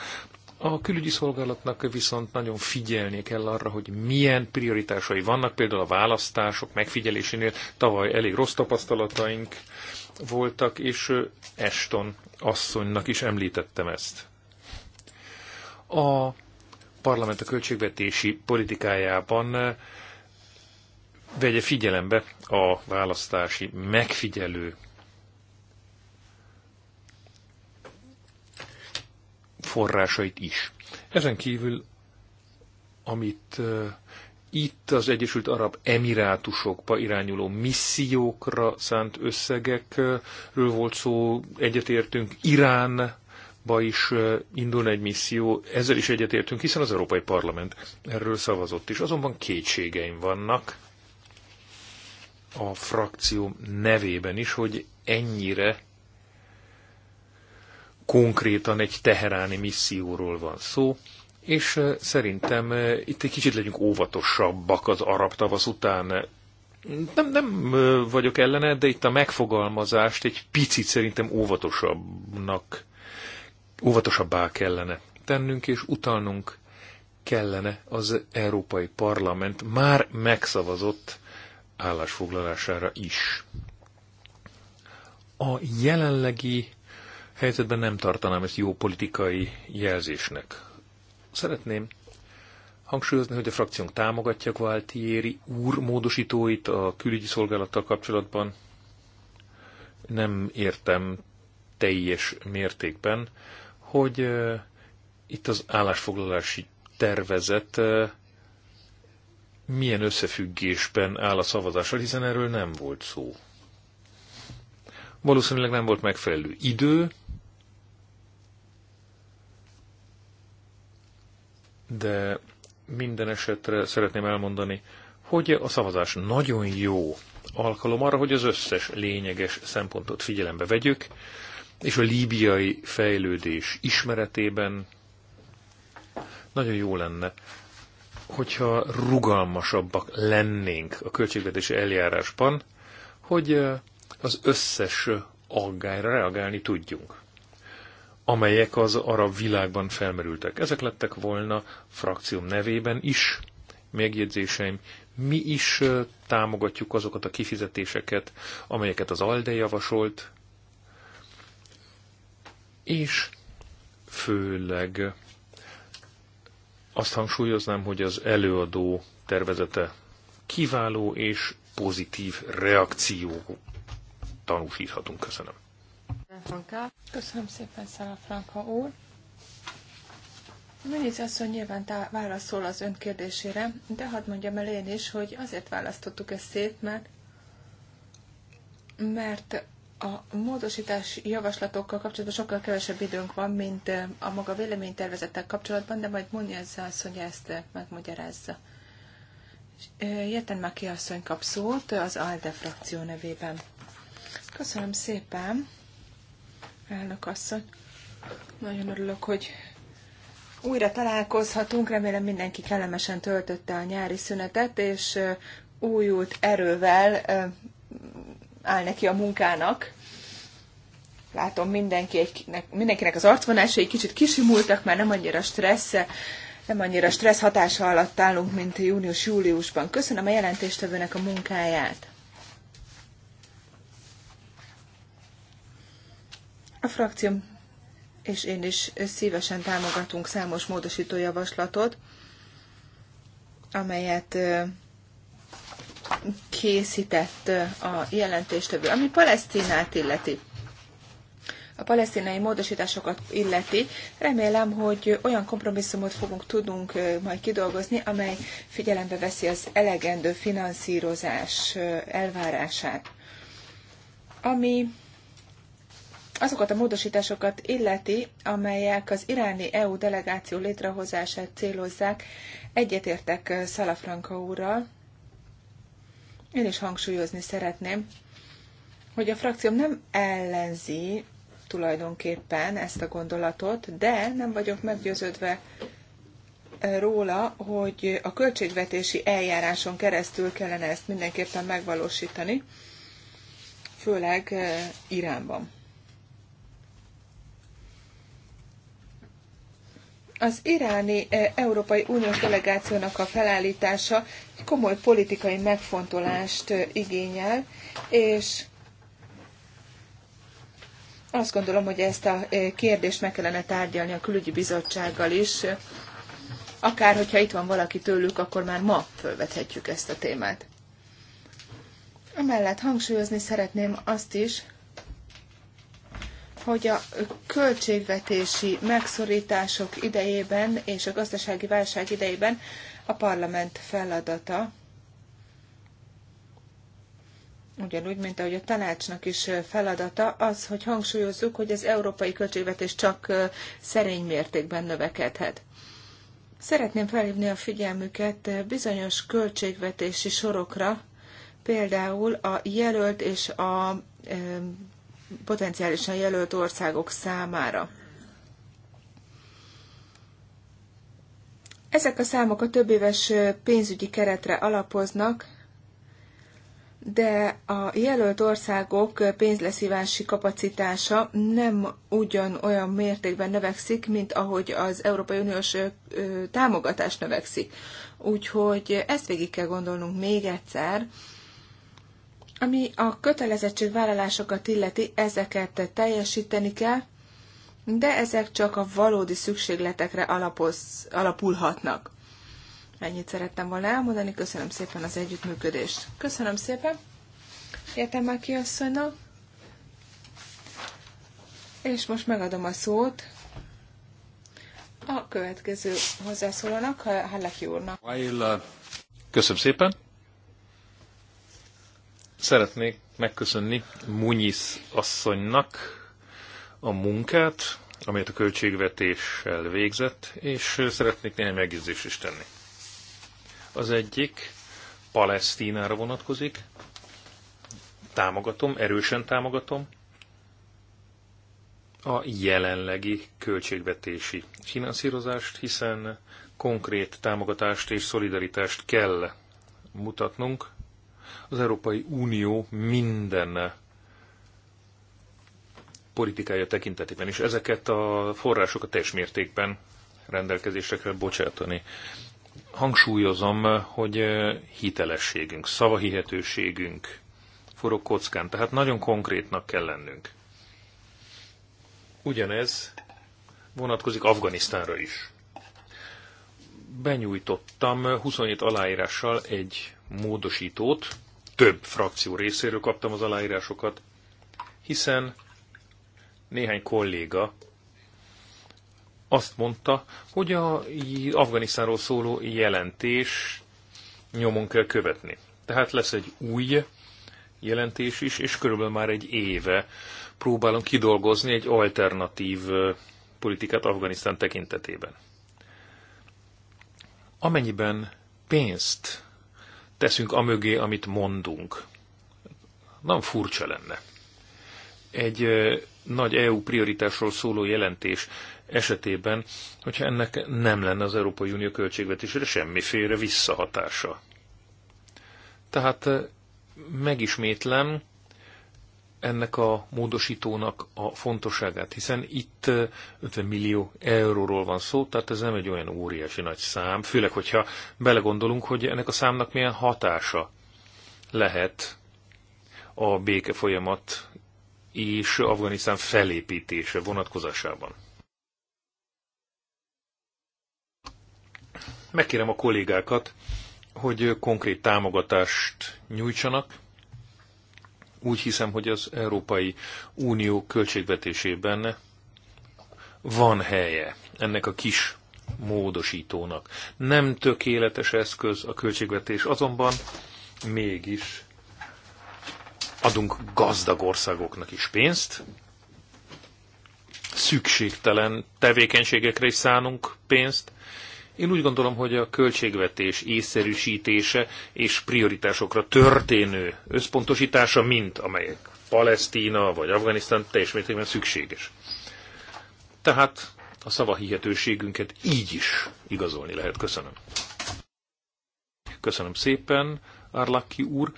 A külügyi szolgálatnak viszont nagyon figyelni kell arra, hogy milyen prioritásai vannak, például a választások megfigyelésénél tavaly elég rossz tapasztalataink voltak, és Eston asszonynak is említettem ezt. A parlament a költségvetési politikájában vegye figyelembe a választási megfigyelő forrásait is. Ezen kívül, amit itt az Egyesült Arab Emirátusokba irányuló missziókra szánt összegekről volt szó, egyetértünk Iránba is indul egy misszió, ezzel is egyetértünk, hiszen az Európai Parlament erről szavazott is. Azonban kétségeim vannak a frakció nevében is, hogy ennyire konkrétan egy teheráni misszióról van szó, és szerintem itt egy kicsit legyünk óvatosabbak az arab tavasz után. Nem, nem vagyok ellene, de itt a megfogalmazást egy picit szerintem óvatosabbnak, óvatosabbá kellene tennünk, és utalnunk kellene az Európai Parlament már megszavazott állásfoglalására is. A jelenlegi helyzetben nem tartanám ezt jó politikai jelzésnek. Szeretném hangsúlyozni, hogy a frakciónk támogatja Gualtieri úr módosítóit a külügyi szolgálattal kapcsolatban. Nem értem teljes mértékben, hogy uh, itt az állásfoglalási tervezet uh, milyen összefüggésben áll a szavazással, hiszen erről nem volt szó. Valószínűleg nem volt megfelelő idő, de minden esetre szeretném elmondani, hogy a szavazás nagyon jó alkalom arra, hogy az összes lényeges szempontot figyelembe vegyük, és a líbiai fejlődés ismeretében nagyon jó lenne, hogyha rugalmasabbak lennénk a költségvetési eljárásban, hogy az összes aggályra reagálni tudjunk, amelyek az arab világban felmerültek. Ezek lettek volna frakcióm nevében is megjegyzéseim. Mi is támogatjuk azokat a kifizetéseket, amelyeket az ALDE javasolt, és főleg azt hangsúlyoznám, hogy az előadó tervezete kiváló és pozitív reakció tanúsíthatunk. Köszönöm. Köszönöm szépen, Szala Franka úr. Miniz asszony nyilván tá- válaszol az ön kérdésére, de hadd mondjam el én is, hogy azért választottuk ezt szét, mert, mert a módosítás javaslatokkal kapcsolatban sokkal kevesebb időnk van, mint a maga véleménytervezettel kapcsolatban, de majd mondja az asszony ezt megmagyarázza. Jeten Maki asszony kap szót az ALDE frakció nevében. Köszönöm szépen, elnök asszony. Nagyon örülök, hogy újra találkozhatunk. Remélem mindenki kellemesen töltötte a nyári szünetet, és újult erővel áll neki a munkának. Látom, mindenki egy, mindenkinek az arcvonásai kicsit kisimultak, már nem annyira stressz, nem annyira stressz hatása alatt állunk, mint június-júliusban. Köszönöm a jelentéstevőnek a munkáját. A frakcióm és én is szívesen támogatunk számos módosító javaslatot, amelyet készített a jelentéstevő, ami Palesztinát illeti a palesztinai módosításokat illeti. Remélem, hogy olyan kompromisszumot fogunk tudunk majd kidolgozni, amely figyelembe veszi az elegendő finanszírozás elvárását. Ami azokat a módosításokat illeti, amelyek az iráni EU delegáció létrehozását célozzák, egyetértek Szalafranka úrral, én is hangsúlyozni szeretném, hogy a frakcióm nem ellenzi tulajdonképpen ezt a gondolatot, de nem vagyok meggyőződve róla, hogy a költségvetési eljáráson keresztül kellene ezt mindenképpen megvalósítani, főleg eh, Iránban. Az iráni e, Európai Uniós delegációnak a felállítása egy komoly politikai megfontolást e, igényel, és azt gondolom, hogy ezt a e, kérdést meg kellene tárgyalni a külügyi bizottsággal is. Akár, hogyha itt van valaki tőlük, akkor már ma fölvethetjük ezt a témát. Emellett hangsúlyozni szeretném azt is, hogy a költségvetési megszorítások idejében és a gazdasági válság idejében a parlament feladata, ugyanúgy, mint ahogy a tanácsnak is feladata, az, hogy hangsúlyozzuk, hogy az európai költségvetés csak szerény mértékben növekedhet. Szeretném felhívni a figyelmüket bizonyos költségvetési sorokra, például a jelölt és a potenciálisan jelölt országok számára. Ezek a számok a többéves pénzügyi keretre alapoznak, de a jelölt országok pénzleszívási kapacitása nem ugyan olyan mértékben növekszik, mint ahogy az Európai Uniós támogatás növekszik. Úgyhogy ezt végig kell gondolnunk még egyszer, ami a kötelezettségvállalásokat illeti, ezeket teljesíteni kell, de ezek csak a valódi szükségletekre alapoz, alapulhatnak. Ennyit szerettem volna elmondani, köszönöm szépen az együttműködést. Köszönöm szépen, értem már ki asszonynak, és most megadom a szót a következő hozzászólónak, Hallaki úrnak. Uh, köszönöm szépen. Szeretnék megköszönni Munyisz asszonynak a munkát, amelyet a költségvetéssel végzett, és szeretnék néhány megjegyzést is tenni. Az egyik Palesztinára vonatkozik. Támogatom, erősen támogatom a jelenlegi költségvetési finanszírozást, hiszen konkrét támogatást és szolidaritást kell mutatnunk az Európai Unió minden politikája tekintetében, és ezeket a forrásokat teljes mértékben rendelkezésre kell bocsátani. Hangsúlyozom, hogy eh, hitelességünk, szavahihetőségünk forog kockán, tehát nagyon konkrétnak kell lennünk. Ugyanez vonatkozik Afganisztánra is. Benyújtottam 27 aláírással egy módosítót, több frakció részéről kaptam az aláírásokat, hiszen néhány kolléga azt mondta, hogy a Afganisztánról szóló jelentés nyomon kell követni. Tehát lesz egy új jelentés is, és körülbelül már egy éve próbálom kidolgozni egy alternatív politikát Afganisztán tekintetében. Amennyiben pénzt teszünk amögé, amit mondunk. Nem furcsa lenne. Egy nagy EU prioritásról szóló jelentés esetében, hogyha ennek nem lenne az Európai Unió költségvetésére semmiféle visszahatása. Tehát megismétlem, ennek a módosítónak a fontosságát, hiszen itt 50 millió euróról van szó, tehát ez nem egy olyan óriási nagy szám, főleg, hogyha belegondolunk, hogy ennek a számnak milyen hatása lehet a béke folyamat és Afganisztán felépítése vonatkozásában. Megkérem a kollégákat, hogy konkrét támogatást nyújtsanak úgy hiszem, hogy az Európai Unió költségvetésében van helye ennek a kis módosítónak. Nem tökéletes eszköz a költségvetés, azonban mégis adunk gazdag országoknak is pénzt, szükségtelen tevékenységekre is szánunk pénzt, én úgy gondolom, hogy a költségvetés észszerűsítése és prioritásokra történő összpontosítása, mint amelyek Palesztina vagy Afganisztán teljes mértékben szükséges. Tehát a szava hihetőségünket így is igazolni lehet. Köszönöm. Köszönöm szépen, Arlaki úr.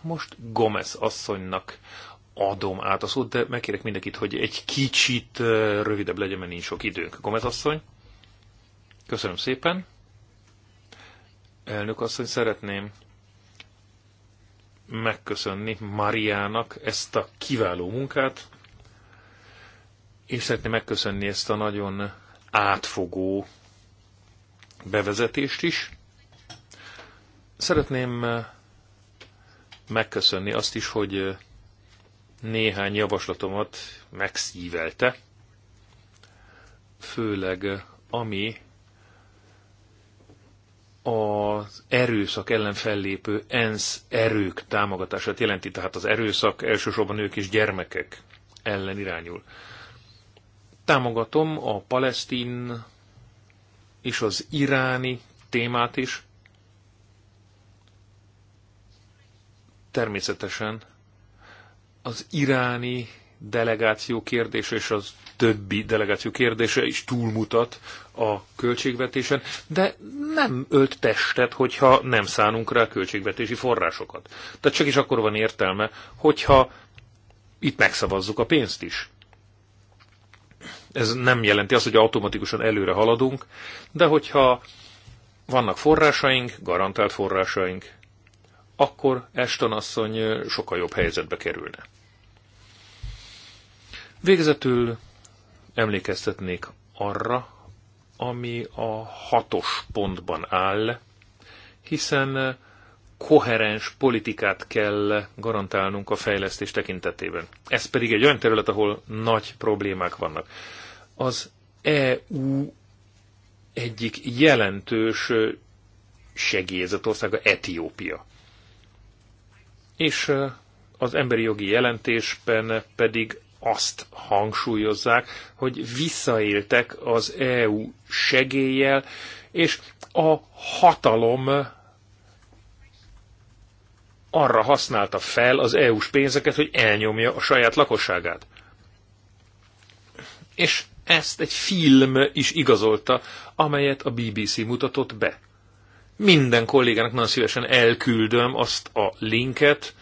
Most Gomez asszonynak adom át a szót, de megkérek mindenkit, hogy egy kicsit eh, rövidebb legyen, mert nincs sok időnk. Gomez asszony. Köszönöm szépen. Elnök asszony, szeretném megköszönni Mariának ezt a kiváló munkát, és szeretném megköszönni ezt a nagyon átfogó bevezetést is. Szeretném megköszönni azt is, hogy néhány javaslatomat megszívelte, főleg ami az erőszak ellen fellépő ENSZ erők támogatását jelenti, tehát az erőszak elsősorban ők és gyermekek ellen irányul. Támogatom a palesztin és az iráni témát is. Természetesen az iráni delegáció kérdése és az többi delegáció kérdése is túlmutat a költségvetésen, de nem ölt testet, hogyha nem szánunk rá költségvetési forrásokat. Tehát csak is akkor van értelme, hogyha itt megszavazzuk a pénzt is. Ez nem jelenti azt, hogy automatikusan előre haladunk, de hogyha vannak forrásaink, garantált forrásaink, akkor Eston asszony sokkal jobb helyzetbe kerülne. Végezetül emlékeztetnék arra, ami a hatos pontban áll, hiszen koherens politikát kell garantálnunk a fejlesztés tekintetében. Ez pedig egy olyan terület, ahol nagy problémák vannak. Az EU egyik jelentős segélyezett országa Etiópia. És az emberi jogi jelentésben pedig azt hangsúlyozzák, hogy visszaéltek az EU segéllyel, és a hatalom arra használta fel az EU-s pénzeket, hogy elnyomja a saját lakosságát. És ezt egy film is igazolta, amelyet a BBC mutatott be. Minden kollégának nagyon szívesen elküldöm azt a linket,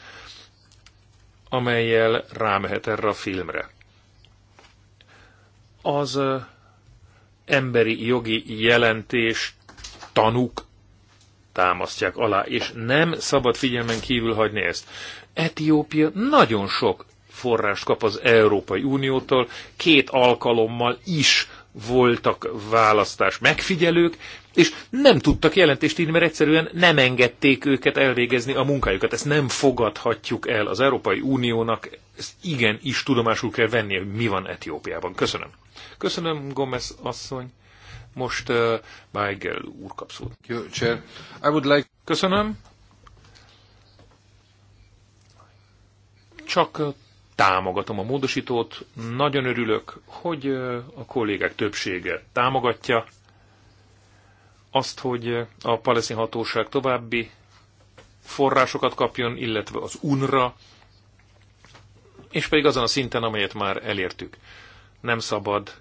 amelyel rámehet erre a filmre. Az emberi jogi jelentés tanuk támasztják alá, és nem szabad figyelmen kívül hagyni ezt. Etiópia nagyon sok forrást kap az Európai Uniótól, két alkalommal is voltak választás megfigyelők, és nem tudtak jelentést írni, mert egyszerűen nem engedték őket elvégezni a munkájukat. Ezt nem fogadhatjuk el az Európai Uniónak, ezt igen is tudomásul kell vennie, hogy mi van Etiópiában. Köszönöm. Köszönöm, Gomez asszony. Most uh, Weigel úr kap szót. Like... Köszönöm. Csak uh, támogatom a módosítót. Nagyon örülök, hogy uh, a kollégák többsége támogatja azt, hogy a palesztin hatóság további forrásokat kapjon, illetve az UNRA, és pedig azon a szinten, amelyet már elértük. Nem szabad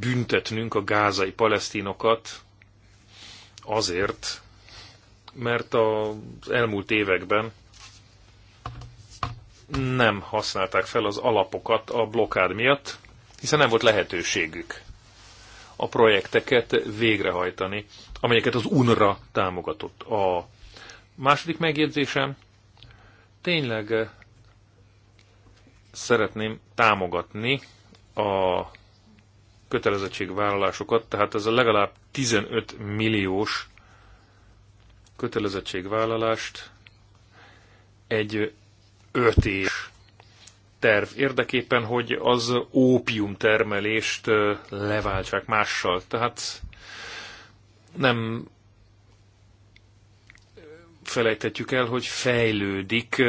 büntetnünk a gázai palesztinokat azért, mert az elmúlt években nem használták fel az alapokat a blokád miatt, hiszen nem volt lehetőségük a projekteket végrehajtani, amelyeket az UNRA támogatott. A második megjegyzésem, tényleg szeretném támogatni a kötelezettségvállalásokat, tehát ez a legalább 15 milliós kötelezettségvállalást egy öt év terv érdekében, hogy az ópium termelést leváltsák mással. Tehát nem felejthetjük el, hogy fejlődik,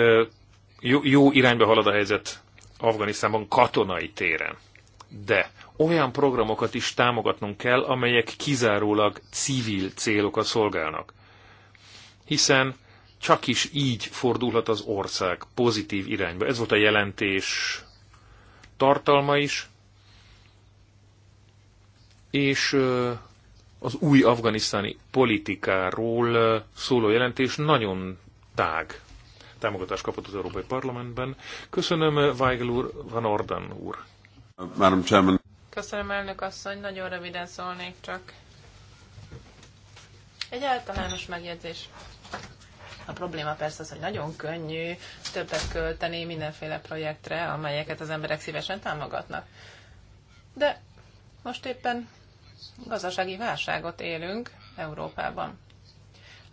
jó, jó irányba halad a helyzet Afganisztánban katonai téren. De olyan programokat is támogatnunk kell, amelyek kizárólag civil célokat szolgálnak. Hiszen csak is így fordulhat az ország pozitív irányba. Ez volt a jelentés tartalma is, és az új afganisztáni politikáról szóló jelentés nagyon tág támogatást kapott az Európai Parlamentben. Köszönöm, Weigel úr, Van Orden úr. Madam Chairman. Köszönöm, elnök asszony, nagyon röviden szólnék csak. Egy általános megjegyzés. A probléma persze az, hogy nagyon könnyű többet költeni mindenféle projektre, amelyeket az emberek szívesen támogatnak. De most éppen gazdasági válságot élünk Európában.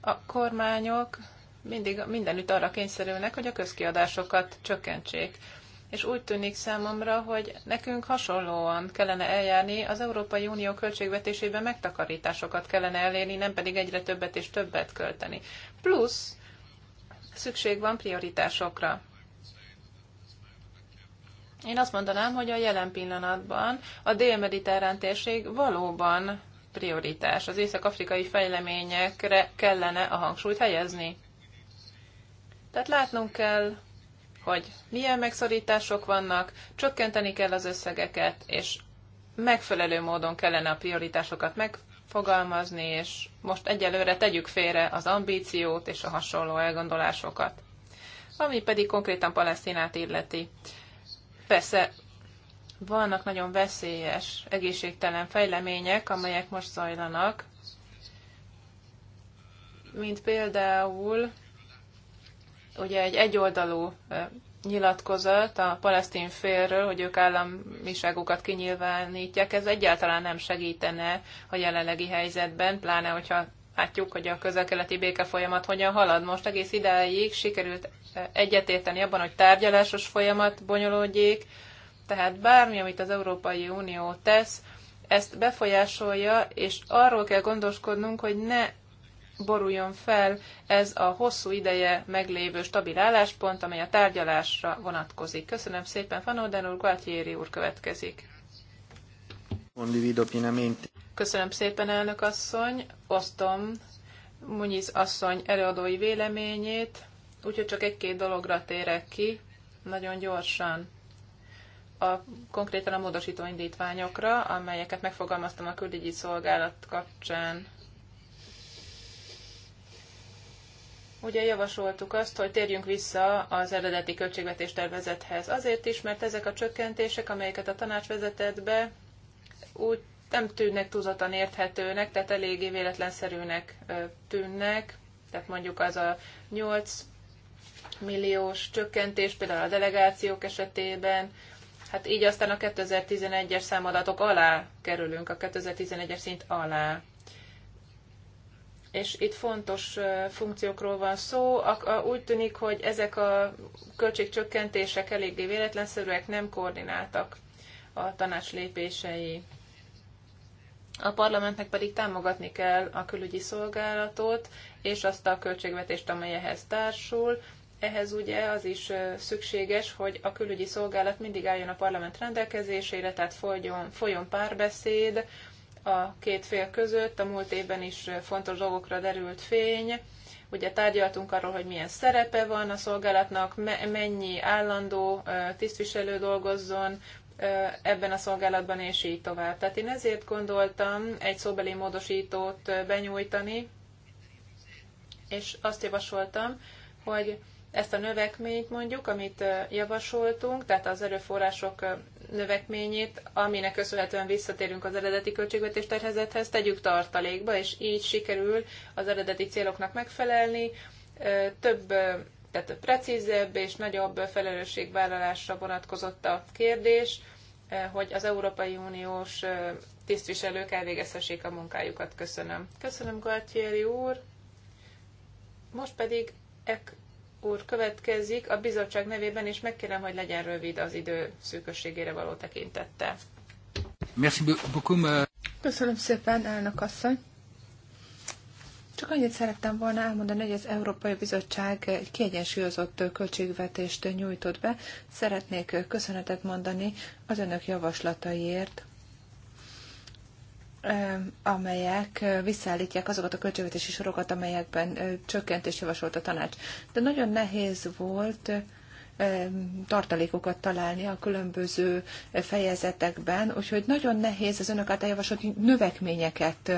A kormányok mindig mindenütt arra kényszerülnek, hogy a közkiadásokat csökkentsék. És úgy tűnik számomra, hogy nekünk hasonlóan kellene eljárni, az Európai Unió költségvetésében megtakarításokat kellene elérni, nem pedig egyre többet és többet költeni. Plusz szükség van prioritásokra. Én azt mondanám, hogy a jelen pillanatban a dél-mediterrán térség valóban prioritás. Az észak-afrikai fejleményekre kellene a hangsúlyt helyezni. Tehát látnunk kell, hogy milyen megszorítások vannak, csökkenteni kell az összegeket, és megfelelő módon kellene a prioritásokat meg, fogalmazni, és most egyelőre tegyük félre az ambíciót és a hasonló elgondolásokat. Ami pedig konkrétan Palesztinát illeti. Persze vannak nagyon veszélyes, egészségtelen fejlemények, amelyek most zajlanak, mint például ugye egy egyoldalú nyilatkozott a palesztin félről, hogy ők államiságokat kinyilvánítják, ez egyáltalán nem segítene a jelenlegi helyzetben, pláne hogyha látjuk, hogy a közelkeleti béke folyamat hogyan halad. Most egész idáig sikerült egyetérteni abban, hogy tárgyalásos folyamat bonyolódjék, tehát bármi, amit az Európai Unió tesz, ezt befolyásolja, és arról kell gondoskodnunk, hogy ne boruljon fel ez a hosszú ideje meglévő stabil álláspont, amely a tárgyalásra vonatkozik. Köszönöm szépen, Fanóden úr, Gualtieri úr következik. Köszönöm szépen, elnök asszony. Osztom Munyiz asszony előadói véleményét, úgyhogy csak egy-két dologra térek ki, nagyon gyorsan. A, konkrétan a módosító indítványokra, amelyeket megfogalmaztam a küldügyi szolgálat kapcsán Ugye javasoltuk azt, hogy térjünk vissza az eredeti költségvetés tervezethez. Azért is, mert ezek a csökkentések, amelyeket a tanács vezetett be, úgy nem tűnnek túlzottan érthetőnek, tehát eléggé véletlenszerűnek tűnnek. Tehát mondjuk az a 8 milliós csökkentés például a delegációk esetében, hát így aztán a 2011-es számadatok alá kerülünk, a 2011-es szint alá és itt fontos funkciókról van szó. Úgy tűnik, hogy ezek a költségcsökkentések eléggé véletlenszerűek, nem koordináltak a tanács lépései. A parlamentnek pedig támogatni kell a külügyi szolgálatot és azt a költségvetést, amely ehhez társul. Ehhez ugye az is szükséges, hogy a külügyi szolgálat mindig álljon a parlament rendelkezésére, tehát folyjon, folyjon párbeszéd, a két fél között. A múlt évben is fontos dolgokra derült fény. Ugye tárgyaltunk arról, hogy milyen szerepe van a szolgálatnak, mennyi állandó tisztviselő dolgozzon ebben a szolgálatban, és így tovább. Tehát én ezért gondoltam egy szóbeli módosítót benyújtani, és azt javasoltam, hogy ezt a növekményt mondjuk, amit javasoltunk, tehát az erőforrások növekményét, aminek köszönhetően visszatérünk az eredeti költségvetés terhezethez, tegyük tartalékba, és így sikerül az eredeti céloknak megfelelni. Több tehát precízebb és nagyobb felelősségvállalásra vonatkozott a kérdés, hogy az Európai Uniós tisztviselők elvégezhessék a munkájukat. Köszönöm. Köszönöm, Galtieri úr. Most pedig úr következik a bizottság nevében, és megkérem, hogy legyen rövid az idő szűkösségére való tekintettel. Köszönöm szépen, elnök asszony. Csak annyit szerettem volna elmondani, hogy az Európai Bizottság egy kiegyensúlyozott költségvetést nyújtott be. Szeretnék köszönetet mondani az önök javaslataiért, amelyek visszaállítják azokat a költségvetési sorokat, amelyekben csökkentést javasolt a tanács. De nagyon nehéz volt tartalékokat találni a különböző fejezetekben, úgyhogy nagyon nehéz az önök által javasolt növekményeket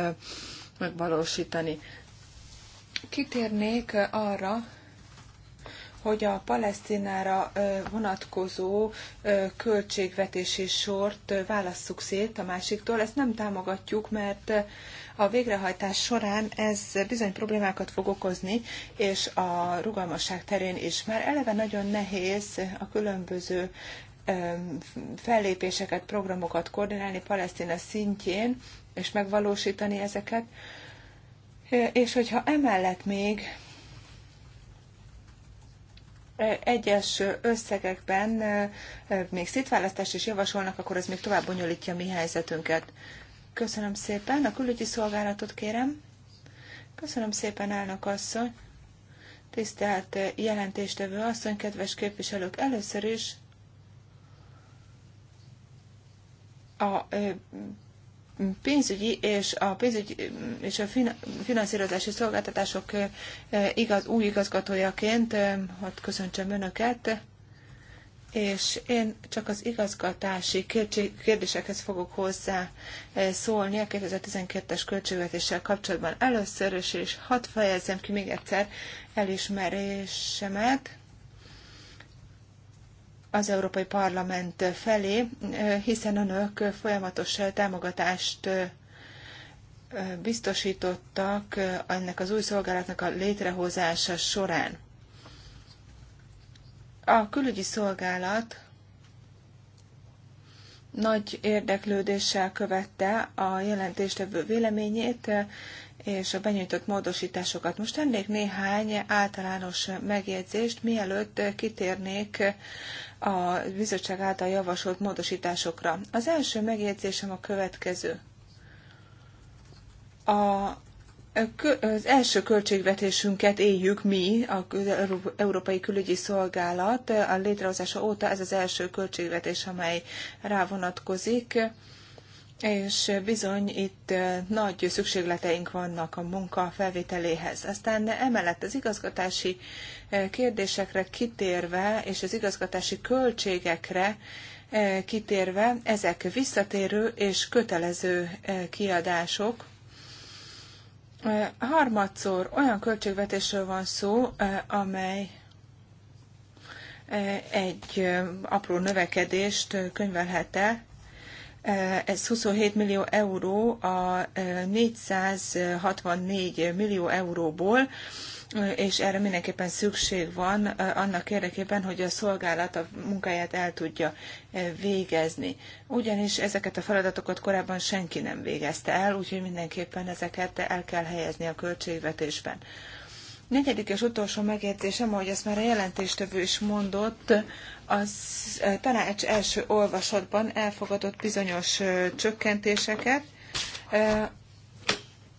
megvalósítani. Kitérnék arra, hogy a Palesztinára vonatkozó költségvetési sort válasszuk szét a másiktól. Ezt nem támogatjuk, mert a végrehajtás során ez bizony problémákat fog okozni, és a rugalmasság terén is. Már eleve nagyon nehéz a különböző fellépéseket, programokat koordinálni Palesztina szintjén, és megvalósítani ezeket. És hogyha emellett még egyes összegekben még szétválasztást is javasolnak, akkor ez még tovább bonyolítja mi helyzetünket. Köszönöm szépen. A külügyi szolgálatot kérem. Köszönöm szépen, elnök asszony. Tisztelt jelentéstevő asszony, kedves képviselők, először is a pénzügyi és a pénzügyi és a finanszírozási szolgáltatások igaz, új igazgatójaként hadd köszöntsem Önöket, és én csak az igazgatási kérdésekhez fogok hozzá szólni a 2012-es költségvetéssel kapcsolatban. Először is, és hadd fejezzem ki még egyszer elismerésemet az Európai Parlament felé, hiszen önök folyamatos támogatást biztosítottak ennek az új szolgálatnak a létrehozása során. A külügyi szolgálat nagy érdeklődéssel követte a jelentéstevő véleményét, és a benyújtott módosításokat. Most tennék néhány általános megjegyzést, mielőtt kitérnék a bizottság által javasolt módosításokra. Az első megjegyzésem a következő. A az első költségvetésünket éljük mi, az Európai Külügyi Szolgálat. A létrehozása óta ez az első költségvetés, amely rávonatkozik. vonatkozik és bizony itt nagy szükségleteink vannak a munka felvételéhez. Aztán emellett az igazgatási kérdésekre kitérve, és az igazgatási költségekre kitérve, ezek visszatérő és kötelező kiadások. Harmadszor olyan költségvetésről van szó, amely egy apró növekedést könyvelhet el, ez 27 millió euró a 464 e, millió euróból, e, és erre mindenképpen szükség van e, annak érdekében, hogy a szolgálat a munkáját el tudja végezni. Ugyanis ezeket a feladatokat korábban senki nem végezte el, úgyhogy mindenképpen ezeket el kell helyezni a költségvetésben. Negyedik és utolsó megjegyzésem, ahogy ezt már a jelentéstevő is mondott, az tanács első olvasatban elfogadott bizonyos csökkentéseket,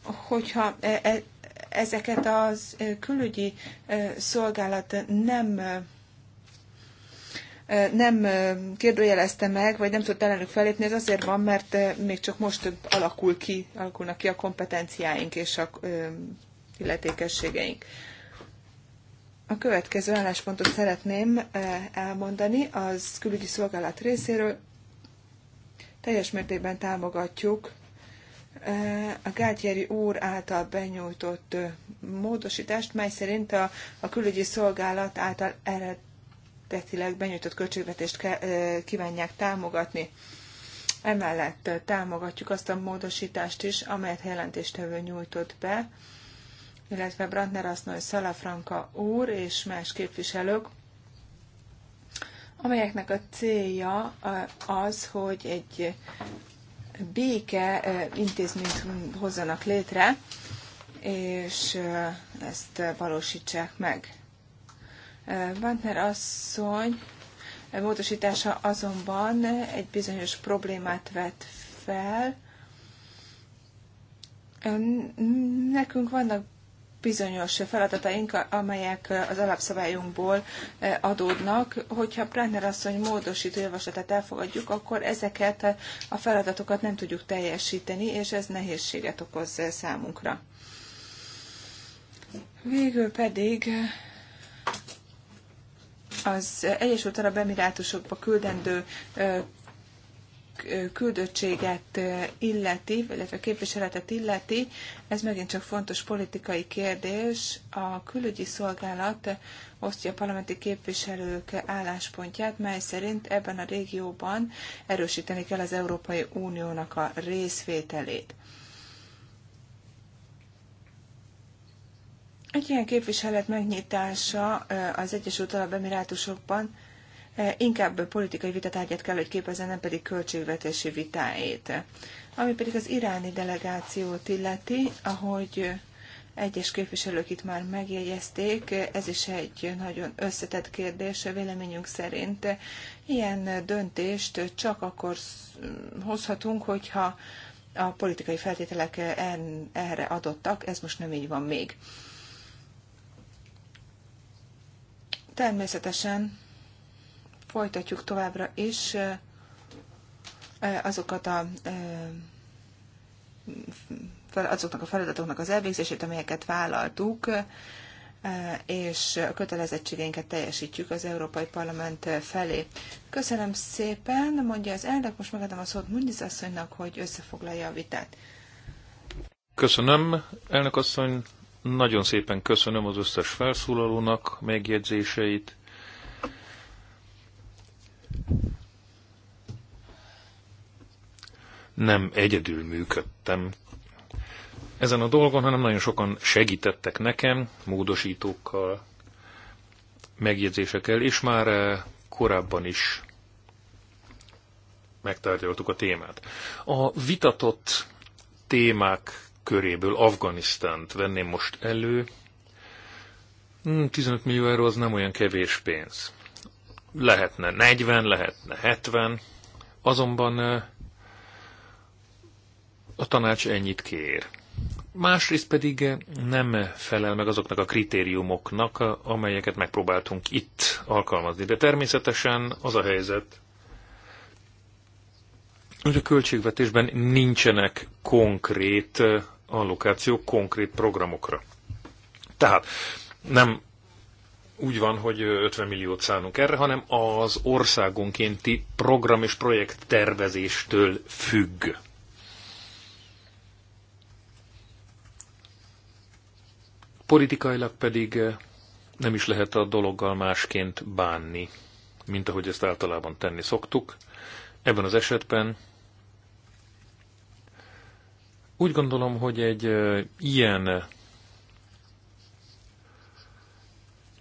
hogyha e, e, ezeket az külügyi szolgálat nem nem kérdőjelezte meg, vagy nem tudta ellenük felépni, ez azért van, mert még csak most alakul ki, alakulnak ki a kompetenciáink és a illetékességeink. A következő álláspontot szeretném eh, elmondani az külügyi szolgálat részéről. Teljes mértékben támogatjuk eh, a Gátyeri úr által benyújtott eh, módosítást, mely szerint a, a külügyi szolgálat által eredetileg benyújtott költségvetést kívánják támogatni. Emellett támogatjuk azt a módosítást is, amelyet jelentéstevő nyújtott be, illetve Brandner asszony, Szalafranka úr és más képviselők, amelyeknek a célja az, hogy egy béke intézményt hozzanak létre, és ezt valósítsák meg. Brandner asszony módosítása azonban egy bizonyos problémát vet fel, Nekünk vannak bizonyos feladataink, amelyek az alapszabályunkból eh, adódnak. Hogyha Brenner asszony módosító javaslatát elfogadjuk, akkor ezeket eh, a feladatokat nem tudjuk teljesíteni, és ez nehézséget okoz eh, számunkra. Végül pedig az Egyesült Arab Emirátusokba küldendő küldöttséget illeti, illetve képviseletet illeti, ez megint csak fontos politikai kérdés. A külügyi szolgálat osztja a parlamenti képviselők álláspontját, mely szerint ebben a régióban erősíteni kell az Európai Uniónak a részvételét. Egy ilyen képviselet megnyitása az Egyesült Arab Emirátusokban Eh, inkább politikai vitatárgyát kell, hogy képezzen, nem pedig költségvetési vitáét. Ami pedig az iráni delegációt illeti, ahogy egyes képviselők itt már megjegyezték, ez is egy nagyon összetett kérdés véleményünk szerint. Ilyen döntést csak akkor hozhatunk, hogyha a politikai feltételek erre adottak, ez most nem így van még. Természetesen folytatjuk továbbra is azokat a azoknak a feladatoknak az elvégzését, amelyeket vállaltuk, és a kötelezettségeinket teljesítjük az Európai Parlament felé. Köszönöm szépen, mondja az elnök, most megadom a szót Mundis asszonynak, hogy összefoglalja a vitát. Köszönöm, elnök asszony, nagyon szépen köszönöm az összes felszólalónak megjegyzéseit, nem egyedül működtem ezen a dolgon, hanem nagyon sokan segítettek nekem módosítókkal, megjegyzésekkel, és már eh, korábban is megtárgyaltuk a témát. A vitatott témák köréből Afganisztánt venném most elő. 15 hm, millió euró az nem olyan kevés pénz lehetne 40, lehetne 70, azonban a tanács ennyit kér. Másrészt pedig nem felel meg azoknak a kritériumoknak, amelyeket megpróbáltunk itt alkalmazni. De természetesen az a helyzet, hogy a költségvetésben nincsenek konkrét allokációk konkrét programokra. Tehát nem úgy van, hogy 50 milliót szánunk erre, hanem az országonkénti program és projekt tervezéstől függ. Politikailag pedig eh, nem is lehet a dologgal másként bánni, mint ahogy ezt általában tenni szoktuk. Ebben az esetben úgy gondolom, hogy egy eh, ilyen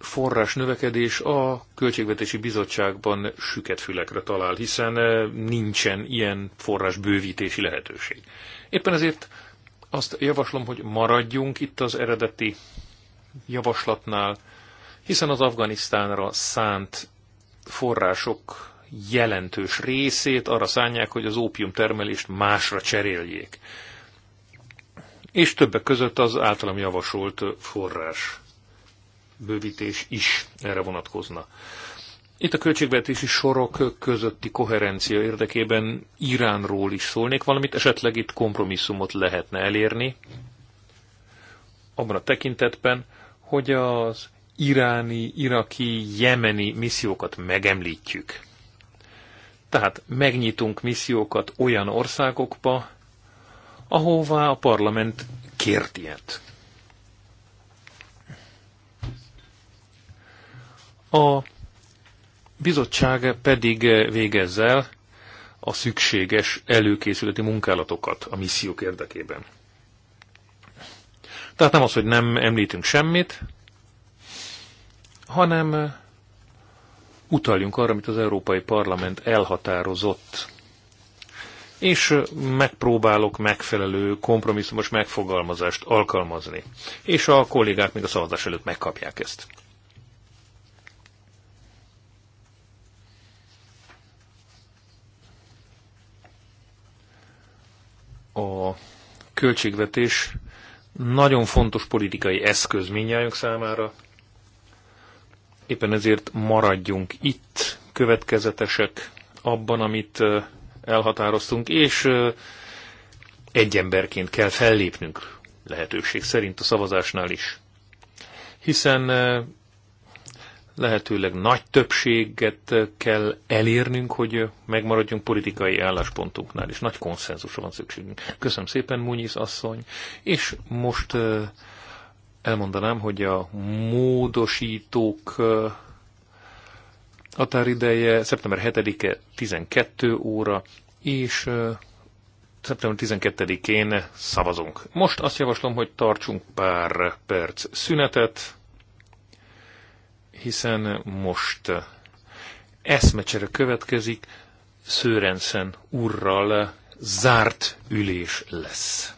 forrás növekedés a Költségvetési Bizottságban süket fülekre talál, hiszen eh, nincsen ilyen forrás bővítési lehetőség. Éppen ezért azt javaslom, hogy maradjunk itt az eredeti javaslatnál, hiszen az Afganisztánra szánt források jelentős részét arra szánják, hogy az termelést másra cseréljék. És többek között az általam javasolt forrás bővítés is erre vonatkozna. Itt a költségvetési sorok közötti koherencia érdekében Iránról is szólnék valamit, esetleg itt kompromisszumot lehetne elérni, abban a tekintetben, hogy az iráni, iraki, jemeni missziókat megemlítjük. Tehát megnyitunk missziókat olyan országokba, ahová a parlament kért ilyet. A bizottság pedig végezzel a szükséges előkészületi munkálatokat a missziók érdekében. Tehát nem az, hogy nem említünk semmit, hanem utaljunk arra, amit az Európai Parlament elhatározott. És megpróbálok megfelelő kompromisszumos megfogalmazást alkalmazni. És a kollégák még a szavazás előtt megkapják ezt. a költségvetés nagyon fontos politikai eszköz mindjárt számára. Éppen ezért maradjunk itt, következetesek abban, amit elhatároztunk, és egy emberként kell fellépnünk lehetőség szerint a szavazásnál is. Hiszen lehetőleg nagy többséget kell elérnünk, hogy megmaradjunk politikai álláspontunknál, és nagy konszenzusra van szükségünk. Köszönöm szépen, Múnyisz asszony, és most elmondanám, hogy a módosítók határideje szeptember 7-e 12 óra, és szeptember 12-én szavazunk. Most azt javaslom, hogy tartsunk pár perc szünetet, hiszen most eszmecsere következik, Szőrensen úrral zárt ülés lesz.